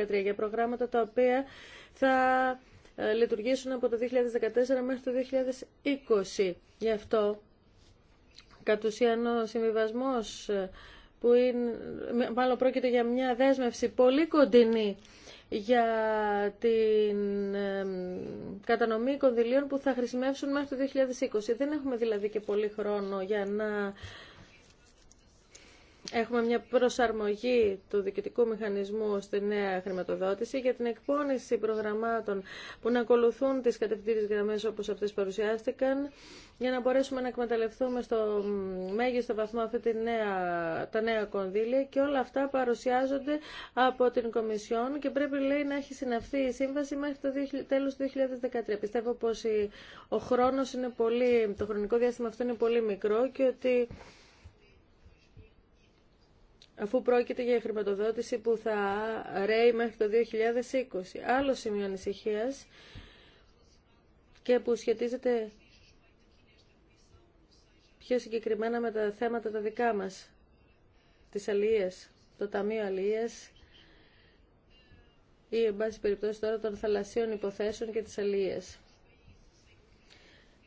2013 για προγράμματα τα οποία θα ε, λειτουργήσουν από το 2014 μέχρι το 2020. Γι' αυτό κατ' ουσίαν ο συμβιβασμός ε, που είναι, μάλλον πρόκειται για μια δέσμευση πολύ κοντινή για την κατανομή κονδυλίων που θα χρησιμεύσουν μέχρι το 2020. Δεν έχουμε δηλαδή και πολύ χρόνο για να Έχουμε μια προσαρμογή του διοικητικού μηχανισμού στη νέα χρηματοδότηση για την εκπόνηση προγραμμάτων που να ακολουθούν τις κατευθύνσεις γραμμές όπως αυτές παρουσιάστηκαν για να μπορέσουμε να εκμεταλλευτούμε στο μέγιστο βαθμό αυτή τη νέα, τα νέα κονδύλια και όλα αυτά παρουσιάζονται από την Κομισιόν και πρέπει λέει να έχει συναυθεί η σύμβαση μέχρι το τέλος του 2013. Πιστεύω πως ο χρόνος είναι πολύ, το χρονικό διάστημα αυτό είναι πολύ μικρό και ότι αφού πρόκειται για χρηματοδότηση που θα ρέει μέχρι το 2020. Άλλο σημείο ανησυχία και που σχετίζεται πιο συγκεκριμένα με τα θέματα τα δικά μας, της το Ταμείο Αλίες ή, εν πάση περιπτώσει, τώρα των θαλασσίων υποθέσεων και της αλίες.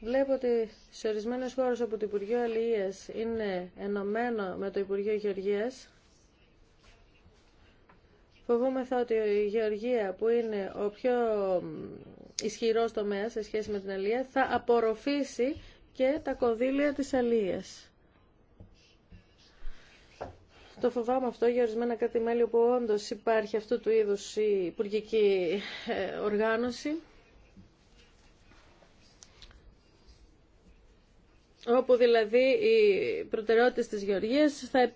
Βλέπω ότι σε ορισμένες χώρες όπου το Υπουργείο είναι ενωμένο με το Υπουργείο Γεωργίας, Φοβόμαστε ότι η γεωργία που είναι ο πιο ισχυρός τομέας σε σχέση με την αλία θα απορροφήσει και τα κονδύλια της αλίας. Το φοβάμαι αυτό για ορισμένα κάτι μέλη όπου όντως υπάρχει αυτού του είδους η υπουργική ε, οργάνωση. όπου δηλαδή οι προτεραιότητες της Γεωργίας θα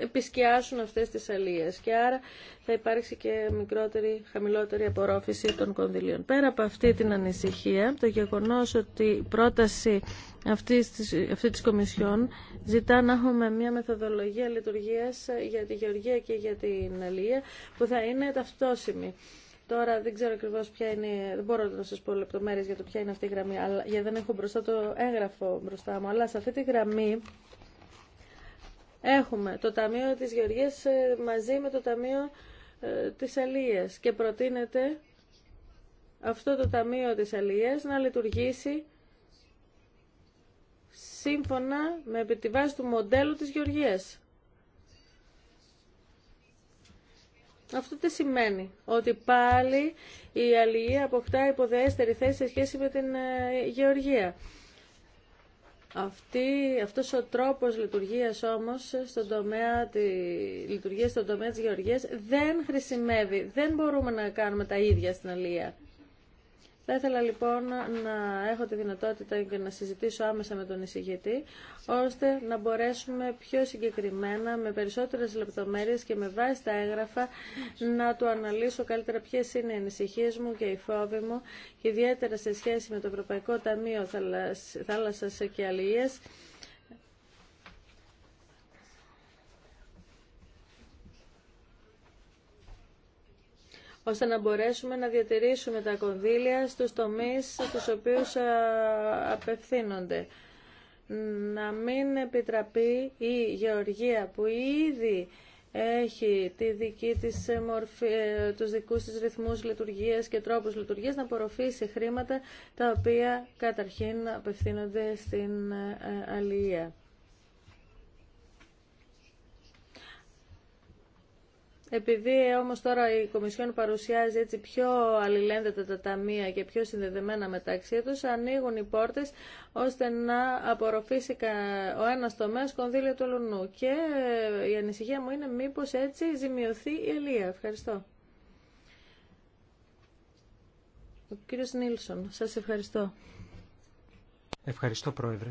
επισκιάσουν αυτές τις αλίες και άρα θα υπάρξει και μικρότερη, χαμηλότερη απορρόφηση των κονδυλίων. Πέρα από αυτή την ανησυχία, το γεγονός ότι η πρόταση αυτή της, αυτή της Κομισιόν ζητά να έχουμε μια μεθοδολογία λειτουργίας για τη γεωργία και για την αλία που θα είναι ταυτόσιμη. Τώρα δεν ξέρω ακριβώ ποια είναι, δεν μπορώ να σα πω λεπτομέρειε για το ποια είναι αυτή η γραμμή, αλλά, γιατί δεν έχω μπροστά το έγγραφο μπροστά μου. Αλλά σε αυτή τη γραμμή Έχουμε το Ταμείο της Γεωργίας ε, μαζί με το Ταμείο ε, της Αλίας και προτείνεται αυτό το Ταμείο της Αλίας να λειτουργήσει σύμφωνα με τη βάση του μοντέλου της Γεωργίας. Αυτό τι σημαίνει, ότι πάλι η Αλία αποκτά υποδεέστερη θέση σε σχέση με την ε, γεωργία. Αυτή, αυτός ο τρόπος λειτουργίας όμως στον τομέα, τη λειτουργία στον τομέα της γεωργίας δεν χρησιμεύει. Δεν μπορούμε να κάνουμε τα ίδια στην Αλία. Θα ήθελα λοιπόν να έχω τη δυνατότητα και να συζητήσω άμεσα με τον εισηγητή, ώστε να μπορέσουμε πιο συγκεκριμένα, με περισσότερες λεπτομέρειες και με βάση τα έγγραφα, να του αναλύσω καλύτερα ποιε είναι οι ανησυχίε μου και οι φόβοι μου, ιδιαίτερα σε σχέση με το Ευρωπαϊκό Ταμείο Θάλασσας και Αλληλείας, ώστε να μπορέσουμε να διατηρήσουμε τα κονδύλια στους τομείς στους οποίους απευθύνονται. Να μην επιτραπεί η γεωργία που ήδη έχει τη δική της μορφή, ε, τους δικούς της ρυθμούς λειτουργίας και τρόπους λειτουργίας να απορροφήσει χρήματα τα οποία καταρχήν απευθύνονται στην ε, αλληλεία. Επειδή όμως τώρα η Κομισιόν παρουσιάζει έτσι πιο αλληλένδετα τα ταμεία και πιο συνδεδεμένα μεταξύ τους, ανοίγουν οι πόρτες ώστε να απορροφήσει ο ένας τομέας κονδύλια του Λουνού. Και η ανησυχία μου είναι μήπως έτσι ζημιωθεί η Ελία. Ευχαριστώ. Ο κύριος Νίλσον, σας ευχαριστώ. Ευχαριστώ, Πρόεδρε.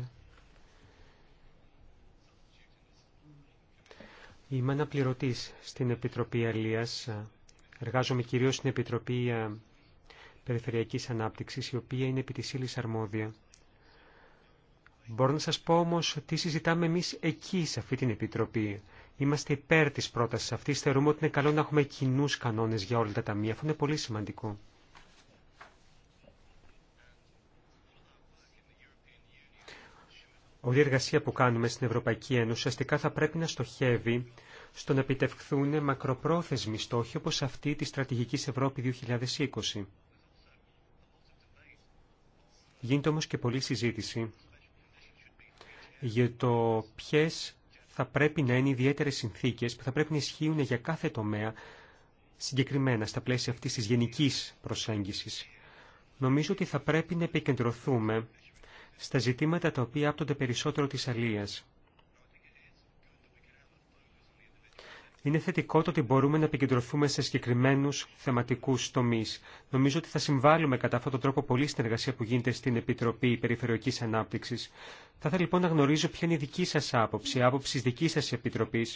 Είμαι αναπληρωτής στην Επιτροπή Αλίας. Εργάζομαι κυρίως στην Επιτροπή ε, Περιφερειακής Ανάπτυξης, η οποία είναι επί της αρμόδια. Μπορώ να σας πω όμως τι συζητάμε εμείς εκεί, σε αυτή την Επιτροπή. Είμαστε υπέρ της πρότασης αυτής. Θεωρούμε ότι είναι καλό να έχουμε κοινού κανόνες για όλα τα ταμεία. Αυτό είναι πολύ σημαντικό. Όλη η εργασία που κάνουμε στην Ευρωπαϊκή Ένωση ουσιαστικά θα πρέπει να στοχεύει στο να επιτευχθούν μακροπρόθεσμοι στόχοι όπως αυτή της Στρατηγικής Ευρώπη 2020. Γίνεται όμως και πολλή συζήτηση για το ποιε θα πρέπει να είναι ιδιαίτερε συνθήκες που θα πρέπει να ισχύουν για κάθε τομέα συγκεκριμένα στα πλαίσια αυτής της γενικής προσέγγισης. Νομίζω ότι θα πρέπει να επικεντρωθούμε στα ζητήματα τα οποία άπτονται περισσότερο της αλίας. Είναι θετικό το ότι μπορούμε να επικεντρωθούμε σε συγκεκριμένου θεματικού τομεί. Νομίζω ότι θα συμβάλλουμε κατά αυτόν τον τρόπο πολύ στην εργασία που γίνεται στην Επιτροπή Περιφερειακή Ανάπτυξη. Θα ήθελα λοιπόν να γνωρίζω ποια είναι η δική σα άποψη, η άποψη τη δική σα Επιτροπή,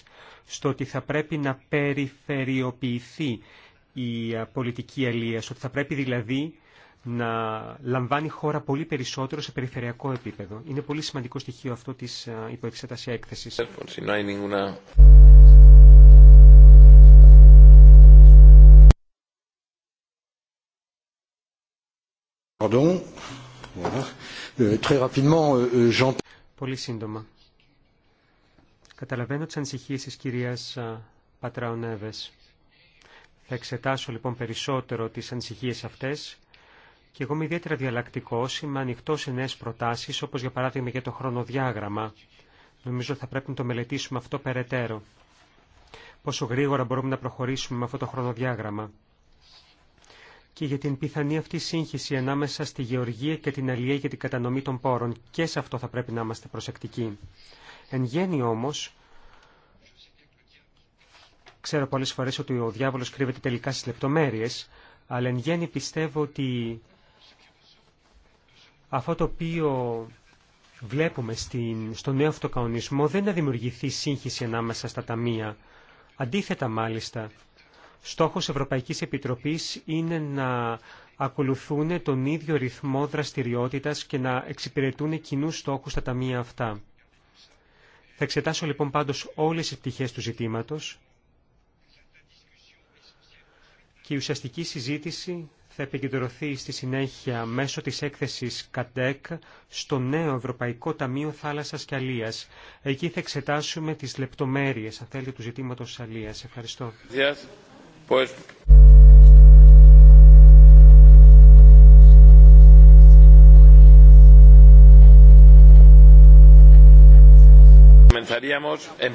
στο ότι θα πρέπει να περιφερειοποιηθεί η πολιτική αλεία, ότι θα πρέπει δηλαδή να λαμβάνει χώρα πολύ περισσότερο σε περιφερειακό επίπεδο. Είναι πολύ σημαντικό στοιχείο αυτό τη ε, υποεξέταση έκθεσης. Euh, euh, euh, πολύ σύντομα. Καταλαβαίνω τι ανησυχίε τη κυρία ε, Πατράου Θα εξετάσω λοιπόν περισσότερο τι ανησυχίε αυτέ και εγώ είμαι ιδιαίτερα διαλλακτικό, είμαι ανοιχτό σε νέε προτάσει, όπω για παράδειγμα για το χρονοδιάγραμμα. Νομίζω θα πρέπει να το μελετήσουμε αυτό περαιτέρω. Πόσο γρήγορα μπορούμε να προχωρήσουμε με αυτό το χρονοδιάγραμμα. Και για την πιθανή αυτή σύγχυση ανάμεσα στη γεωργία και την αλληλεία για την κατανομή των πόρων. Και σε αυτό θα πρέπει να είμαστε προσεκτικοί. Εν γέννη όμω, ξέρω πολλέ φορέ ότι ο διάβολο κρύβεται τελικά στι λεπτομέρειε, αλλά εν γέννη πιστεύω ότι αυτό το οποίο βλέπουμε στην, στον νέο αυτοκαονισμό δεν είναι να δημιουργηθεί σύγχυση ανάμεσα στα ταμεία. Αντίθετα μάλιστα, στόχος Ευρωπαϊκής Επιτροπής είναι να ακολουθούν τον ίδιο ρυθμό δραστηριότητας και να εξυπηρετούν κοινού στόχους στα ταμεία αυτά. Θα εξετάσω λοιπόν πάντως όλες οι πτυχές του ζητήματος και η ουσιαστική συζήτηση θα επικεντρωθεί στη συνέχεια μέσω της έκθεσης ΚΑΤΕΚ στο νέο Ευρωπαϊκό Ταμείο Θάλασσας και Αλίας. Εκεί θα εξετάσουμε τις λεπτομέρειες, αν θέλετε, του ζητήματος Αλίας. Ευχαριστώ. Comenzaríamos, en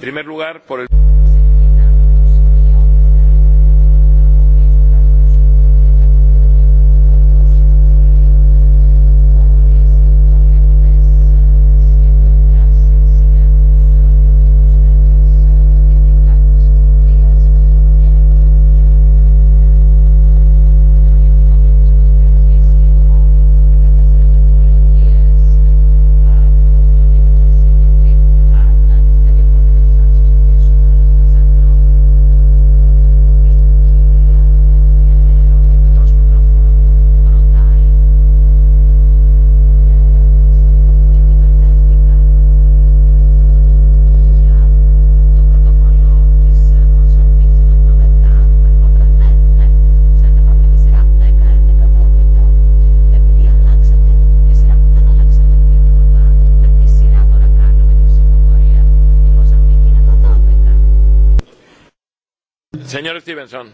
Señor Stevenson.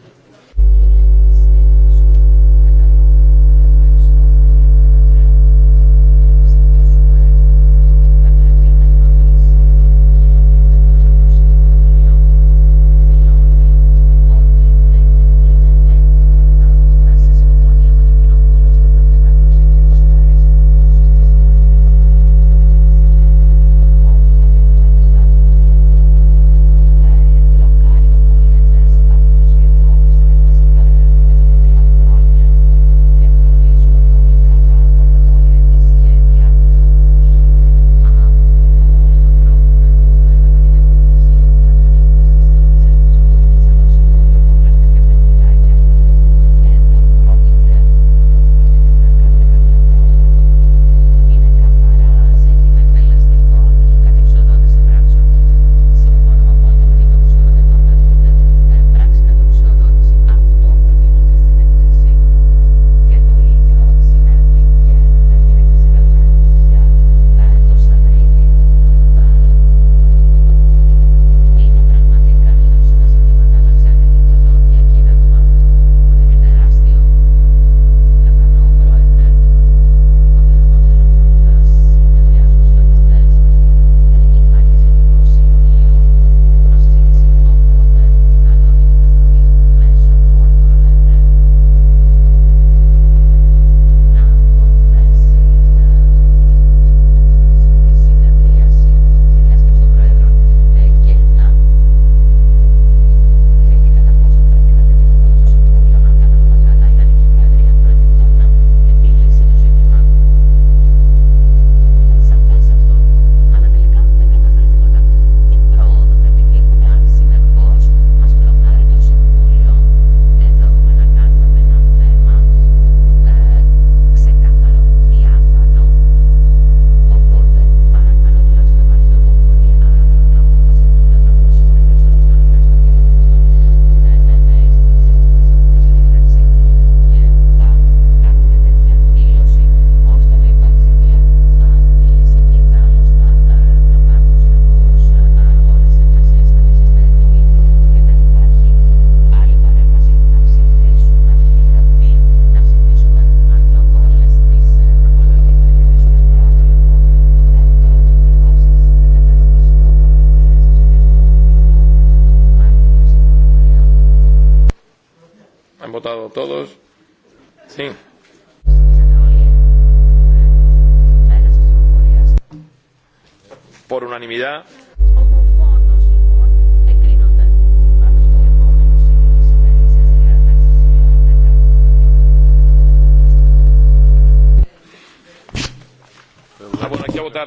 Κατά.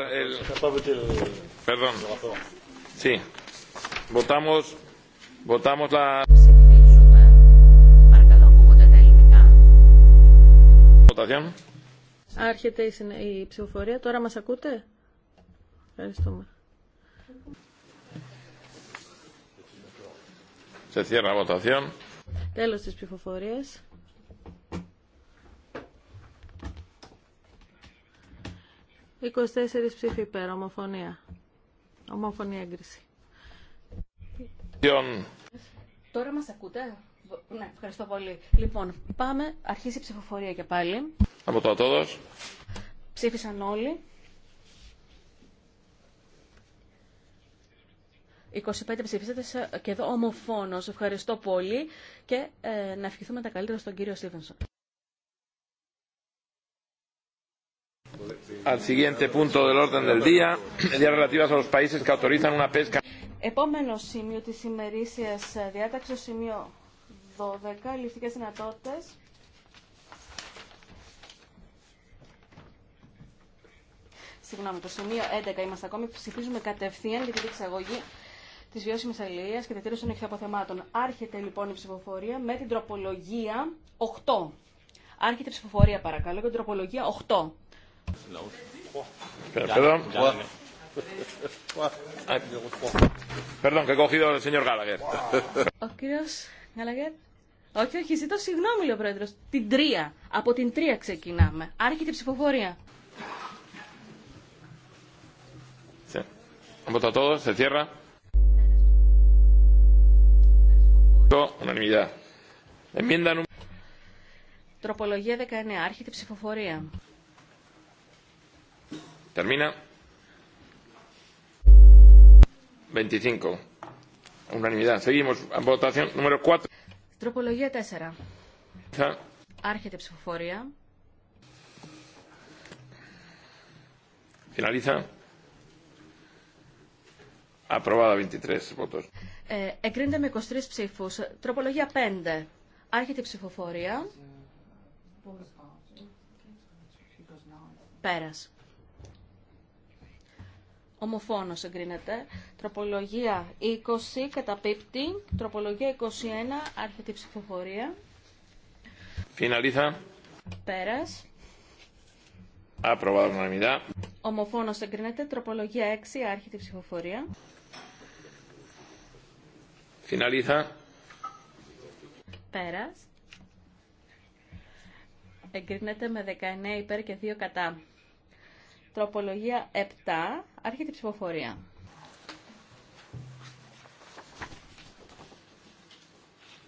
Ε, Perdón. Sí. Votamos, votamos la. Άρχεται η ψηφοφορία. Τώρα μας ακούτε. Ευχαριστούμε. Τέλο τη ψηφοφορία. Τέλος της ψηφοφορίας. ψήφοι υπέρ, ομοφωνία. Ομοφωνία έγκριση. Τώρα μας ακούτε. Ναι, ευχαριστώ πολύ. Λοιπόν, πάμε. Αρχίζει η ψηφοφορία και πάλι. Από το ατόδος. Ψήφισαν όλοι. 25 ψηφίσατε και εδώ ομοφόνος. Ευχαριστώ πολύ και ε, να ευχηθούμε τα καλύτερα στον κύριο Στίβενσον. Επόμενο σημείο της ημερήσιας διάταξης, σημείο 12, ληφτικές δυνατότητες. Συγγνώμη, το σημείο 11 είμαστε ακόμη, ψηφίζουμε κατευθείαν για την εξαγωγή τη βιώσιμη αλληλεία και διατήρηση των ηχθιαποθεμάτων. Άρχεται λοιπόν η ψηφοφορία με την τροπολογία 8. Άρχεται η ψηφοφορία παρακαλώ και την τροπολογία 8. Ο κύριο Γαλαγέρ. Όχι, όχι, ζητώ συγγνώμη, λέει ο πρόεδρο. Την τρία. Από την τρία ξεκινάμε. Άρχεται η ψηφοφορία. Από τα τόδο, σε Τροπολογία 19. Άρχεται η ψηφοφορία. Τερμίνα. 25. Unanimidad. Seguimos. Votación número 4. Τροπολογία 4. Θα... Άρχεται η ψηφοφορία. Finaliza. Aprobada 23 votos. Ε, εγκρίνεται με 23 ψήφου. Τροπολογία 5. Άρχεται η ψηφοφορία. Πέρα. Ομοφόνο εγκρίνεται. Τροπολογία 20 καταπίπτει. Τροπολογία 21 άρχεται η ψηφοφορία. Φιναλίθα. Πέρας. Απροβάδο Ομοφόνος εγκρίνεται. Τροπολογία 6 άρχεται η ψηφοφορία. Finaliza. Πέρας. Εγκρίνεται με 19 υπέρ και 2 κατά. Τροπολογία 7. Άρχεται η ψηφοφορία.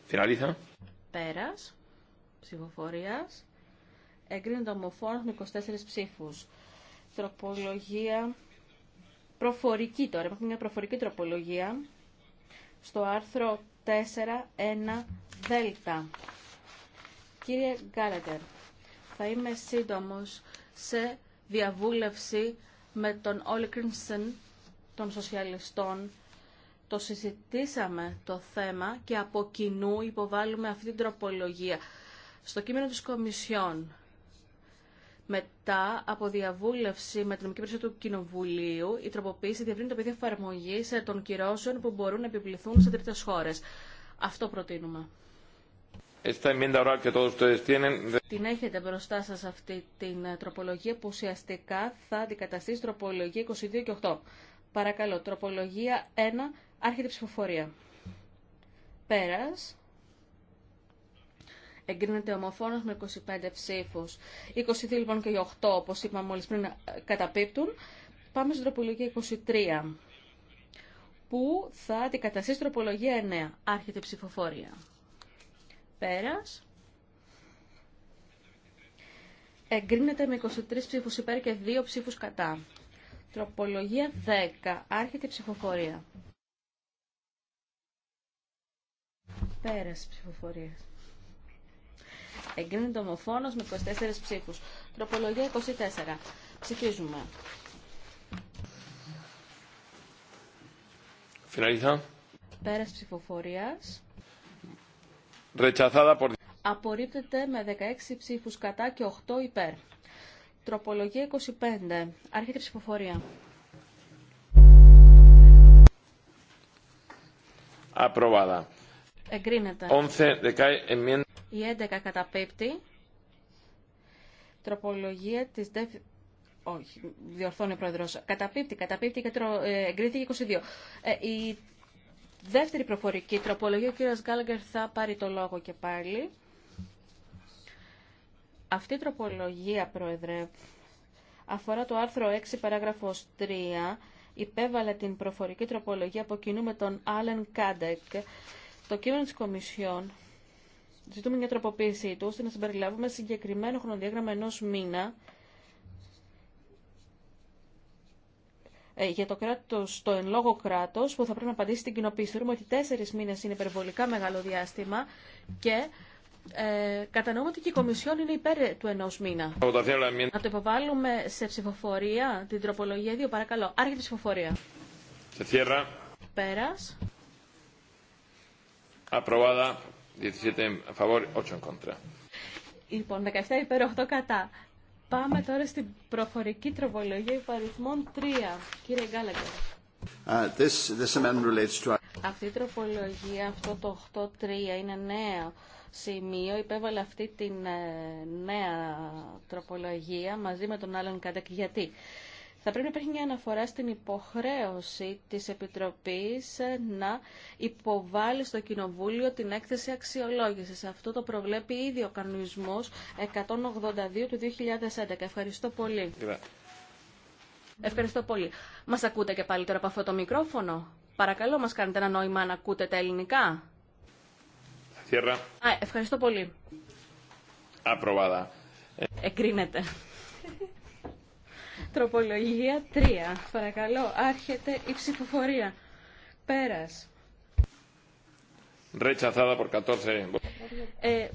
Φιναλίθα. Πέρας. Ψηφοφορίας. Εγκρίνεται ομοφόνο με 24 ψήφους. Τροπολογία προφορική τώρα. Έχουμε μια προφορική τροπολογία στο άρθρο 4.1 Δέλτα. Κύριε Γκάλετερ, θα είμαι σύντομος σε διαβούλευση με τον Όλικρινσεν των Σοσιαλιστών. Το συζητήσαμε το θέμα και από κοινού υποβάλλουμε αυτή την τροπολογία. Στο κείμενο της Κομισιόν μετά από διαβούλευση με την νομική του Κοινοβουλίου, η τροποποίηση διευρύνει το πεδίο εφαρμογή ε, των κυρώσεων που μπορούν να επιβληθούν σε τρίτε χώρε. Αυτό προτείνουμε. Την έχετε μπροστά σας αυτή την ε, τροπολογία που ουσιαστικά θα αντικαταστήσει τροπολογία 22 και 8. Παρακαλώ, τροπολογία 1, άρχεται ψηφοφορία. Πέρας εγκρίνεται ομοφόνος με 25 ψήφους. 22 λοιπόν και οι 8, όπως είπαμε μόλις πριν, καταπίπτουν. Πάμε στην τροπολογία 23, που θα αντικαταστήσει τροπολογία 9. Άρχεται ψηφοφορία. Πέρας. Εγκρίνεται με 23 ψήφους υπέρ και 2 ψήφους κατά. Τροπολογία 10. Άρχεται ψηφοφορία. Πέρας ψηφοφορίας. Εγκρίνεται ομοφόνο με 24 ψήφου. Τροπολογία 24. Ψηφίζουμε. Πέρα Πέρας ψηφοφορίας. Απορρίπτεται με 16 ψήφου κατά και 8 υπέρ. Τροπολογία 25. Άρχεται ψηφοφορία. Aprobada. Εγκρίνεται. 11, η 11 καταπίπτει. Τροπολογία της ΔΕΦ... Όχι, διορθώνει ο Πρόεδρος. Καταπίπτει, καταπίπτει και τρο... Ε, εγκρίθηκε 22. Ε, η δεύτερη προφορική τροπολογία, ο κύριος Γκάλγκερ θα πάρει το λόγο και πάλι. Αυτή η τροπολογία, Πρόεδρε, αφορά το άρθρο 6 παράγραφος 3 υπέβαλε την προφορική τροπολογία από κοινού με τον Άλεν Κάντεκ. Το κείμενο της Κομισιόν ζητούμε μια τροποποίησή του, ώστε να συμπεριλάβουμε συγκεκριμένο χρονοδιάγραμμα ενό μήνα ε, για το κράτος, το εν λόγω που θα πρέπει να απαντήσει στην κοινοποίηση. Θεωρούμε ότι τέσσερις μήνες είναι υπερβολικά μεγάλο διάστημα και ε, κατανοούμε ότι και η Κομισιόν είναι υπέρ του ενό μήνα. Να το υποβάλουμε σε ψηφοφορία την τροπολογία 2, παρακαλώ. Άρχεται η ψηφοφορία. Σε Πέρας. Απροβάδα. 17 Λοιπόν, 17 υπέρ, 8 κατά. Πάμε τώρα στην προφορική τροπολογία υπαριθμών 3. Κύριε Γκάλαγκερ. Uh, to... Αυτή η τροπολογία, αυτό το 8-3, είναι νέο σημείο. Υπέβαλε αυτή την ε, νέα τροπολογία μαζί με τον άλλον Κάντακ. Γιατί θα πρέπει να υπάρχει μια αναφορά στην υποχρέωση της Επιτροπής ε, να υποβάλει στο Κοινοβούλιο την έκθεση αξιολόγησης. Αυτό το προβλέπει ήδη ο κανονισμός 182 του 2011. Ευχαριστώ πολύ. Ευχαριστώ πολύ. Μας ακούτε και πάλι τώρα από αυτό το μικρόφωνο. Παρακαλώ, μας κάνετε ένα νόημα να ακούτε τα ελληνικά. Α, ευχαριστώ πολύ. Απροβάδα. Εκρίνεται. Τροπολογία 3. Παρακαλώ, άρχεται η ψηφοφορία. Πέρα. Rechazada por 14. Ε,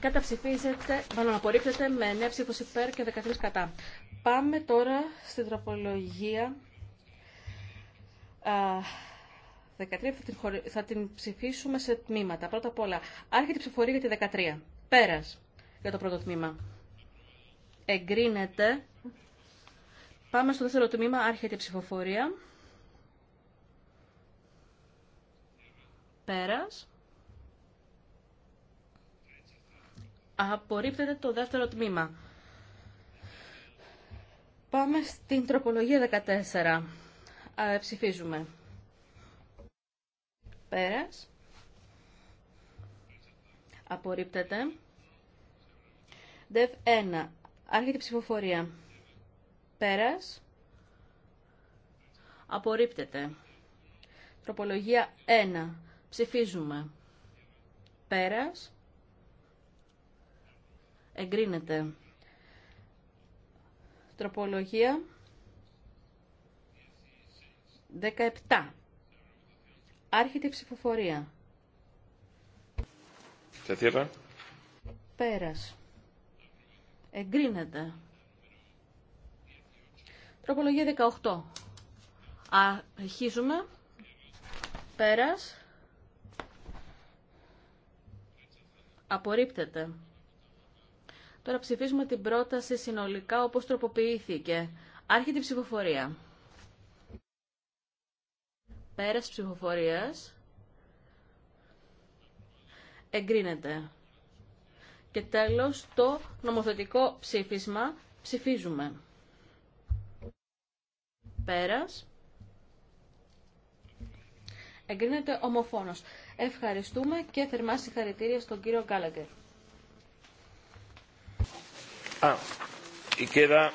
καταψηφίζεται, μάλλον απορρίπτεται με 9 ψήφου υπέρ και 13 κατά. Πάμε τώρα στην τροπολογία α, 13 θα την, ψηφίσουμε σε τμήματα. Πρώτα απ' όλα, άρχεται η ψηφοφορία για τη 13. Πέρα. για το πρώτο τμήμα. Εγκρίνεται Πάμε στο δεύτερο τμήμα, άρχεται η ψηφοφορία. Πέρας. Απορρίπτεται το δεύτερο τμήμα. Πάμε στην τροπολογία 14. Ε, ψηφίζουμε. Πέρας. Απορρίπτεται. ΔΕΒ 1. Άρχεται η ψηφοφορία. Πέρας. Απορρίπτεται. Τροπολογία 1. Ψηφίζουμε. Πέρας. Εγκρίνεται. Τροπολογία 17. Άρχεται η ψηφοφορία. Σε Πέρας. Εγκρίνεται. Τροπολογία 18. Αρχίζουμε. Πέρας. Απορρίπτεται. Τώρα ψηφίζουμε την πρόταση συνολικά όπως τροποποιήθηκε. Άρχεται ψηφοφορία. Πέρας ψηφοφορίας. Εγκρίνεται. Και τέλος το νομοθετικό ψήφισμα ψηφίζουμε. Πέρας. Εγκρίνεται ομοφόνος. Ευχαριστούμε και θερμά συγχαρητήρια στον κύριο Γκάλαγκερ. Α, queda,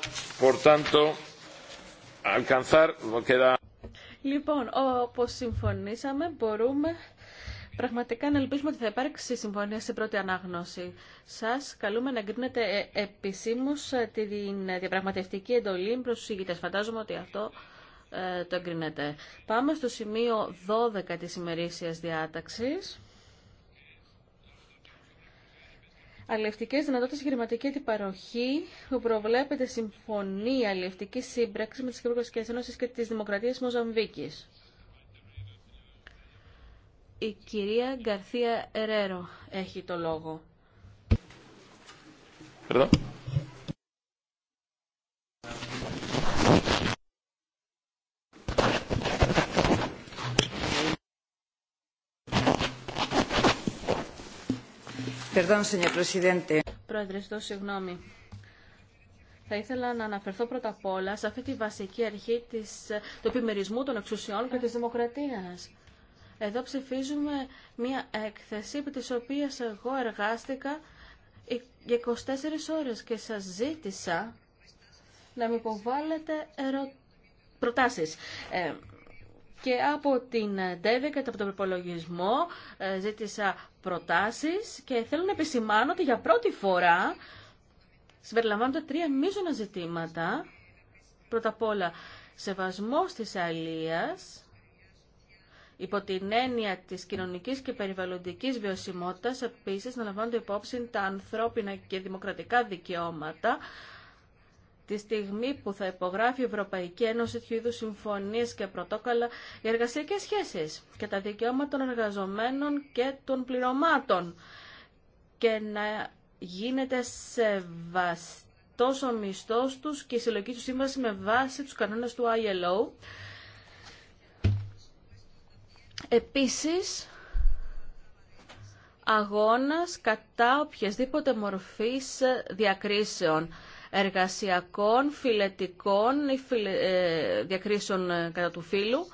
Λοιπόν, όπως συμφωνήσαμε, μπορούμε Πραγματικά να ελπίζουμε ότι θα υπάρξει συμφωνία σε πρώτη ανάγνωση. Σα καλούμε να εγκρίνετε ε, επισήμως ε, την διαπραγματευτική εντολή προ του ηγητέ. Φαντάζομαι ότι αυτό ε, το εγκρίνεται. Πάμε στο σημείο 12 τη ημερήσιας διάταξη. Αλληλευτικέ δυνατότητε χρηματική αντιπαροχή που προβλέπεται συμφωνία αλληλευτική σύμπραξη με τι Ευρωπαϊκέ Ένωση και τι Δημοκρατίε Μοζαμβίκη. Η κυρία Γκαρθία Ερέρο έχει το λόγο. Εδώ. Perdón, señor presidente. Πρόεδρε, ζητώ συγγνώμη. Θα ήθελα να αναφερθώ πρώτα απ' όλα σε αυτή τη βασική αρχή της, του επιμερισμού των εξουσιών και της δημοκρατίας. Εδώ ψηφίζουμε μια έκθεση επί της οποίας εγώ εργάστηκα για 24 ώρες και σας ζήτησα να μου υποβάλλετε ερω... προτάσεις. Ε, και από την ΔΕΒΕ και από τον προπολογισμό ε, ζήτησα προτάσεις και θέλω να επισημάνω ότι για πρώτη φορά συμπεριλαμβάνονται τρία μείζωνα ζητήματα. Πρώτα απ' όλα, σεβασμός της αλίας, υπό την έννοια της κοινωνικής και περιβαλλοντικής βιωσιμότητας επίση να λαμβάνονται υπόψη τα ανθρώπινα και δημοκρατικά δικαιώματα Τη στιγμή που θα υπογράφει η Ευρωπαϊκή Ένωση τέτοιου είδου συμφωνίε και πρωτόκολλα οι εργασιακέ σχέσει και τα δικαιώματα των εργαζομένων και των πληρωμάτων και να γίνεται σεβαστό ο μισθό τους και η συλλογική του σύμβαση με βάση τους κανόνες του ILO Επίσης, αγώνας κατά οποιασδήποτε μορφής διακρίσεων εργασιακών, φιλετικών ή ε, διακρίσεων ε, κατά του φύλου.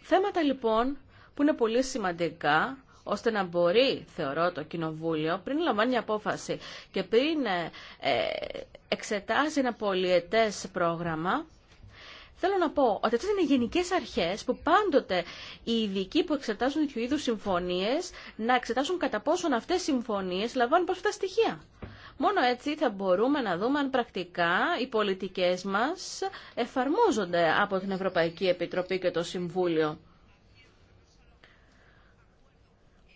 Θέματα λοιπόν που είναι πολύ σημαντικά ώστε να μπορεί, θεωρώ, το Κοινοβούλιο πριν λαμβάνει απόφαση και πριν ε, εξετάζει ένα πολιετές πρόγραμμα Θέλω να πω ότι αυτές είναι γενικέ αρχές που πάντοτε οι ειδικοί που εξετάζουν τέτοιου είδου συμφωνίε να εξετάσουν κατά πόσον αυτές οι συμφωνίε λαμβάνουν προ αυτά τα στοιχεία. Μόνο έτσι θα μπορούμε να δούμε αν πρακτικά οι πολιτικές μας εφαρμόζονται από την Ευρωπαϊκή Επιτροπή και το Συμβούλιο.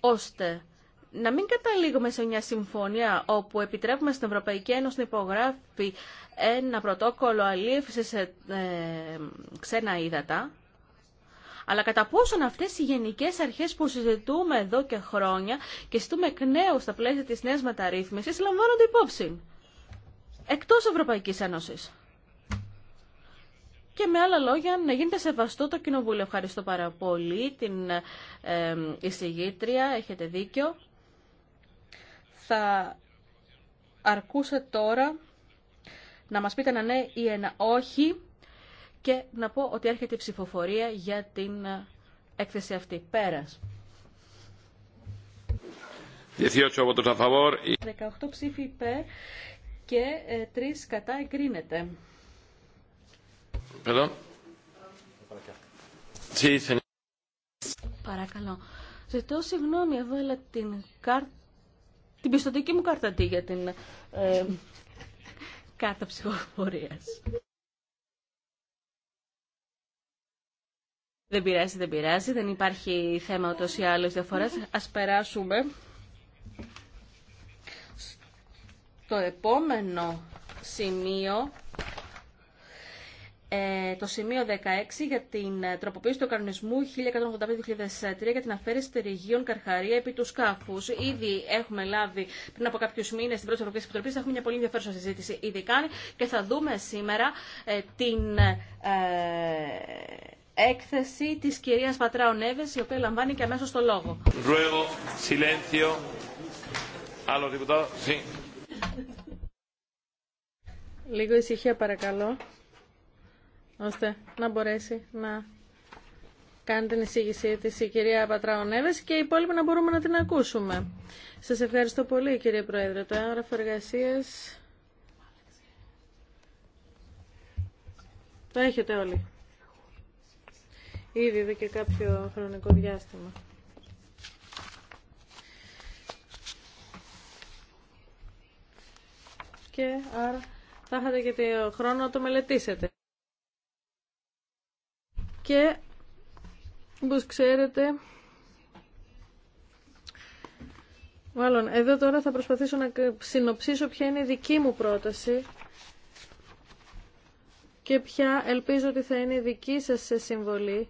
Ώστε να μην καταλήγουμε σε μια συμφωνία όπου επιτρέπουμε στην Ευρωπαϊκή Ένωση να υπογράφει ένα πρωτόκολλο αλίευσης σε ε, ξένα ύδατα, αλλά κατά πόσον αυτές οι γενικές αρχές που συζητούμε εδώ και χρόνια και συζητούμε εκ νέου στα πλαίσια της νέας μεταρρύθμισης λαμβάνονται υπόψη. Εκτός Ευρωπαϊκής Ένωσης. Και με άλλα λόγια, να γίνεται σεβαστό το Κοινοβούλιο. Ευχαριστώ πάρα πολύ την ε, εισηγήτρια, έχετε δίκιο θα αρκούσε τώρα να μας πείτε ένα ναι ή ένα όχι και να πω ότι έρχεται η ψηφοφορία για την ε, έκθεση αυτή. Πέρας. 18 ψήφοι υπέρ και 3 ε, κατά εγκρίνεται. Παρακαλώ. Ζητώ συγγνώμη, έβαλα την κάρτα την πιστοτική μου κάρτα αντί για την ε, κάρτα ψυχοφορίας. Δεν πειράζει, δεν πειράζει. Δεν υπάρχει θέμα ούτως ή άλλως διαφορές. Ας περάσουμε στο επόμενο σημείο ε, το σημείο 16 για την ε, τροποποίηση του κανονισμού 1185-2003 για την αφαίρεση τεριγίων καρχαρία επί του σκάφου. Ήδη έχουμε λάβει πριν από κάποιου μήνε την πρώτη Ευρωπαϊκή Επιτροπή. Έχουμε μια πολύ ενδιαφέρουσα συζήτηση ήδη κάνει και θα δούμε σήμερα ε, την έκθεση τη κυρία Πατράου Νέβε, η οποία λαμβάνει και αμέσω το λόγο. Λίγο ησυχία παρακαλώ ώστε να μπορέσει να κάνει την εισήγησή τη η κυρία Πατραονέβες και οι υπόλοιποι να μπορούμε να την ακούσουμε. Σας ευχαριστώ πολύ κύριε Πρόεδρε. Το έγραφο εργασία. το έχετε όλοι. Ήδη είδε και κάποιο χρονικό διάστημα. Και άρα θα είχατε και το χρόνο να το μελετήσετε και όπως ξέρετε μάλλον εδώ τώρα θα προσπαθήσω να συνοψίσω ποια είναι η δική μου πρόταση και ποια ελπίζω ότι θα είναι η δική σας σε συμβολή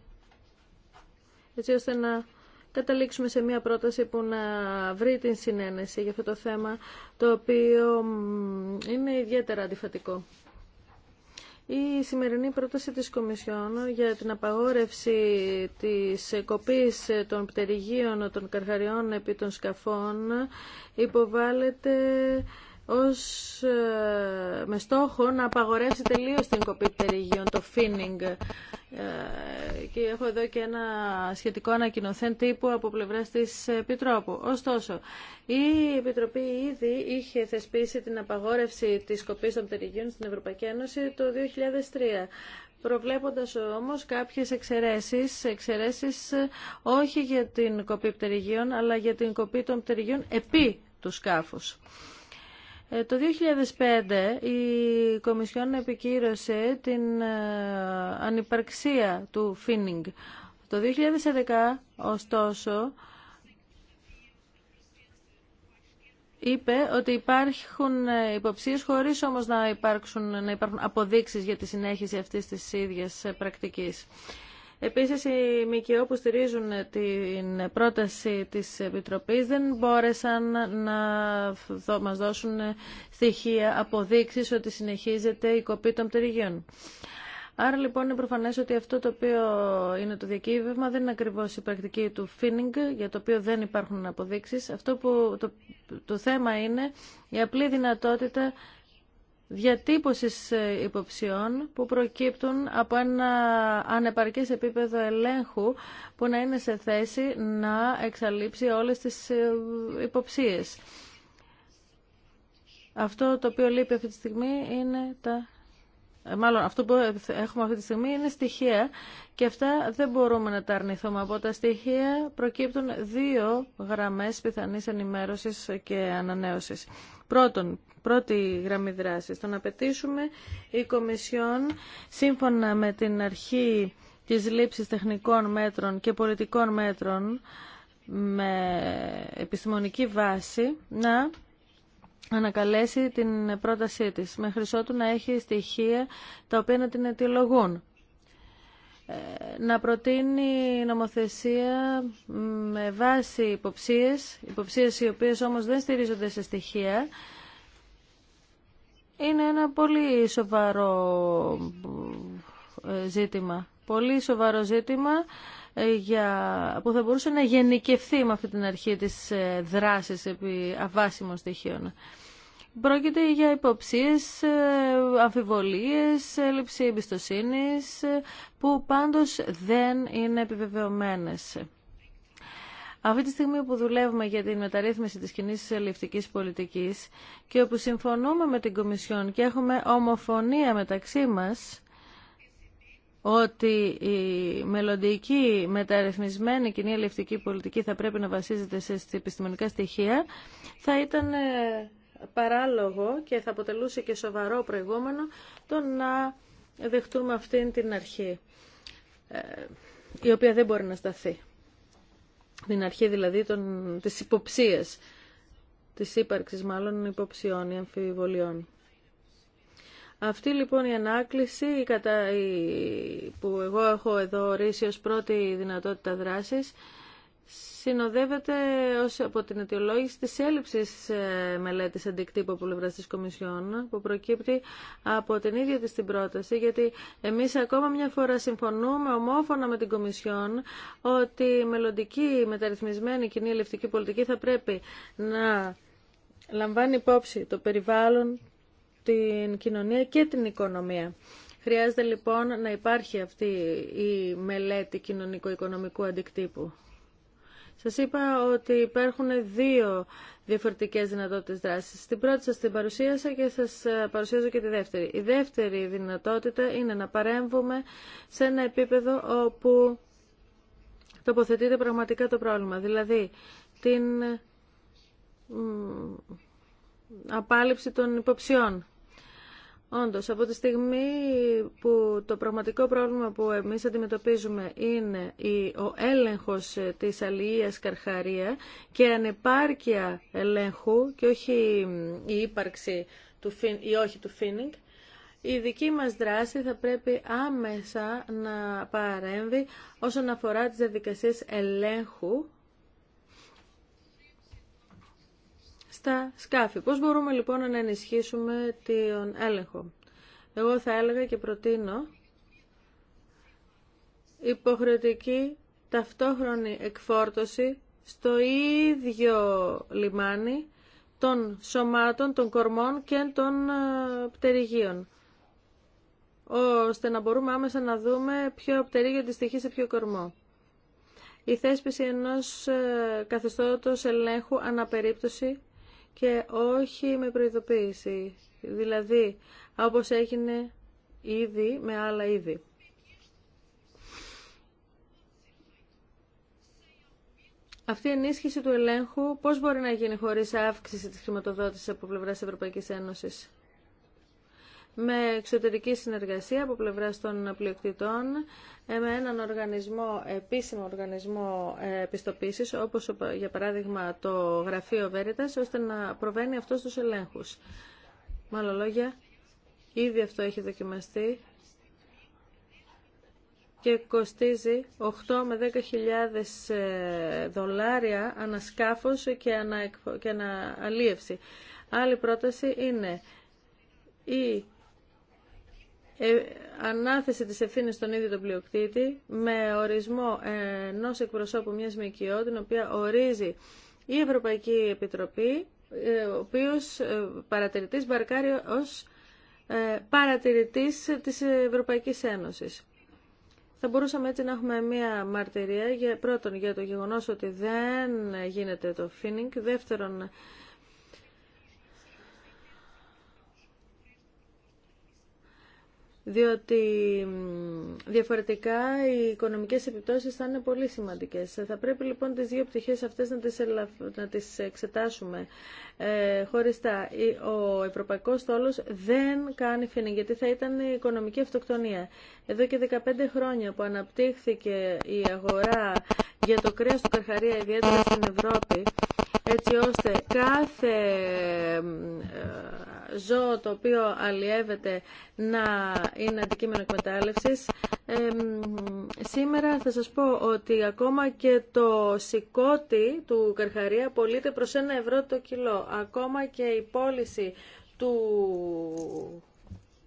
έτσι ώστε να καταλήξουμε σε μια πρόταση που να βρει την συνένεση για αυτό το θέμα το οποίο είναι ιδιαίτερα αντιφατικό. Η σημερινή πρόταση της Κομισιόν για την απαγόρευση της κοπής των πτερυγίων των καρχαριών επί των σκαφών υποβάλλεται ως ε, με στόχο να απαγορεύσει τελείως την κοπή πτερυγίων, το φίνιγκ. Ε, και έχω εδώ και ένα σχετικό ανακοινωθέν τύπου από πλευρά τη Επιτρόπου. Ωστόσο, η Επιτροπή ήδη είχε θεσπίσει την απαγόρευση τη κοπή των πτερυγίων στην Ευρωπαϊκή Ένωση το 2003 προβλέποντας όμως κάποιες εξαιρέσεις, εξαιρέσεις όχι για την κοπή πτερυγίων, αλλά για την κοπή των πτεριγιών επί του σκάφους. Ε, το 2005 η Κομισιόν επικύρωσε την ε, ανυπαρξία του Φίνιγκ. Το 2011, ωστόσο, είπε ότι υπάρχουν ε, υποψίες χωρίς όμως να, να υπάρχουν αποδείξεις για τη συνέχιση αυτής της ίδιας πρακτικής. Επίσης, οι ΜΚΟ που στηρίζουν την πρόταση της Επιτροπής δεν μπόρεσαν να μας δώσουν στοιχεία αποδείξεις ότι συνεχίζεται η κοπή των πτυριγίων. Άρα λοιπόν είναι προφανές ότι αυτό το οποίο είναι το διακύβευμα δεν είναι ακριβώς η πρακτική του φίνιγκ, για το οποίο δεν υπάρχουν αποδείξεις. Αυτό που το θέμα είναι η απλή δυνατότητα διατύπωσης ε, υποψιών που προκύπτουν από ένα ανεπαρκές επίπεδο ελέγχου που να είναι σε θέση να εξαλείψει όλες τις ε, υποψίες. Αυτό το οποίο λείπει αυτή τη στιγμή είναι τα... Ε, μάλλον αυτό που έχουμε αυτή τη στιγμή είναι στοιχεία και αυτά δεν μπορούμε να τα αρνηθούμε. Από τα στοιχεία προκύπτουν δύο γραμμές πιθανής ενημέρωσης και ανανέωσης. Πρώτον, πρώτη γραμμή δράση. Το να πετήσουμε η Κομισιόν, σύμφωνα με την αρχή της λήψης τεχνικών μέτρων και πολιτικών μέτρων, με επιστημονική βάση, να ανακαλέσει την πρότασή της, μέχρι ότου να έχει στοιχεία τα οποία να την αιτιολογούν ε, να προτείνει νομοθεσία με βάση υποψίες, υποψίες οι οποίες όμως δεν στηρίζονται σε στοιχεία είναι ένα πολύ σοβαρό ε, ζήτημα. Πολύ σοβαρό ζήτημα ε, για, που θα μπορούσε να γενικευθεί με αυτή την αρχή της ε, δράσης επί αβάσιμων στοιχείων. Πρόκειται για υποψίες, αμφιβολίες, έλλειψη εμπιστοσύνης, που πάντως δεν είναι επιβεβαιωμένες. Αυτή τη στιγμή που δουλεύουμε για την μεταρρύθμιση της κοινή ελευτικής πολιτικής και όπου συμφωνούμε με την Κομισιόν και έχουμε ομοφωνία μεταξύ μας ότι η μελλοντική μεταρρυθμισμένη κοινή ελευθερική πολιτική θα πρέπει να βασίζεται σε επιστημονικά στοιχεία, θα ήταν ε, παράλογο και θα αποτελούσε και σοβαρό προηγούμενο το να δεχτούμε αυτήν την αρχή, ε, η οποία δεν μπορεί να σταθεί την αρχή δηλαδή των, της υποψίας, της ύπαρξης μάλλον υποψιών ή αμφιβολιών. Αυτή λοιπόν η ανάκληση η κατα... που εγώ έχω εδώ ορίσει ως πρώτη δυνατότητα δράσης συνοδεύεται ως από την αιτιολόγηση της έλλειψης ε, μελέτης αντικτύπου από πλευρά της Κομισιόν που προκύπτει από την ίδια της την πρόταση γιατί εμείς ακόμα μια φορά συμφωνούμε ομόφωνα με την Κομισιόν ότι η μελλοντική μεταρρυθμισμένη κοινή ελευτική πολιτική θα πρέπει να λαμβάνει υπόψη το περιβάλλον, την κοινωνία και την οικονομία. Χρειάζεται λοιπόν να υπάρχει αυτή η μελέτη κοινωνικο-οικονομικού αντικτύπου. Σας είπα ότι υπάρχουν δύο διαφορετικές δυνατότητες δράσης. Την πρώτη σας την παρουσίασα και σας ε, παρουσιάζω και τη δεύτερη. Η δεύτερη δυνατότητα είναι να παρέμβουμε σε ένα επίπεδο όπου τοποθετείται πραγματικά το πρόβλημα. Δηλαδή, την απάλληψη των υποψιών. Όντως, από τη στιγμή που το πραγματικό πρόβλημα που εμείς αντιμετωπίζουμε είναι ο έλεγχος ε, της αλληλείας καρχαρία και ανεπάρκεια ελέγχου και όχι η ύπαρξη του ή όχι του φίνιγκ, η δική μας δράση θα πρέπει άμεσα να παρέμβει όσον αφορά τις διαδικασίες ελέγχου στα σκάφη. Πώς μπορούμε λοιπόν να ενισχύσουμε τον έλεγχο. Εγώ θα έλεγα και προτείνω υποχρεωτική ταυτόχρονη εκφόρτωση στο ίδιο λιμάνι των σωμάτων, των κορμών και των ε, πτερυγίων ώστε να μπορούμε άμεσα να δούμε ποιο πτερίγιο αντιστοιχεί σε ποιο κορμό. Η θέσπιση ενός ε, καθεστώτος ελέγχου αναπερίπτωση και όχι με προειδοποίηση. Δηλαδή, όπως έγινε ήδη με άλλα είδη. Αυτή η ενίσχυση του ελέγχου πώς μπορεί να γίνει χωρίς αύξηση της χρηματοδότησης από πλευράς Ευρωπαϊκής Ένωσης με εξωτερική συνεργασία από πλευρά των πλειοκτητών, ε, με έναν οργανισμό, επίσημο οργανισμό ε, επιστοποίησης, όπως ε, για παράδειγμα το γραφείο βέρετας, ώστε να προβαίνει αυτό στους ελέγχους. Με άλλα λόγια, ήδη αυτό έχει δοκιμαστεί και κοστίζει 8 με 10.000 δολάρια ανασκάφο και, ανα, και Άλλη πρόταση είναι η ε, ανάθεση της ευθύνη στον ίδιο τον πλειοκτήτη με ορισμό ενό εκπροσώπου μιας ΜΚΟ, την οποία ορίζει η Ευρωπαϊκή Επιτροπή, ε, ο οποίος ε, παρατηρητής μπαρκάρει ως παρατηρητής της Ευρωπαϊκής Ένωσης. Θα μπορούσαμε έτσι να έχουμε μία μαρτυρία για, πρώτον για το γεγονός ότι δεν γίνεται το φίνινγκ, δεύτερον διότι διαφορετικά οι οικονομικές επιπτώσεις θα είναι πολύ σημαντικές. Θα πρέπει λοιπόν τις δύο πτυχές αυτές να τις, να τις εξετάσουμε ε, χωριστά. Ο Ευρωπαϊκός Στόλος δεν κάνει φίνη, γιατί θα ήταν η οικονομική αυτοκτονία. Εδώ και 15 χρόνια που αναπτύχθηκε η αγορά για το κρέας του Καρχαρία, ιδιαίτερα στην Ευρώπη, έτσι ώστε κάθε ζώο το οποίο αλλιεύεται να είναι αντικείμενο εκμετάλλευση. Ε, σήμερα θα σας πω ότι ακόμα και το σηκώτη του Καρχαρία πωλείται προς ένα ευρώ το κιλό. Ακόμα και η πώληση του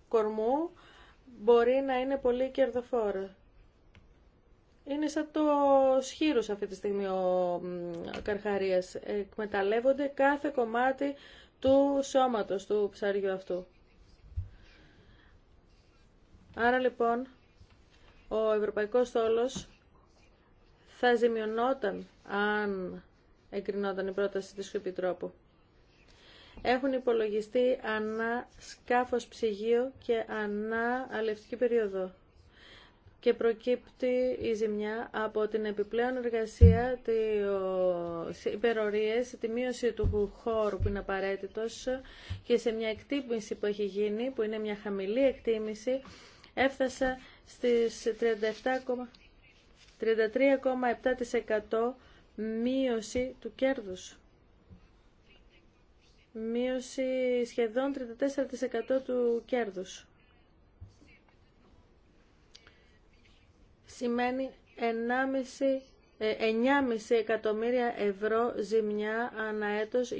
κορμού μπορεί να είναι πολύ κερδοφόρο. Είναι σαν το σχήρος αυτή τη στιγμή ο Καρχαρίας. Εκμεταλλεύονται κάθε κομμάτι του σώματος του ψαριού αυτού. Άρα λοιπόν ο Ευρωπαϊκός θόλος θα ζημιωνόταν αν εγκρινόταν η πρόταση της Επιτρόπου. Έχουν υπολογιστεί ανά σκάφος ψυγείο και ανά αλευτική περίοδο και προκύπτει η ζημιά από την επιπλέον εργασία, τις υπερορίες, τη μείωση του χώρου που είναι απαραίτητος και σε μια εκτίμηση που έχει γίνει, που είναι μια χαμηλή εκτίμηση, έφτασα στις 33,7% μείωση του κέρδους. Μείωση σχεδόν 34% του κέρδους. σημαίνει 9,5 ε, εκατομμύρια ευρώ ζημιά ανά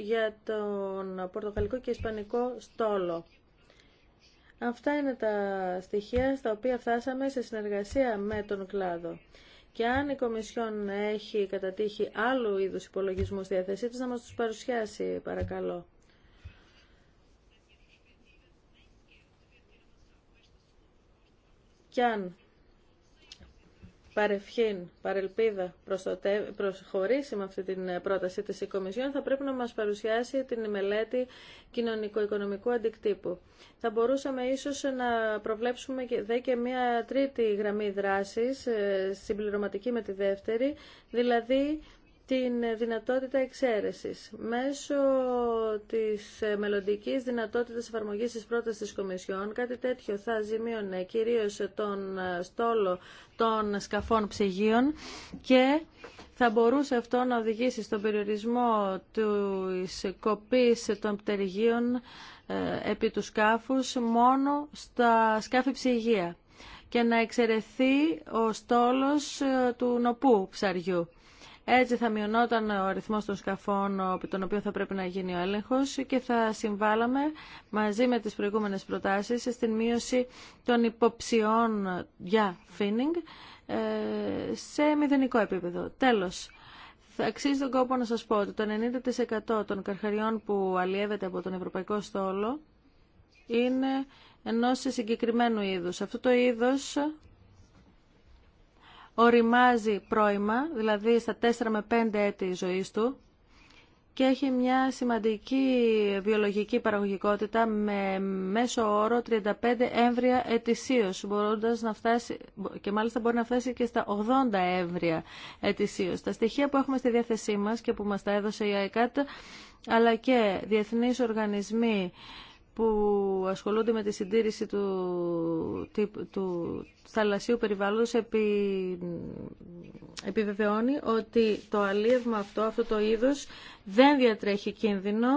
για τον Πορτοκαλικό και ισπανικό στόλο. Αυτά είναι τα στοιχεία στα οποία φτάσαμε σε συνεργασία με τον κλάδο. Και αν η Κομισιόν έχει κατατύχει άλλου είδους υπολογισμού στη διαθεσή της, να μας τους παρουσιάσει, παρακαλώ. Και αν παρευχήν, παρελπίδα προσχωρήσει με αυτή την ε, πρόταση της Οικομισιόν θα πρέπει να μας παρουσιάσει την μελέτη κοινωνικο-οικονομικού αντικτύπου. Θα μπορούσαμε ίσως να προβλέψουμε δε και μια τρίτη γραμμή δράσης ε, συμπληρωματική με τη δεύτερη, δηλαδή την δυνατότητα εξαίρεσης. Μέσω της μελλοντική δυνατότητας εφαρμογής της πρότασης της Κομισιόν, κάτι τέτοιο θα ζημίωνε κυρίως τον στόλο των σκαφών ψυγείων και θα μπορούσε αυτό να οδηγήσει στον περιορισμό της κοπής των πτεργίων ε, επί του σκάφους μόνο στα σκάφη ψυγεία και να εξαιρεθεί ο στόλος ε, του νοπού ψαριού. Έτσι θα μειωνόταν ο αριθμό των σκαφών τον οποίο θα πρέπει να γίνει ο έλεγχο και θα συμβάλαμε μαζί με τις προηγούμενες προτάσεις στην μείωση των υποψιών για φίνινγκ ε, σε μηδενικό επίπεδο. Τέλος. Θα αξίζει τον κόπο να σα πω ότι το 90% των καρχαριών που αλλιεύεται από τον Ευρωπαϊκό Στόλο είναι ενό συγκεκριμένου είδου. Αυτό το είδος οριμάζει πρώιμα, δηλαδή στα 4 με 5 έτη ζωής του και έχει μια σημαντική βιολογική παραγωγικότητα με μέσο όρο 35 έμβρια ετησίως μπορώντας να φτάσει, και μάλιστα μπορεί να φτάσει και στα 80 έμβρια ετησίως. Τα στοιχεία που έχουμε στη διάθεσή μας και που μας τα έδωσε η ΑΕΚΑΤ αλλά και διεθνείς οργανισμοί που ασχολούνται με τη συντήρηση του, του, του θαλασσίου περιβάλλοντος επι, επιβεβαιώνει ότι το αλίευμα αυτό, αυτό το είδος δεν διατρέχει κίνδυνο,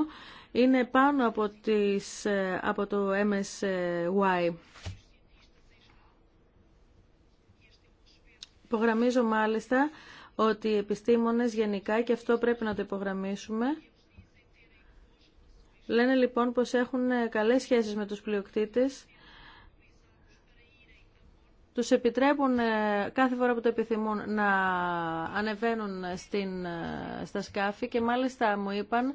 είναι πάνω από, τις, ε, από το MSY. Υπογραμμίζω μάλιστα ότι οι επιστήμονες γενικά, και αυτό πρέπει να το υπογραμμίσουμε, Λένε λοιπόν πως έχουν ε, καλές σχέσεις με τους πλειοκτήτες τους επιτρέπουν ε, κάθε φορά που το επιθυμούν να ανεβαίνουν στην, ε, στα σκάφη και μάλιστα μου είπαν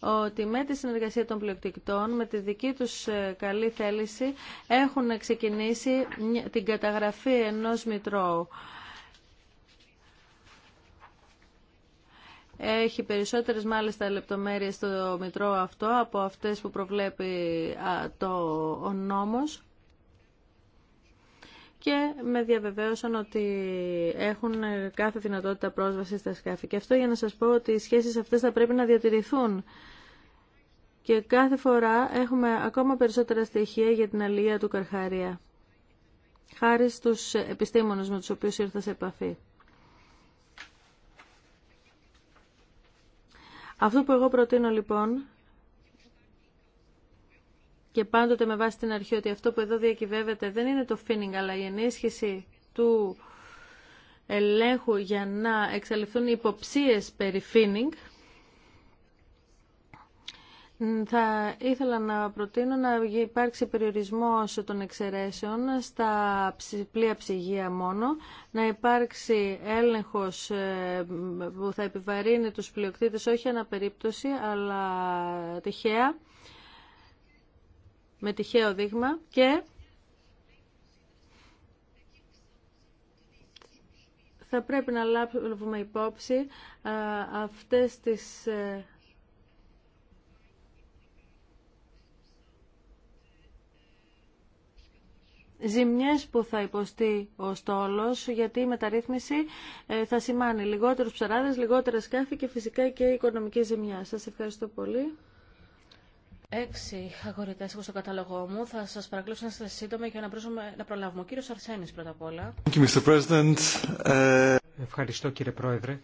ότι με τη συνεργασία των πλειοκτηκτών, με τη δική τους καλή θέληση, έχουν ξεκινήσει την καταγραφή ενός μητρώου. Έχει περισσότερες μάλιστα λεπτομέρειες στο Μητρό αυτό από αυτές που προβλέπει το, ο νόμος και με διαβεβαίωσαν ότι έχουν κάθε δυνατότητα πρόσβαση στα σκάφη. Και αυτό για να σας πω ότι οι σχέσεις αυτές θα πρέπει να διατηρηθούν. Και κάθε φορά έχουμε ακόμα περισσότερα στοιχεία για την αλληλεία του Καρχαρία. Χάρη στους επιστήμονες με τους οποίους ήρθα σε επαφή. Αυτό που εγώ προτείνω λοιπόν και πάντοτε με βάση την αρχή ότι αυτό που εδώ διακυβεύεται δεν είναι το φίνινγκ αλλά η ενίσχυση του ελέγχου για να εξαλειφθούν υποψίες περί φίνινγκ θα ήθελα να προτείνω να υπάρξει περιορισμός των εξαιρέσεων στα πλοία ψυγεία μόνο, να υπάρξει έλεγχος ε, που θα επιβαρύνει τους πλειοκτήτες όχι αναπερίπτωση αλλά τυχαία, με τυχαίο δείγμα και θα πρέπει να λάβουμε υπόψη ε, αυτές τις ε, ζημιές που θα υποστεί ο στόλος, γιατί η μεταρρύθμιση ε, θα σημάνει λιγότερους ψαράδες, λιγότερα σκάφη και φυσικά και οικονομική ζημιά. Σας ευχαριστώ πολύ. Έξι αγορητέ έχω στο κατάλογό μου. Θα σα παρακολουθήσω να είστε σύντομοι για να, προλάβουμε. να προλάβουμε. Ο κύριο Αρσένη πρώτα απ' όλα. Ε, ευχαριστώ κύριε Πρόεδρε.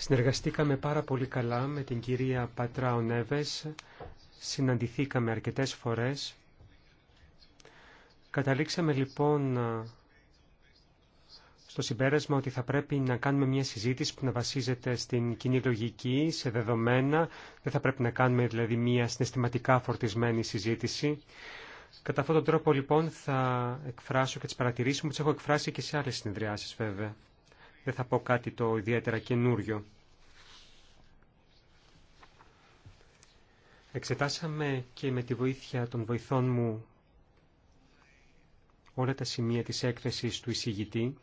Συνεργαστήκαμε πάρα πολύ καλά με την κυρία Πατρά Ονέβες, συναντηθήκαμε αρκετές φορές. Καταλήξαμε λοιπόν στο συμπέρασμα ότι θα πρέπει να κάνουμε μια συζήτηση που να βασίζεται στην κοινή λογική, σε δεδομένα. Δεν θα πρέπει να κάνουμε δηλαδή μια συναισθηματικά φορτισμένη συζήτηση. Κατά αυτόν τον τρόπο λοιπόν θα εκφράσω και τις παρατηρήσεις μου, τις έχω εκφράσει και σε άλλες συνεδριάσεις βέβαια. Δεν θα πω κάτι το ιδιαίτερα καινούριο. Εξετάσαμε και με τη βοήθεια των βοηθών μου όλα τα σημεία της έκθεσης του εισηγητή.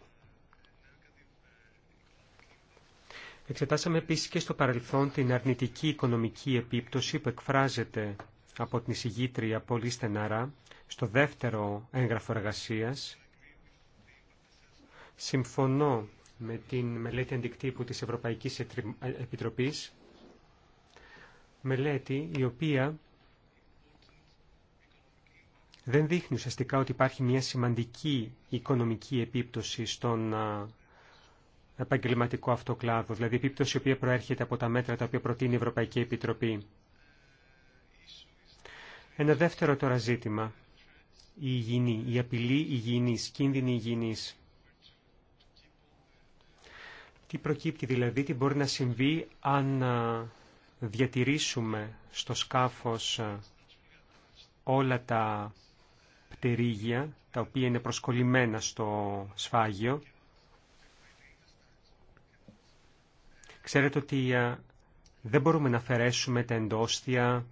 Εξετάσαμε επίσης και στο παρελθόν την αρνητική οικονομική επίπτωση που εκφράζεται από την εισηγήτρια πολύ στεναρά στο δεύτερο έγγραφο εργασίας. Συμφωνώ με την μελέτη αντικτύπου της Ευρωπαϊκής Επιτροπής, μελέτη η οποία δεν δείχνει ουσιαστικά ότι υπάρχει μια σημαντική οικονομική επίπτωση στον επαγγελματικό αυτό κλάδο, δηλαδή επίπτωση η οποία προέρχεται από τα μέτρα τα οποία προτείνει η Ευρωπαϊκή Επιτροπή. Ένα δεύτερο τώρα ζήτημα, η υγιεινή, η απειλή υγιεινής, κίνδυνη υγιεινής. Τι προκύπτει δηλαδή, τι μπορεί να συμβεί αν ε, διατηρήσουμε στο σκάφος ε, όλα τα πτερίγια τα οποία είναι προσκολλημένα στο σφάγιο. Ξέρετε ότι ε, δεν μπορούμε να αφαιρέσουμε τα εντόστια,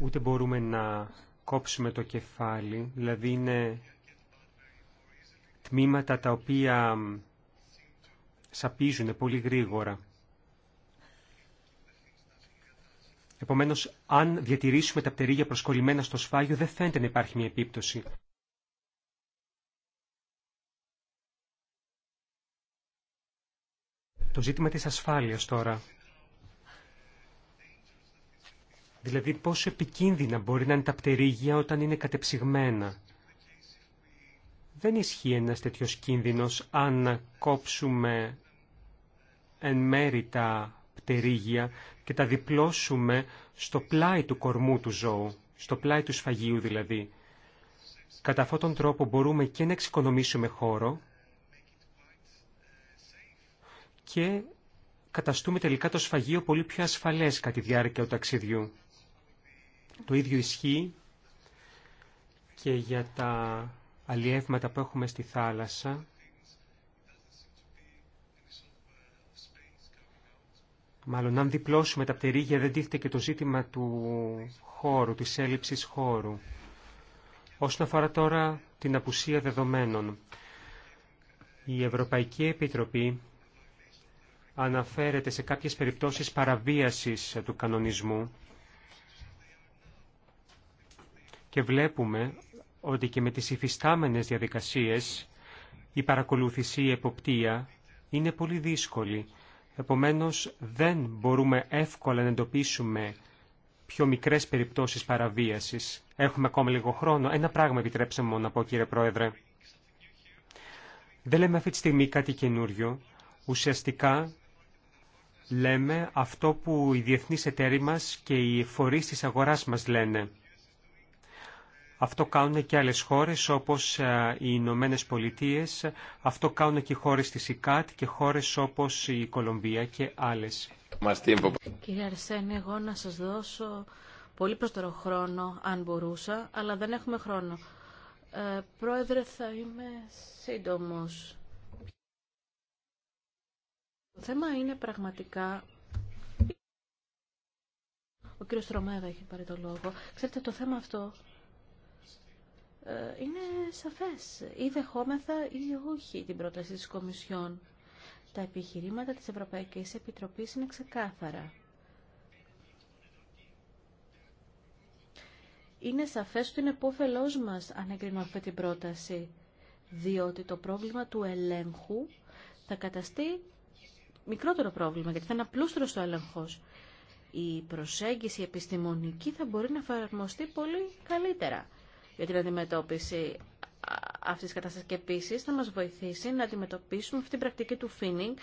ούτε μπορούμε να κόψουμε το κεφάλι, δηλαδή είναι τμήματα τα οποία σαπίζουν πολύ γρήγορα. Επομένως, αν διατηρήσουμε τα πτερίγια προσκολλημένα στο σφάγιο, δεν φαίνεται να υπάρχει μια επίπτωση. Το ζήτημα της ασφάλειας τώρα. Δηλαδή πόσο επικίνδυνα μπορεί να είναι τα πτερίγια όταν είναι κατεψυγμένα δεν ισχύει ενα τέτοιος κίνδυνος αν κόψουμε εν μέρη τα πτερίγια και τα διπλώσουμε στο πλάι του κορμού του ζώου, στο πλάι του σφαγίου δηλαδή. Κατά αυτόν τον τρόπο μπορούμε και να εξοικονομήσουμε χώρο και καταστούμε τελικά το σφαγείο πολύ πιο ασφαλές κατά τη διάρκεια του ταξιδιού. Το ίδιο ισχύει και για τα αλλιεύματα που έχουμε στη θάλασσα, Μάλλον αν διπλώσουμε τα πτερίγια δεν τίθεται και το ζήτημα του χώρου, της έλλειψης χώρου. Όσον αφορά τώρα την απουσία δεδομένων, η Ευρωπαϊκή Επιτροπή αναφέρεται σε κάποιες περιπτώσεις παραβίασης του κανονισμού και βλέπουμε ότι και με τις υφιστάμενες διαδικασίες η παρακολούθηση, η εποπτεία είναι πολύ δύσκολη. Επομένως δεν μπορούμε εύκολα να εντοπίσουμε πιο μικρές περιπτώσεις παραβίασης. Έχουμε ακόμα λίγο χρόνο. Ένα πράγμα επιτρέψτε μου να πω κύριε Πρόεδρε. Δεν λέμε αυτή τη στιγμή κάτι καινούριο. Ουσιαστικά λέμε αυτό που οι διεθνείς εταίροι μας και οι φορείς της αγοράς μας λένε. Αυτό κάνουν και άλλες χώρες όπως ε, οι Ηνωμένε Πολιτείε, αυτό κάνουν και χώρες της ΙΚΑΤ και χώρες όπως η Κολομβία και άλλες. Κύριε Αρσένη, εγώ να σας δώσω πολύ προστερό χρόνο αν μπορούσα, αλλά δεν έχουμε χρόνο. Ε, πρόεδρε, θα είμαι σύντομος. Το θέμα είναι πραγματικά ο κύριο Τρομέδα έχει πάρει το λόγο. Ξέρετε, το θέμα αυτό ε, είναι σαφές ή δεχόμεθα ή όχι την πρόταση της Κομισιόν. Τα επιχειρήματα της Ευρωπαϊκής Επιτροπής είναι ξεκάθαρα. Είναι σαφές ότι είναι μας αν εγκρίνουμε αυτή την πρόταση, διότι το πρόβλημα του ελέγχου θα καταστεί μικρότερο πρόβλημα, γιατί θα είναι απλούστερος ο έλεγχος. Η προσέγγιση επιστημονική θα μπορεί να εφαρμοστεί πολύ καλύτερα για την αντιμετώπιση αυτής της κατάστασης και επίσης θα μας βοηθήσει να αντιμετωπίσουμε αυτή την πρακτική του φίνινγκ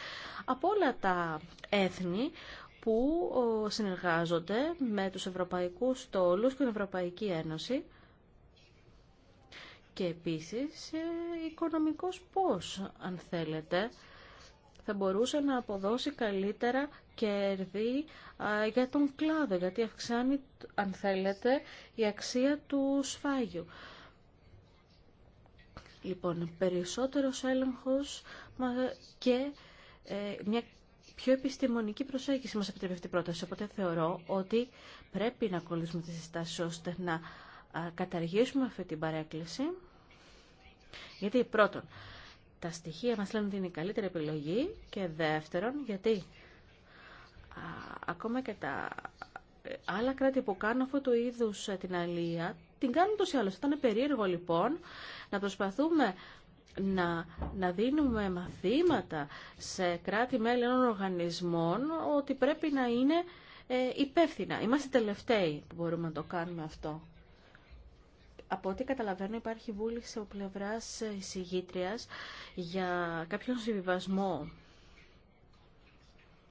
από όλα τα έθνη που συνεργάζονται με τους Ευρωπαϊκούς Στόλους και την Ευρωπαϊκή Ένωση και επίσης ε, οικονομικός πώς, αν θέλετε, θα μπορούσε να αποδώσει καλύτερα κέρδη για τον κλάδο, γιατί αυξάνει, αν θέλετε, η αξία του σφάγιου. Λοιπόν, περισσότερος έλεγχος και ε, μια πιο επιστημονική προσέγγιση μας επιτρέπει αυτή η πρόταση. Οπότε θεωρώ ότι πρέπει να ακολουθήσουμε τις συστάσεις ώστε να καταργήσουμε αυτή την παρέκκληση. Γιατί πρώτον, τα στοιχεία μας λένε ότι είναι η καλύτερη επιλογή και δεύτερον γιατί ακόμα και τα ε, άλλα κράτη που κάνουν αυτού του είδους ε, την αλία την κάνουν τόσο άλλως. Ήταν περίεργο λοιπόν να προσπαθούμε να, να δίνουμε μαθήματα σε κράτη-μέλη οργανισμών ότι πρέπει να είναι ε, υπεύθυνα. Είμαστε τελευταίοι που μπορούμε να το κάνουμε αυτό από ό,τι καταλαβαίνω υπάρχει βούληση ο πλευράς εισηγήτριας για κάποιον συμβιβασμό.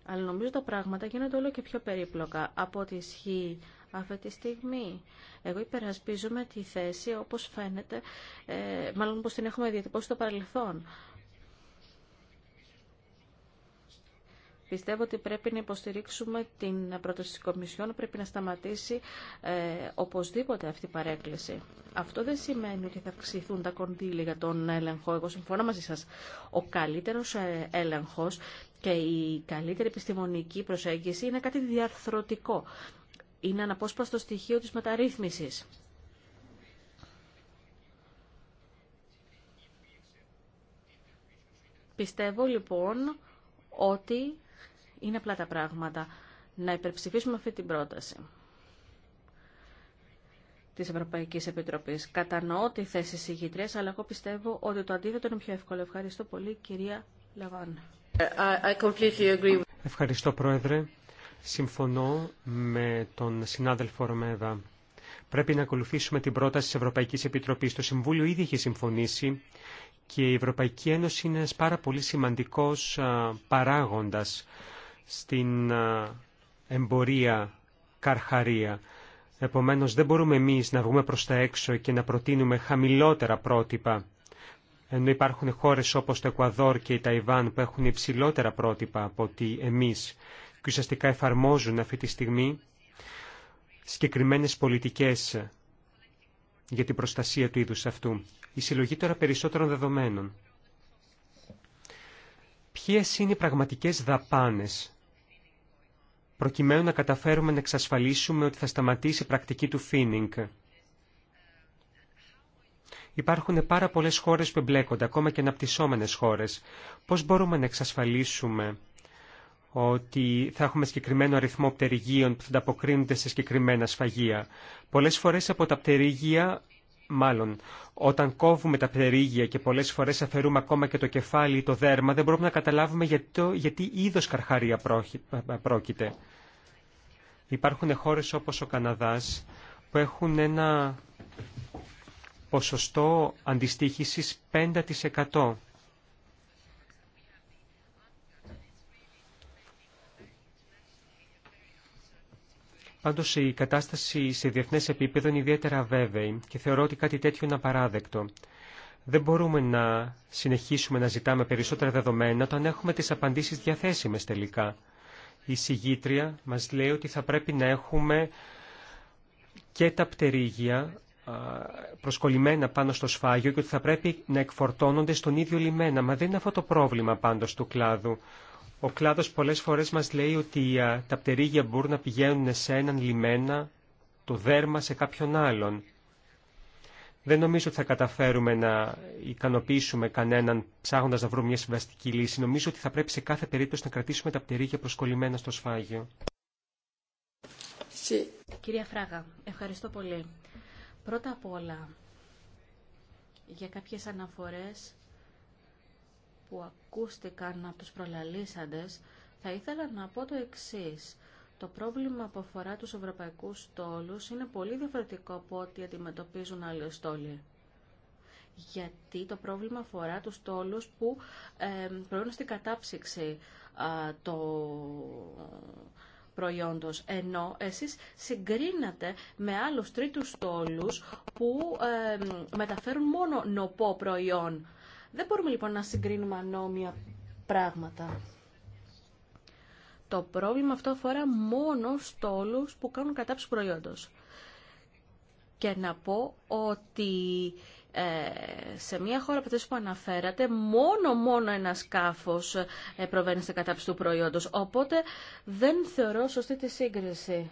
Αλλά νομίζω τα πράγματα γίνονται όλο και πιο περίπλοκα από ό,τι ισχύει αυτή τη στιγμή. Εγώ υπερασπίζομαι τη θέση όπως φαίνεται, ε, μάλλον όπως την έχουμε διατυπώσει στο παρελθόν. Πιστεύω ότι πρέπει να υποστηρίξουμε την πρόταση της Κομισιόν, πρέπει να σταματήσει ε, οπωσδήποτε αυτή η παρέκκληση. Αυτό δεν σημαίνει ότι θα αυξηθούν τα κονδύλια για τον έλεγχο. Εγώ συμφωνώ μαζί σας. Ο καλύτερος ε, έλεγχος και η καλύτερη επιστημονική προσέγγιση είναι κάτι διαρθρωτικό. Είναι αναπόσπαστο στοιχείο της μεταρρύθμισης. Πιστεύω λοιπόν ότι είναι απλά τα πράγματα να υπερψηφίσουμε αυτή την πρόταση της Ευρωπαϊκής Επιτροπής. Κατανοώ τη θέση συγγητρίας, αλλά εγώ πιστεύω ότι το αντίθετο είναι πιο εύκολο. Ευχαριστώ πολύ, κυρία Λαβάν. Ευχαριστώ, Πρόεδρε. Συμφωνώ με τον συνάδελφο Ρωμέδα. Πρέπει να ακολουθήσουμε την πρόταση της Ευρωπαϊκής Επιτροπής. Το Συμβούλιο ήδη είχε συμφωνήσει και η Ευρωπαϊκή Ένωση είναι ένας πάρα πολύ σημαντικός παράγοντας στην εμπορία καρχαρία. Επομένως δεν μπορούμε εμείς να βγούμε προς τα έξω και να προτείνουμε χαμηλότερα πρότυπα. Ενώ υπάρχουν χώρες όπως το Εκουαδόρ και η Ταϊβάν που έχουν υψηλότερα πρότυπα από ότι εμείς και ουσιαστικά εφαρμόζουν αυτή τη στιγμή συγκεκριμένες πολιτικές για την προστασία του είδους αυτού. Η συλλογή τώρα περισσότερων δεδομένων ποιες είναι οι πραγματικές δαπάνες προκειμένου να καταφέρουμε να εξασφαλίσουμε ότι θα σταματήσει η πρακτική του φίνινγκ. Υπάρχουν πάρα πολλές χώρες που εμπλέκονται, ακόμα και αναπτυσσόμενες χώρες. Πώς μπορούμε να εξασφαλίσουμε ότι θα έχουμε συγκεκριμένο αριθμό πτερυγίων που θα ανταποκρίνονται σε συγκεκριμένα σφαγεία. Πολλές φορές από τα πτερυγία Μάλλον, όταν κόβουμε τα πτερίγια και πολλές φορές αφαιρούμε ακόμα και το κεφάλι ή το δέρμα, δεν μπορούμε να καταλάβουμε γιατί, γιατί είδος καρχαρία ε, πρόκειται. Υπάρχουν χώρες όπως ο Καναδάς που έχουν ένα ποσοστό αντιστοίχησης 5%. Πάντω η κατάσταση σε διεθνέ επίπεδο είναι ιδιαίτερα βέβαιη και θεωρώ ότι κάτι τέτοιο είναι απαράδεκτο. Δεν μπορούμε να συνεχίσουμε να ζητάμε περισσότερα δεδομένα όταν έχουμε τις απαντήσεις διαθέσιμες τελικά. Η συγγήτρια μας λέει ότι θα πρέπει να έχουμε και τα πτερίγια προσκολλημένα πάνω στο σφάγιο και ότι θα πρέπει να εκφορτώνονται στον ίδιο λιμένα. Μα δεν είναι αυτό το πρόβλημα πάντως του κλάδου. Ο κλάδος πολλές φορές μας λέει ότι τα πτερίγια μπορούν να πηγαίνουν σε έναν λιμένα, το δέρμα σε κάποιον άλλον. Δεν νομίζω ότι θα καταφέρουμε να ικανοποιήσουμε κανέναν ψάχνοντα να βρούμε μια συμβαστική λύση. Νομίζω ότι θα πρέπει σε κάθε περίπτωση να κρατήσουμε τα πτερίγια προσκολλημένα στο σφάγιο. Κυρία Φράγα, ευχαριστώ πολύ. Πρώτα απ' όλα, για κάποιες αναφορές που ακούστηκαν από τους προλαλήσαντες, θα ήθελα να πω το εξής. Το πρόβλημα που αφορά τους ευρωπαϊκούς στόλους είναι πολύ διαφορετικό από ό,τι αντιμετωπίζουν άλλοι στόλοι. Γιατί το πρόβλημα αφορά τους στόλους που ε, προέρχονται στην κατάψυξη το προϊόντος, ενώ εσείς συγκρίνατε με άλλους τρίτους στόλους που μεταφέρουν μόνο νοπό προϊόν δεν μπορούμε λοιπόν να συγκρίνουμε ανώμια πράγματα. Το πρόβλημα αυτό αφορά μόνο στόλους που κάνουν κατάψη προϊόντος. Και να πω ότι ε, σε μια χώρα από που αναφέρατε, μόνο μόνο ένα σκάφος ε, προβαίνει στην κατάψη του προϊόντος. Οπότε δεν θεωρώ σωστή τη σύγκριση.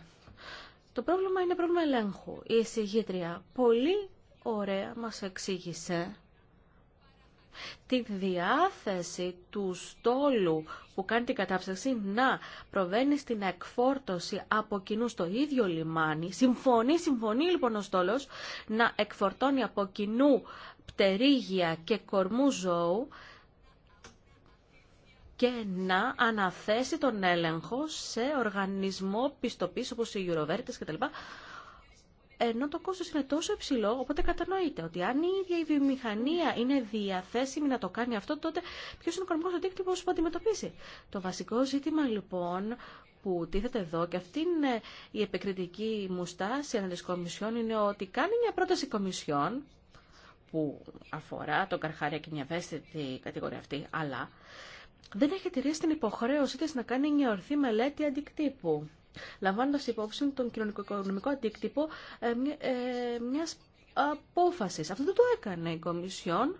Το πρόβλημα είναι πρόβλημα ελέγχου. Η εισηγήτρια πολύ ωραία μας εξήγησε τη διάθεση του στόλου που κάνει την κατάψευση να προβαίνει στην εκφόρτωση από κοινού στο ίδιο λιμάνι. Συμφωνεί, συμφωνεί λοιπόν ο στόλος να εκφορτώνει από κοινού πτερίγια και κορμού ζώου και να αναθέσει τον έλεγχο σε οργανισμό πιστοποίηση όπως οι και κτλ ενώ το κόστος είναι τόσο υψηλό, οπότε κατανοείται ότι αν η ίδια η βιομηχανία είναι διαθέσιμη να το κάνει αυτό, τότε ποιος είναι ο οικονομικός αντίκτυπος που αντιμετωπίσει. Το βασικό ζήτημα λοιπόν που τίθεται εδώ και αυτή είναι η επικριτική μου στάση ανά της Κομισιόν είναι ότι κάνει μια πρόταση Κομισιόν που αφορά τον Καρχάρια και μια ευαίσθητη κατηγορία αυτή, αλλά δεν έχει τηρήσει την υποχρέωσή της να κάνει μια ορθή μελέτη αντικτύπου. Λαμβάνοντα υπόψη τον κοινωνικο-οικονομικό αντίκτυπο ε, ε, μιας απόφαση. Αυτό δεν το έκανε η Κομισιόν.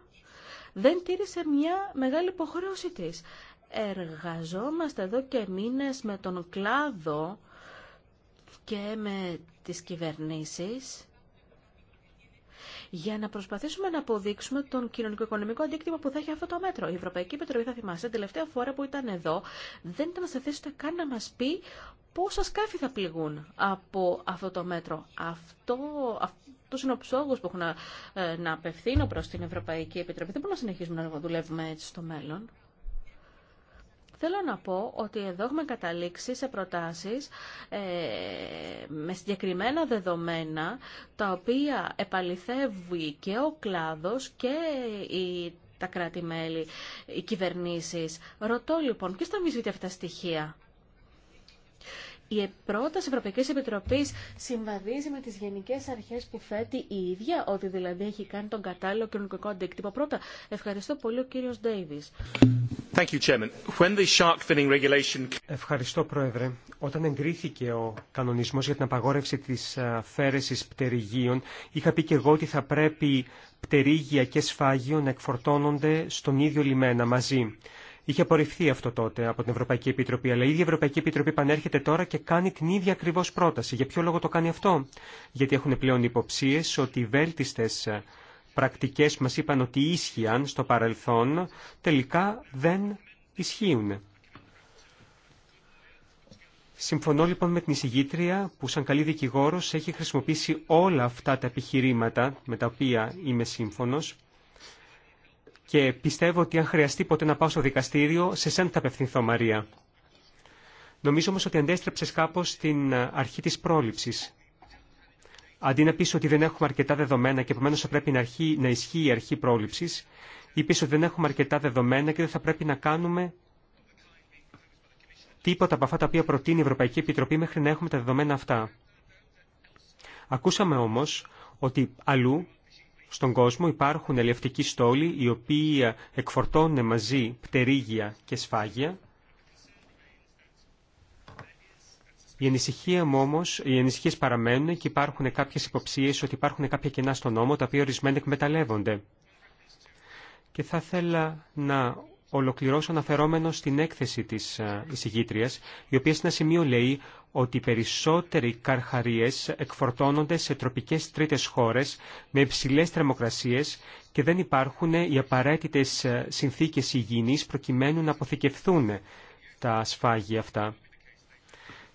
Δεν τήρησε μια μεγάλη υποχρέωσή τη. Εργαζόμαστε εδώ και μήνε με τον κλάδο και με τις κυβερνήσεις για να προσπαθήσουμε να αποδείξουμε τον κοινωνικο-οικονομικό αντίκτυπο που θα έχει αυτό το μέτρο. Η Ευρωπαϊκή Επιτροπή, θα θυμάστε, την τελευταία φορά που ήταν εδώ, δεν ήταν σε θέση καν να μα πει πόσα σκάφη θα πληγούν από αυτό το μέτρο. Αυτό, αυτό είναι ο ψόγο που έχουν να, ε, να απευθύνω προ την Ευρωπαϊκή Επιτροπή. Δεν μπορούμε να συνεχίσουμε να δουλεύουμε έτσι στο μέλλον. Θέλω να πω ότι εδώ έχουμε καταλήξει σε προτάσεις ε, με συγκεκριμένα δεδομένα τα οποία επαληθεύει και ο κλάδος και η τα κράτη-μέλη, οι κυβερνήσεις. Ρωτώ λοιπόν, ποιος θα αυτά τα στοιχεία η πρόταση Ευρωπαϊκής Επιτροπής συμβαδίζει με τις γενικές αρχές που θέτει η ίδια, ότι δηλαδή έχει κάνει τον κατάλληλο κοινωνικό αντίκτυπο. Πρώτα, ευχαριστώ πολύ ο κύριος Ντέιβις. Ευχαριστώ, Πρόεδρε. Όταν εγκρίθηκε ο κανονισμός για την απαγόρευση της ε, φέρεσης πτερυγίων, είχα πει και εγώ ότι θα πρέπει πτερύγια και σφάγιο να εκφορτώνονται στον ίδιο λιμένα μαζί. Είχε απορριφθεί αυτό τότε από την Ευρωπαϊκή Επιτροπή, αλλά η ίδια Ευρωπαϊκή Επιτροπή πανέρχεται τώρα και κάνει την ίδια ακριβώ πρόταση. Για ποιο λόγο το κάνει αυτό, Γιατί έχουν πλέον υποψίε ότι οι βέλτιστε πρακτικέ που μα είπαν ότι ίσχυαν στο παρελθόν τελικά δεν ισχύουν. Συμφωνώ λοιπόν με την εισηγήτρια που σαν καλή δικηγόρος έχει χρησιμοποιήσει όλα αυτά τα επιχειρήματα με τα οποία είμαι σύμφωνος και πιστεύω ότι αν χρειαστεί ποτέ να πάω στο δικαστήριο, σε σένα θα απευθυνθώ, Μαρία. Νομίζω όμως ότι αντέστρεψες κάπως την ε, αρχή της πρόληψης. Αντί να πεις ότι δεν έχουμε αρκετά δεδομένα και επομένως θα πρέπει να, να ισχύει η αρχή πρόληψης, είπες ότι δεν έχουμε αρκετά δεδομένα και δεν θα πρέπει να κάνουμε τίποτα από αυτά τα οποία προτείνει η Ευρωπαϊκή Επιτροπή μέχρι να έχουμε τα δεδομένα αυτά. Ακούσαμε όμως ότι αλλού στον κόσμο υπάρχουν ελευτικοί στόλοι οι οποίοι εκφορτώνουν μαζί πτερίγια και σφάγια. Η ανησυχία μου όμω, οι ανησυχίε παραμένουν και υπάρχουν κάποιε υποψίε ότι υπάρχουν κάποια κενά στον νόμο τα οποία ορισμένα εκμεταλλεύονται. Και θα ήθελα να ολοκληρώσω αναφερόμενο στην έκθεση της ε, εισηγήτρια, η οποία σε ένα σημείο λέει ότι οι περισσότεροι καρχαρίες εκφορτώνονται σε τροπικές τρίτες χώρες με υψηλές θερμοκρασίες και δεν υπάρχουν οι απαραίτητες ε, συνθήκες υγιεινής προκειμένου να αποθηκευθούν τα σφάγια αυτά.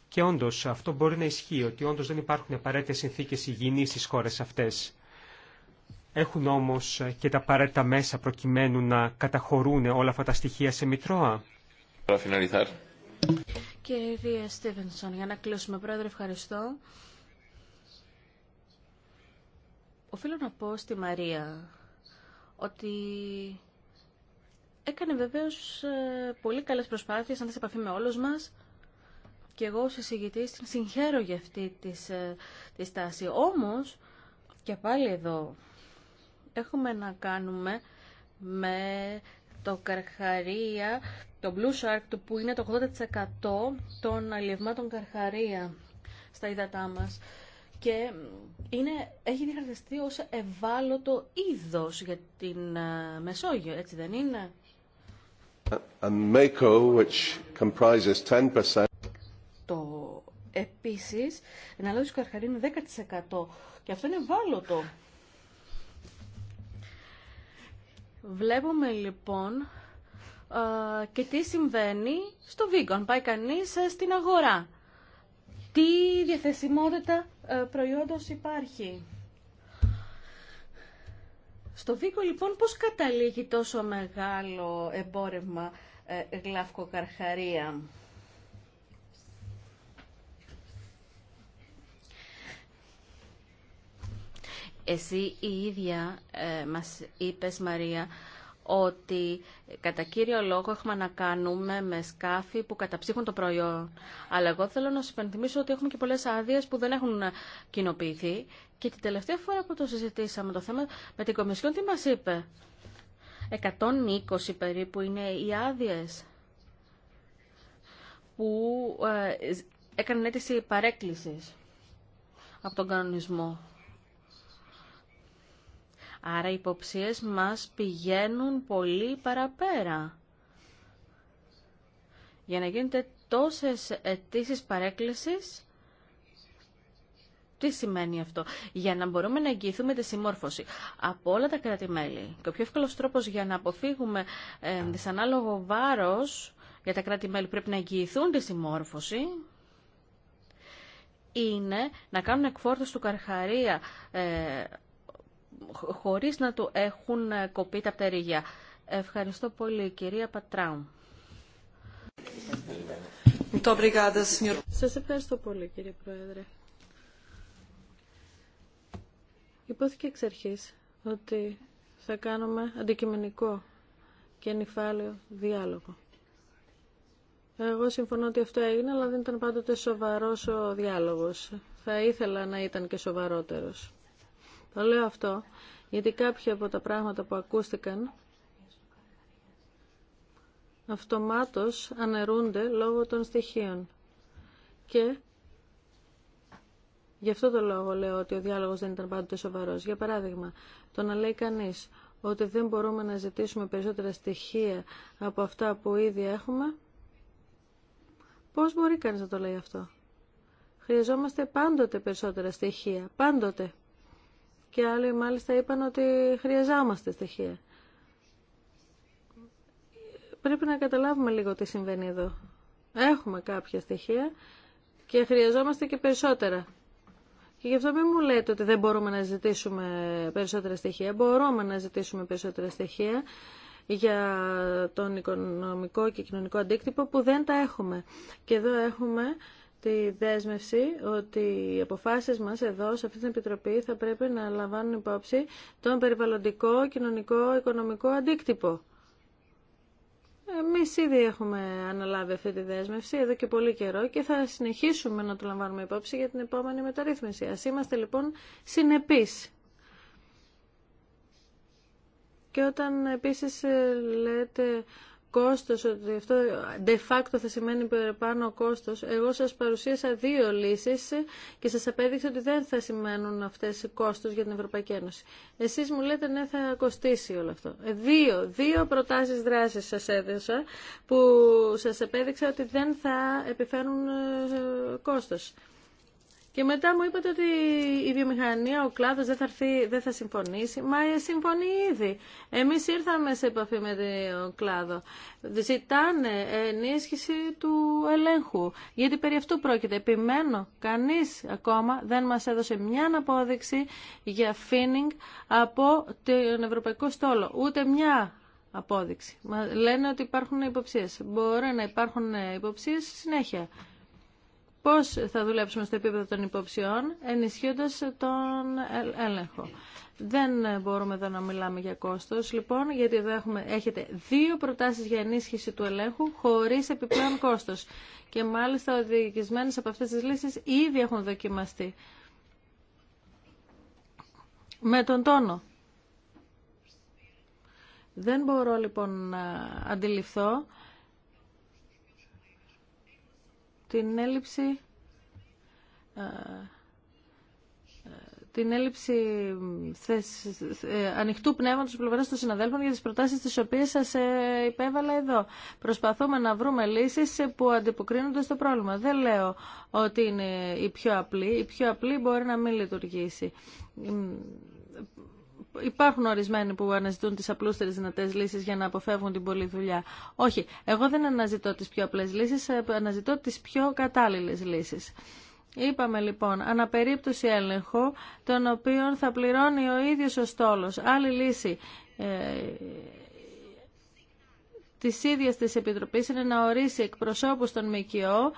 Και όντως αυτό μπορεί να ισχύει, ότι όντως δεν υπάρχουν απαραίτητες συνθήκες υγιεινής στις χώρες αυτές. Έχουν όμως ε, και τα απαραίτητα μέσα προκειμένου να καταχωρούν όλα αυτά τα στοιχεία σε Μητρώα. Κυρία Στίβενσον, για να κλείσουμε. Πρόεδρε, ευχαριστώ. Οφείλω να πω στη Μαρία ότι έκανε βεβαίως ε, πολύ καλές προσπάθειες, αν σε επαφή με όλους μας. Και εγώ ως εισηγητής την συγχαίρω για αυτή ε, τη στάση. Όμως, και πάλι εδώ, έχουμε να κάνουμε με το Καρχαρία το Blue Shark το που είναι το 80% των αλλιευμάτων καρχαρία στα ύδατά μας και είναι, έχει διχαρτιστεί ως ευάλωτο είδος για την ε, Μεσόγειο, έτσι δεν είναι. Ε, ε, Mako, which Το επίσης, είναι 10% και αυτό είναι ευάλωτο. Βλέπουμε λοιπόν και τι συμβαίνει στο αν Πάει κανείς ε, στην αγορά. Τι διαθεσιμότητα ε, προϊόντος υπάρχει. Στο βίγκο λοιπόν πώς καταλήγει τόσο μεγάλο εμπόρευμα ε, γλαυκοκαρχαρία. Εσύ η ίδια ε, μας είπες Μαρία ότι κατά κύριο λόγο έχουμε να κάνουμε με σκάφη που καταψύχουν το προϊόν. Αλλά εγώ θέλω να σα υπενθυμίσω ότι έχουμε και πολλές άδειε που δεν έχουν κοινοποιηθεί. Και την τελευταία φορά που το συζητήσαμε το θέμα με την Κομισιόν, τι μας είπε. 120 περίπου είναι οι άδειε που ε, έκαναν αίτηση παρέκκλησης από τον κανονισμό. Άρα οι υποψίες μας πηγαίνουν πολύ παραπέρα. Για να γίνονται τόσες αιτήσει παρέκκλησης, τι σημαίνει αυτό. Για να μπορούμε να εγγυηθούμε τη συμμόρφωση από όλα τα κράτη-μέλη. Και ο πιο εύκολος τρόπος για να αποφύγουμε ε, δυσανάλογο βάρος για τα κράτη-μέλη πρέπει να εγγυηθούν τη συμμόρφωση είναι να κάνουν εκφόρτωση του Καρχαρία ε, χωρίς να του έχουν κοπεί τα πτερίγια. Ευχαριστώ πολύ, κυρία Πατράου. Σας ευχαριστώ πολύ, κύριε Πρόεδρε. Υπόθηκε εξ αρχής ότι θα κάνουμε αντικειμενικό και νυφάλαιο διάλογο. Εγώ συμφωνώ ότι αυτό έγινε, αλλά δεν ήταν πάντοτε σοβαρός ο διάλογος. Θα ήθελα να ήταν και σοβαρότερος. Το λέω αυτό γιατί κάποια από τα πράγματα που ακούστηκαν αυτομάτως αναιρούνται λόγω των στοιχείων. Και γι' αυτό το λόγο λέω ότι ο διάλογος δεν ήταν πάντοτε σοβαρός. Για παράδειγμα, το να λέει κανείς ότι δεν μπορούμε να ζητήσουμε περισσότερα στοιχεία από αυτά που ήδη έχουμε, πώς μπορεί κανείς να το λέει αυτό. Χρειαζόμαστε πάντοτε περισσότερα στοιχεία. Πάντοτε και άλλοι μάλιστα είπαν ότι χρειαζόμαστε στοιχεία. Πρέπει να καταλάβουμε λίγο τι συμβαίνει εδώ. Έχουμε κάποια στοιχεία και χρειαζόμαστε και περισσότερα. Και γι' αυτό μην μου λέτε ότι δεν μπορούμε να ζητήσουμε περισσότερα στοιχεία. Μπορούμε να ζητήσουμε περισσότερα στοιχεία για τον οικονομικό και κοινωνικό αντίκτυπο που δεν τα έχουμε. Και εδώ έχουμε τη δέσμευση ότι οι αποφάσεις μας εδώ σε αυτή την Επιτροπή θα πρέπει να λαμβάνουν υπόψη τον περιβαλλοντικό, κοινωνικό, οικονομικό αντίκτυπο. Εμείς ήδη έχουμε αναλάβει αυτή τη δέσμευση εδώ και πολύ καιρό και θα συνεχίσουμε να το λαμβάνουμε υπόψη για την επόμενη μεταρρύθμιση. Ας είμαστε λοιπόν συνεπείς. Και όταν επίσης λέτε κόστος, ότι αυτό de facto θα σημαίνει παραπάνω κόστος. Εγώ σας παρουσίασα δύο λύσεις και σας απέδειξα ότι δεν θα σημαίνουν αυτές οι κόστος για την Ευρωπαϊκή Ένωση. Εσείς μου λέτε ναι θα κοστίσει όλο αυτό. Ε, δύο, δύο προτάσεις δράσης σας έδωσα που σας απέδειξα ότι δεν θα επιφέρουν ε, κόστος. Και μετά μου είπατε ότι η βιομηχανία, ο κλάδος δεν θα, δεν θα συμφωνήσει. Μα ε, συμφωνεί ήδη. Εμείς ήρθαμε σε επαφή με τον κλάδο. Ζητάνε ενίσχυση του ελέγχου. Γιατί περί αυτού πρόκειται. Επιμένω, κανείς ακόμα δεν μας έδωσε μια απόδειξη για φίνινγκ από τον Ευρωπαϊκό Στόλο. Ούτε μια απόδειξη. Λένε ότι υπάρχουν υποψίες. Μπορεί να υπάρχουν υποψίες συνέχεια πώς θα δουλέψουμε στο επίπεδο των υποψιών, ενισχύοντας τον έλεγχο. Δεν μπορούμε εδώ να μιλάμε για κόστος, λοιπόν, γιατί εδώ έχουμε, έχετε δύο προτάσεις για ενίσχυση του ελέγχου χωρίς επιπλέον κόστος. Και μάλιστα οδηγισμένες από αυτές τις λύσεις ήδη έχουν δοκιμαστεί. Με τον τόνο. Δεν μπορώ λοιπόν να αντιληφθώ την έλλειψη ε, ε, την έλλειψη θες, ε, ανοιχτού πνεύματος του πλευρά των συναδέλφων για τις προτάσεις τις οποίες σας υπέβαλα εδώ. Προσπαθούμε να βρούμε λύσεις που αντιποκρίνονται στο πρόβλημα. Δεν λέω ότι είναι η πιο απλή. Η πιο απλή μπορεί να μην λειτουργήσει υπάρχουν ορισμένοι που αναζητούν τις απλούστερες δυνατές λύσεις για να αποφεύγουν την πολλή δουλειά. Όχι, εγώ δεν αναζητώ τις πιο απλές λύσεις, ε, αναζητώ τις πιο κατάλληλες λύσεις. Είπαμε λοιπόν, αναπερίπτωση έλεγχο, τον οποίο θα πληρώνει ο ίδιος ο στόλος. Άλλη λύση ε, της ίδιας της Επιτροπής είναι να ορίσει εκπροσώπους των ΜΚΟ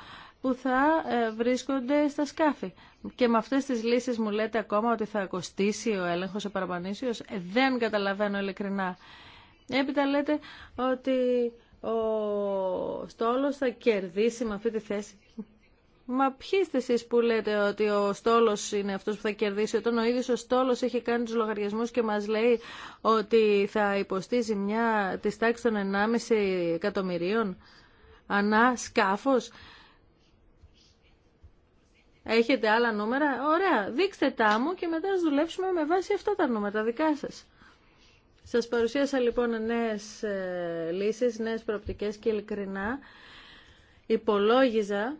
που θα ε, βρίσκονται στα σκάφη. Και με αυτές τις λύσεις μου λέτε ακόμα ότι θα κοστίσει ο έλεγχος ο παραπανήσιος. Ε, δεν καταλαβαίνω ειλικρινά. Έπειτα λέτε ότι ο στόλος θα κερδίσει με αυτή τη θέση. Μα ποιοι είστε εσείς που λέτε ότι ο στόλος είναι αυτός που θα κερδίσει, όταν ο ίδιος ο στόλος έχει κάνει τους λογαριασμούς και μας λέει ότι θα υποστήσει μια της τάξης των 1,5 εκατομμυρίων ανά σκάφος. Έχετε άλλα νούμερα. Ωραία, δείξτε τα μου και μετά θα δουλέψουμε με βάση αυτά τα νούμερα, τα δικά σας. Σας παρουσίασα λοιπόν νέες ε, λύσεις, νέες προοπτικές και ειλικρινά υπολόγιζα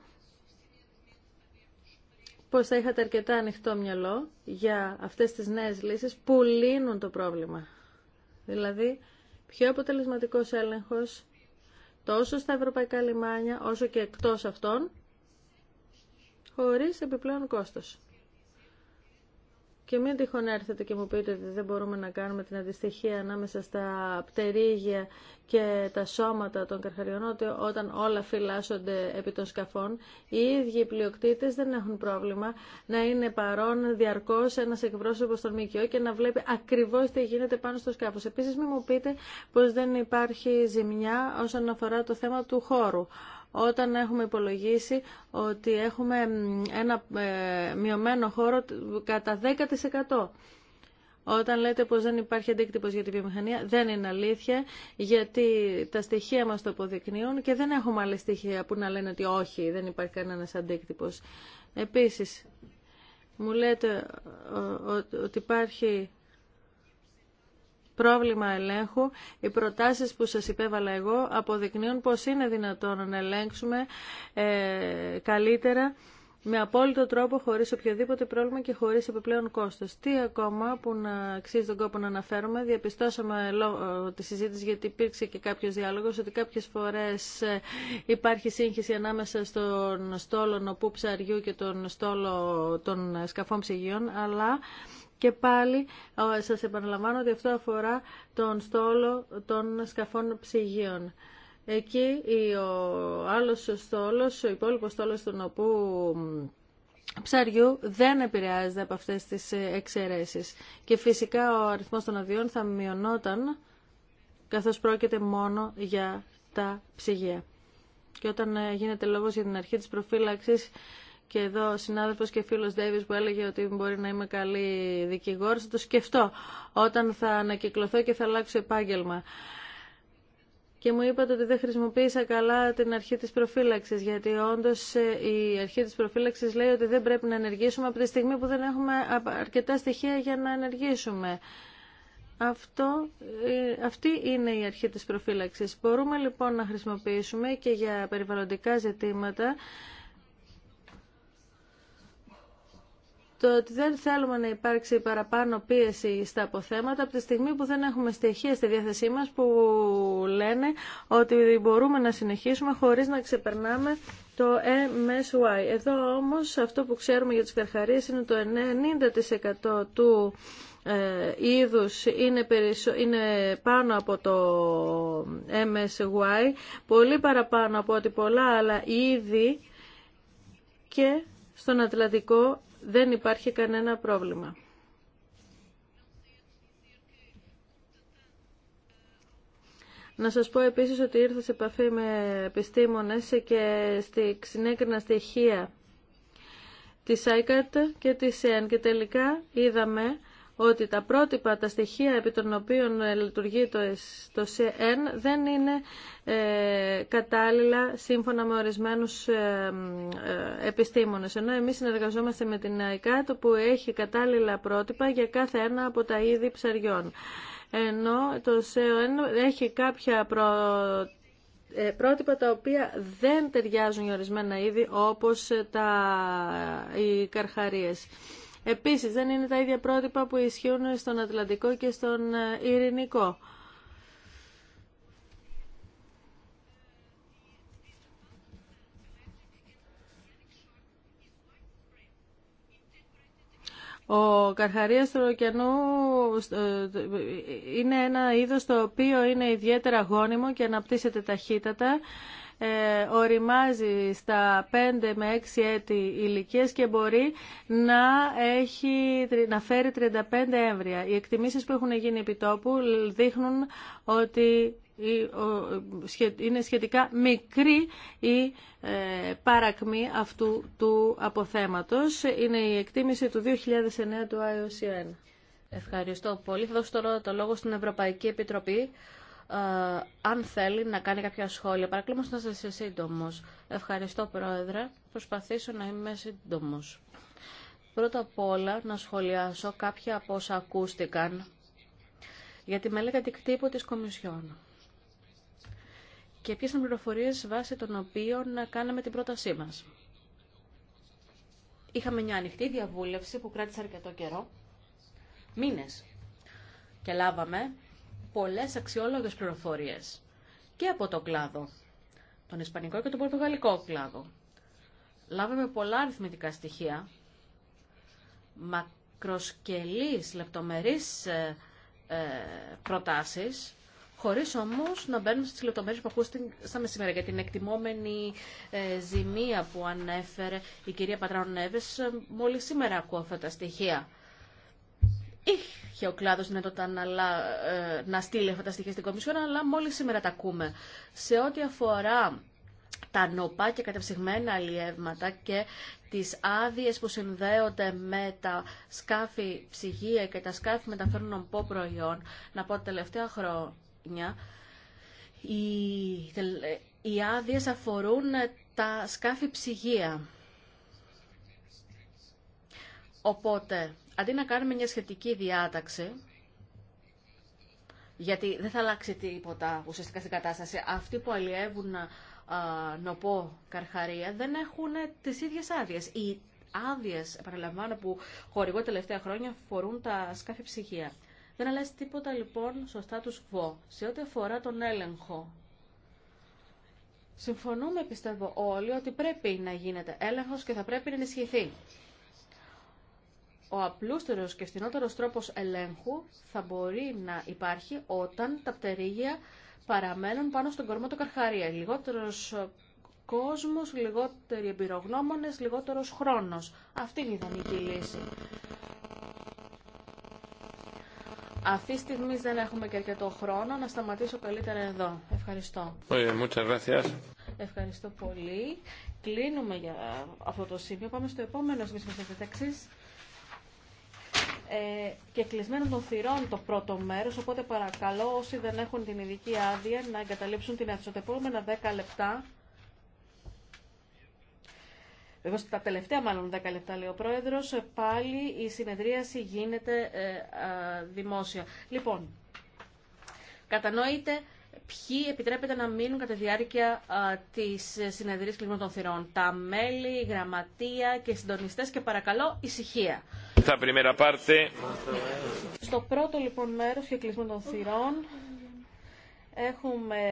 πως θα είχατε αρκετά ανοιχτό μυαλό για αυτές τις νέες λύσεις που λύνουν το πρόβλημα. Δηλαδή, πιο αποτελεσματικός έλεγχος τόσο στα ευρωπαϊκά λιμάνια όσο και εκτός αυτών χωρίς επιπλέον κόστος. Και μην τυχόν έρθετε και μου πείτε ότι δεν μπορούμε να κάνουμε την αντιστοιχία ανάμεσα στα πτερίγια και τα σώματα των καρχαριών, όταν όλα φυλάσσονται επί των σκαφών, οι ίδιοι οι πλειοκτήτες δεν έχουν πρόβλημα να είναι παρόν διαρκώς ένας εκπρόσωπος των ΜΚΟ και να βλέπει ακριβώς τι γίνεται πάνω στο σκάφος. Επίσης, μην μου πείτε πως δεν υπάρχει ζημιά όσον αφορά το θέμα του χώρου όταν έχουμε υπολογίσει ότι έχουμε ένα ε, μειωμένο χώρο κατά 10%. Όταν λέτε πως δεν υπάρχει αντίκτυπος για τη βιομηχανία, δεν είναι αλήθεια, γιατί τα στοιχεία μας το αποδεικνύουν και δεν έχουμε άλλα στοιχεία που να λένε ότι όχι, δεν υπάρχει κανένας αντίκτυπος. Επίσης, μου λέτε ότι υπάρχει πρόβλημα ελέγχου. Οι προτάσεις που σας υπέβαλα εγώ αποδεικνύουν πως είναι δυνατόν να ελέγξουμε ε, καλύτερα με απόλυτο τρόπο, χωρίς οποιοδήποτε πρόβλημα και χωρίς επιπλέον κόστος. Τι ακόμα που να αξίζει τον κόπο να αναφέρουμε, διαπιστώσαμε λόγω ε, τη συζήτηση, γιατί υπήρξε και κάποιος διάλογος, ότι κάποιες φορές ε, υπάρχει σύγχυση ανάμεσα στον στόλο νοπού ψαριού και τον στόλο των σκαφών ψυγείων, αλλά και πάλι σας επαναλαμβάνω ότι αυτό αφορά τον στόλο των σκαφών ψυγείων. Εκεί ο άλλος στόλος, ο υπόλοιπος στόλος του οπού ψαριού δεν επηρεάζεται από αυτές τις ε, εξαιρέσεις. Και φυσικά ο αριθμός των αδειών θα μειωνόταν καθώς πρόκειται μόνο για τα ψυγεία. Και όταν ε, γίνεται λόγος για την αρχή της προφύλαξης και εδώ ο συνάδελφος και φίλος Ντέβις που έλεγε ότι μπορεί να είμαι καλή δικηγόρος, θα το σκεφτώ όταν θα ανακυκλωθώ και θα αλλάξω επάγγελμα. Και μου είπατε ότι δεν χρησιμοποίησα καλά την αρχή της προφύλαξης, γιατί όντως ε, η αρχή της προφύλαξης λέει ότι δεν πρέπει να ενεργήσουμε από τη στιγμή που δεν έχουμε αρκετά στοιχεία για να ενεργήσουμε. Αυτό, ε, αυτή είναι η αρχή της προφύλαξης. Μπορούμε λοιπόν να χρησιμοποιήσουμε και για περιβαλλοντικά ζητήματα το ότι δεν θέλουμε να υπάρξει παραπάνω πίεση στα αποθέματα από τη στιγμή που δεν έχουμε στοιχεία στη διάθεσή μας που λένε ότι μπορούμε να συνεχίσουμε χωρίς να ξεπερνάμε το MSY. Εδώ όμως αυτό που ξέρουμε για τις καρχαρίες είναι το 90% του ε, είδους είναι, είναι πάνω από το MSY, πολύ παραπάνω από ότι πολλά άλλα είδη και στον Ατλαντικό δεν υπάρχει κανένα πρόβλημα. Να σας πω επίσης ότι ήρθα σε επαφή με επιστήμονες και στη συνέκρινα στοιχεία της ICAT και της ΕΝ και τελικά είδαμε ότι τα πρότυπα, τα στοιχεία επί των οποίων ε, λειτουργεί το ΣΕΝ δεν είναι ε, κατάλληλα σύμφωνα με ορισμένους ε, επιστήμονες. Ενώ εμείς συνεργαζόμαστε με την το που έχει κατάλληλα πρότυπα για κάθε ένα από τα είδη ψαριών. Ενώ το ΣΕΝ έχει κάποια πρότυπα τα οποία δεν ταιριάζουν για ορισμένα είδη όπως τα, οι καρχαρίες. Επίσης δεν είναι τα ίδια πρότυπα που ισχύουν στον Ατλαντικό και στον ε, Ειρηνικό. Ο καρχαρίας του ωκεανού ε, είναι ένα είδος το οποίο είναι ιδιαίτερα γόνιμο και αναπτύσσεται ταχύτατα ε, οριμάζει στα 5 με 6 έτη ηλικίες και μπορεί να, έχει, να φέρει 35 έμβρια. Οι εκτιμήσεις που έχουν γίνει επί τόπου δείχνουν ότι είναι σχετικά μικρή η ε, παρακμή αυτού του αποθέματος. Είναι η εκτίμηση του 2009 του IOCN. Ευχαριστώ πολύ. Θα δώσω τώρα το λόγο στην Ευρωπαϊκή Επιτροπή ε, αν θέλει να κάνει κάποια σχόλια. Παρακλείω να είστε σύντομο. Ευχαριστώ, Πρόεδρε. Προσπαθήσω να είμαι σύντομο. Πρώτα απ' όλα να σχολιάσω κάποια από όσα ακούστηκαν για τη μελέτη αντικτύπου της Κομισιόν και ποιες είναι πληροφορίες βάσει των οποίων κάναμε την πρότασή μας. Είχαμε μια ανοιχτή διαβούλευση που κράτησε αρκετό καιρό, μήνες, και λάβαμε πολλές αξιόλογες πληροφορίες και από το κλάδο, τον ισπανικό και τον πορτογαλικό κλάδο. Λάβαμε πολλά αριθμητικά στοιχεία, μακροσκελής, λεπτομερείς ε, ε, προτάσεις, χωρίς όμως να μπαίνουν στις λεπτομέρειες που ακούσαμε σήμερα για την εκτιμόμενη ε, ζημία που ανέφερε η κυρία Πατράων Νέβες. Ε, μόλις σήμερα ακούω αυτά τα στοιχεία είχε ο κλάδο να, ε, να στείλει αυτά τα στοιχεία στην Κομισιόν, αλλά μόλι σήμερα τα ακούμε. Σε ό,τι αφορά τα νοπά και κατευσυγμένα αλλιεύματα και τις άδειε που συνδέονται με τα σκάφη ψυγεία και τα σκάφη μεταφέρουν από προϊόν, να πω τα τελευταία χρόνια, οι, οι άδειε αφορούν τα σκάφη ψυγεία. Οπότε, αντί να κάνουμε μια σχετική διάταξη, γιατί δεν θα αλλάξει τίποτα ουσιαστικά στην κατάσταση, αυτοί που αλλιεύουν νοπό καρχαρία δεν έχουν τις ίδιες άδειες. Οι άδειες, επαναλαμβάνω, που χορηγώ τελευταία χρόνια φορούν τα σκάφη ψυχία. Δεν αλλάζει τίποτα λοιπόν στο status quo σε ό,τι αφορά τον έλεγχο. Συμφωνούμε, πιστεύω όλοι, ότι πρέπει να γίνεται έλεγχος και θα πρέπει να ενισχυθεί ο απλούστερος και φθηνότερος τρόπος ελέγχου θα μπορεί να υπάρχει όταν τα πτερίγια παραμένουν πάνω στον κορμό του Καρχαρία. Λιγότερος κόσμος, λιγότεροι εμπειρογνώμονες, λιγότερος χρόνος. Αυτή είναι η ιδανική λύση. Αυτή τη στιγμή δεν έχουμε και αρκετό χρόνο. Να σταματήσω καλύτερα εδώ. Ευχαριστώ. Ευχαριστώ πολύ. Κλείνουμε για αυτό το σημείο. Πάμε στο επόμενο σημείο ε, και κλεισμένων των θυρών το πρώτο μέρο, οπότε παρακαλώ όσοι δεν έχουν την ειδική άδεια να εγκαταλείψουν την αίθουσα. Τα επόμενα 10 λεπτά, εγώ στα τελευταία μάλλον 10 λεπτά λέει ο Πρόεδρος, πάλι η συνεδρίαση γίνεται ε, δημόσια. Λοιπόν, κατανοείτε ποιοι επιτρέπεται να μείνουν κατά τη διάρκεια της συνεδρίας κλεισμού των θυρών. Τα μέλη, η γραμματεία και οι συντονιστές και παρακαλώ ησυχία. Στο πρώτο λοιπόν μέρος και κλεισμού των θυρών έχουμε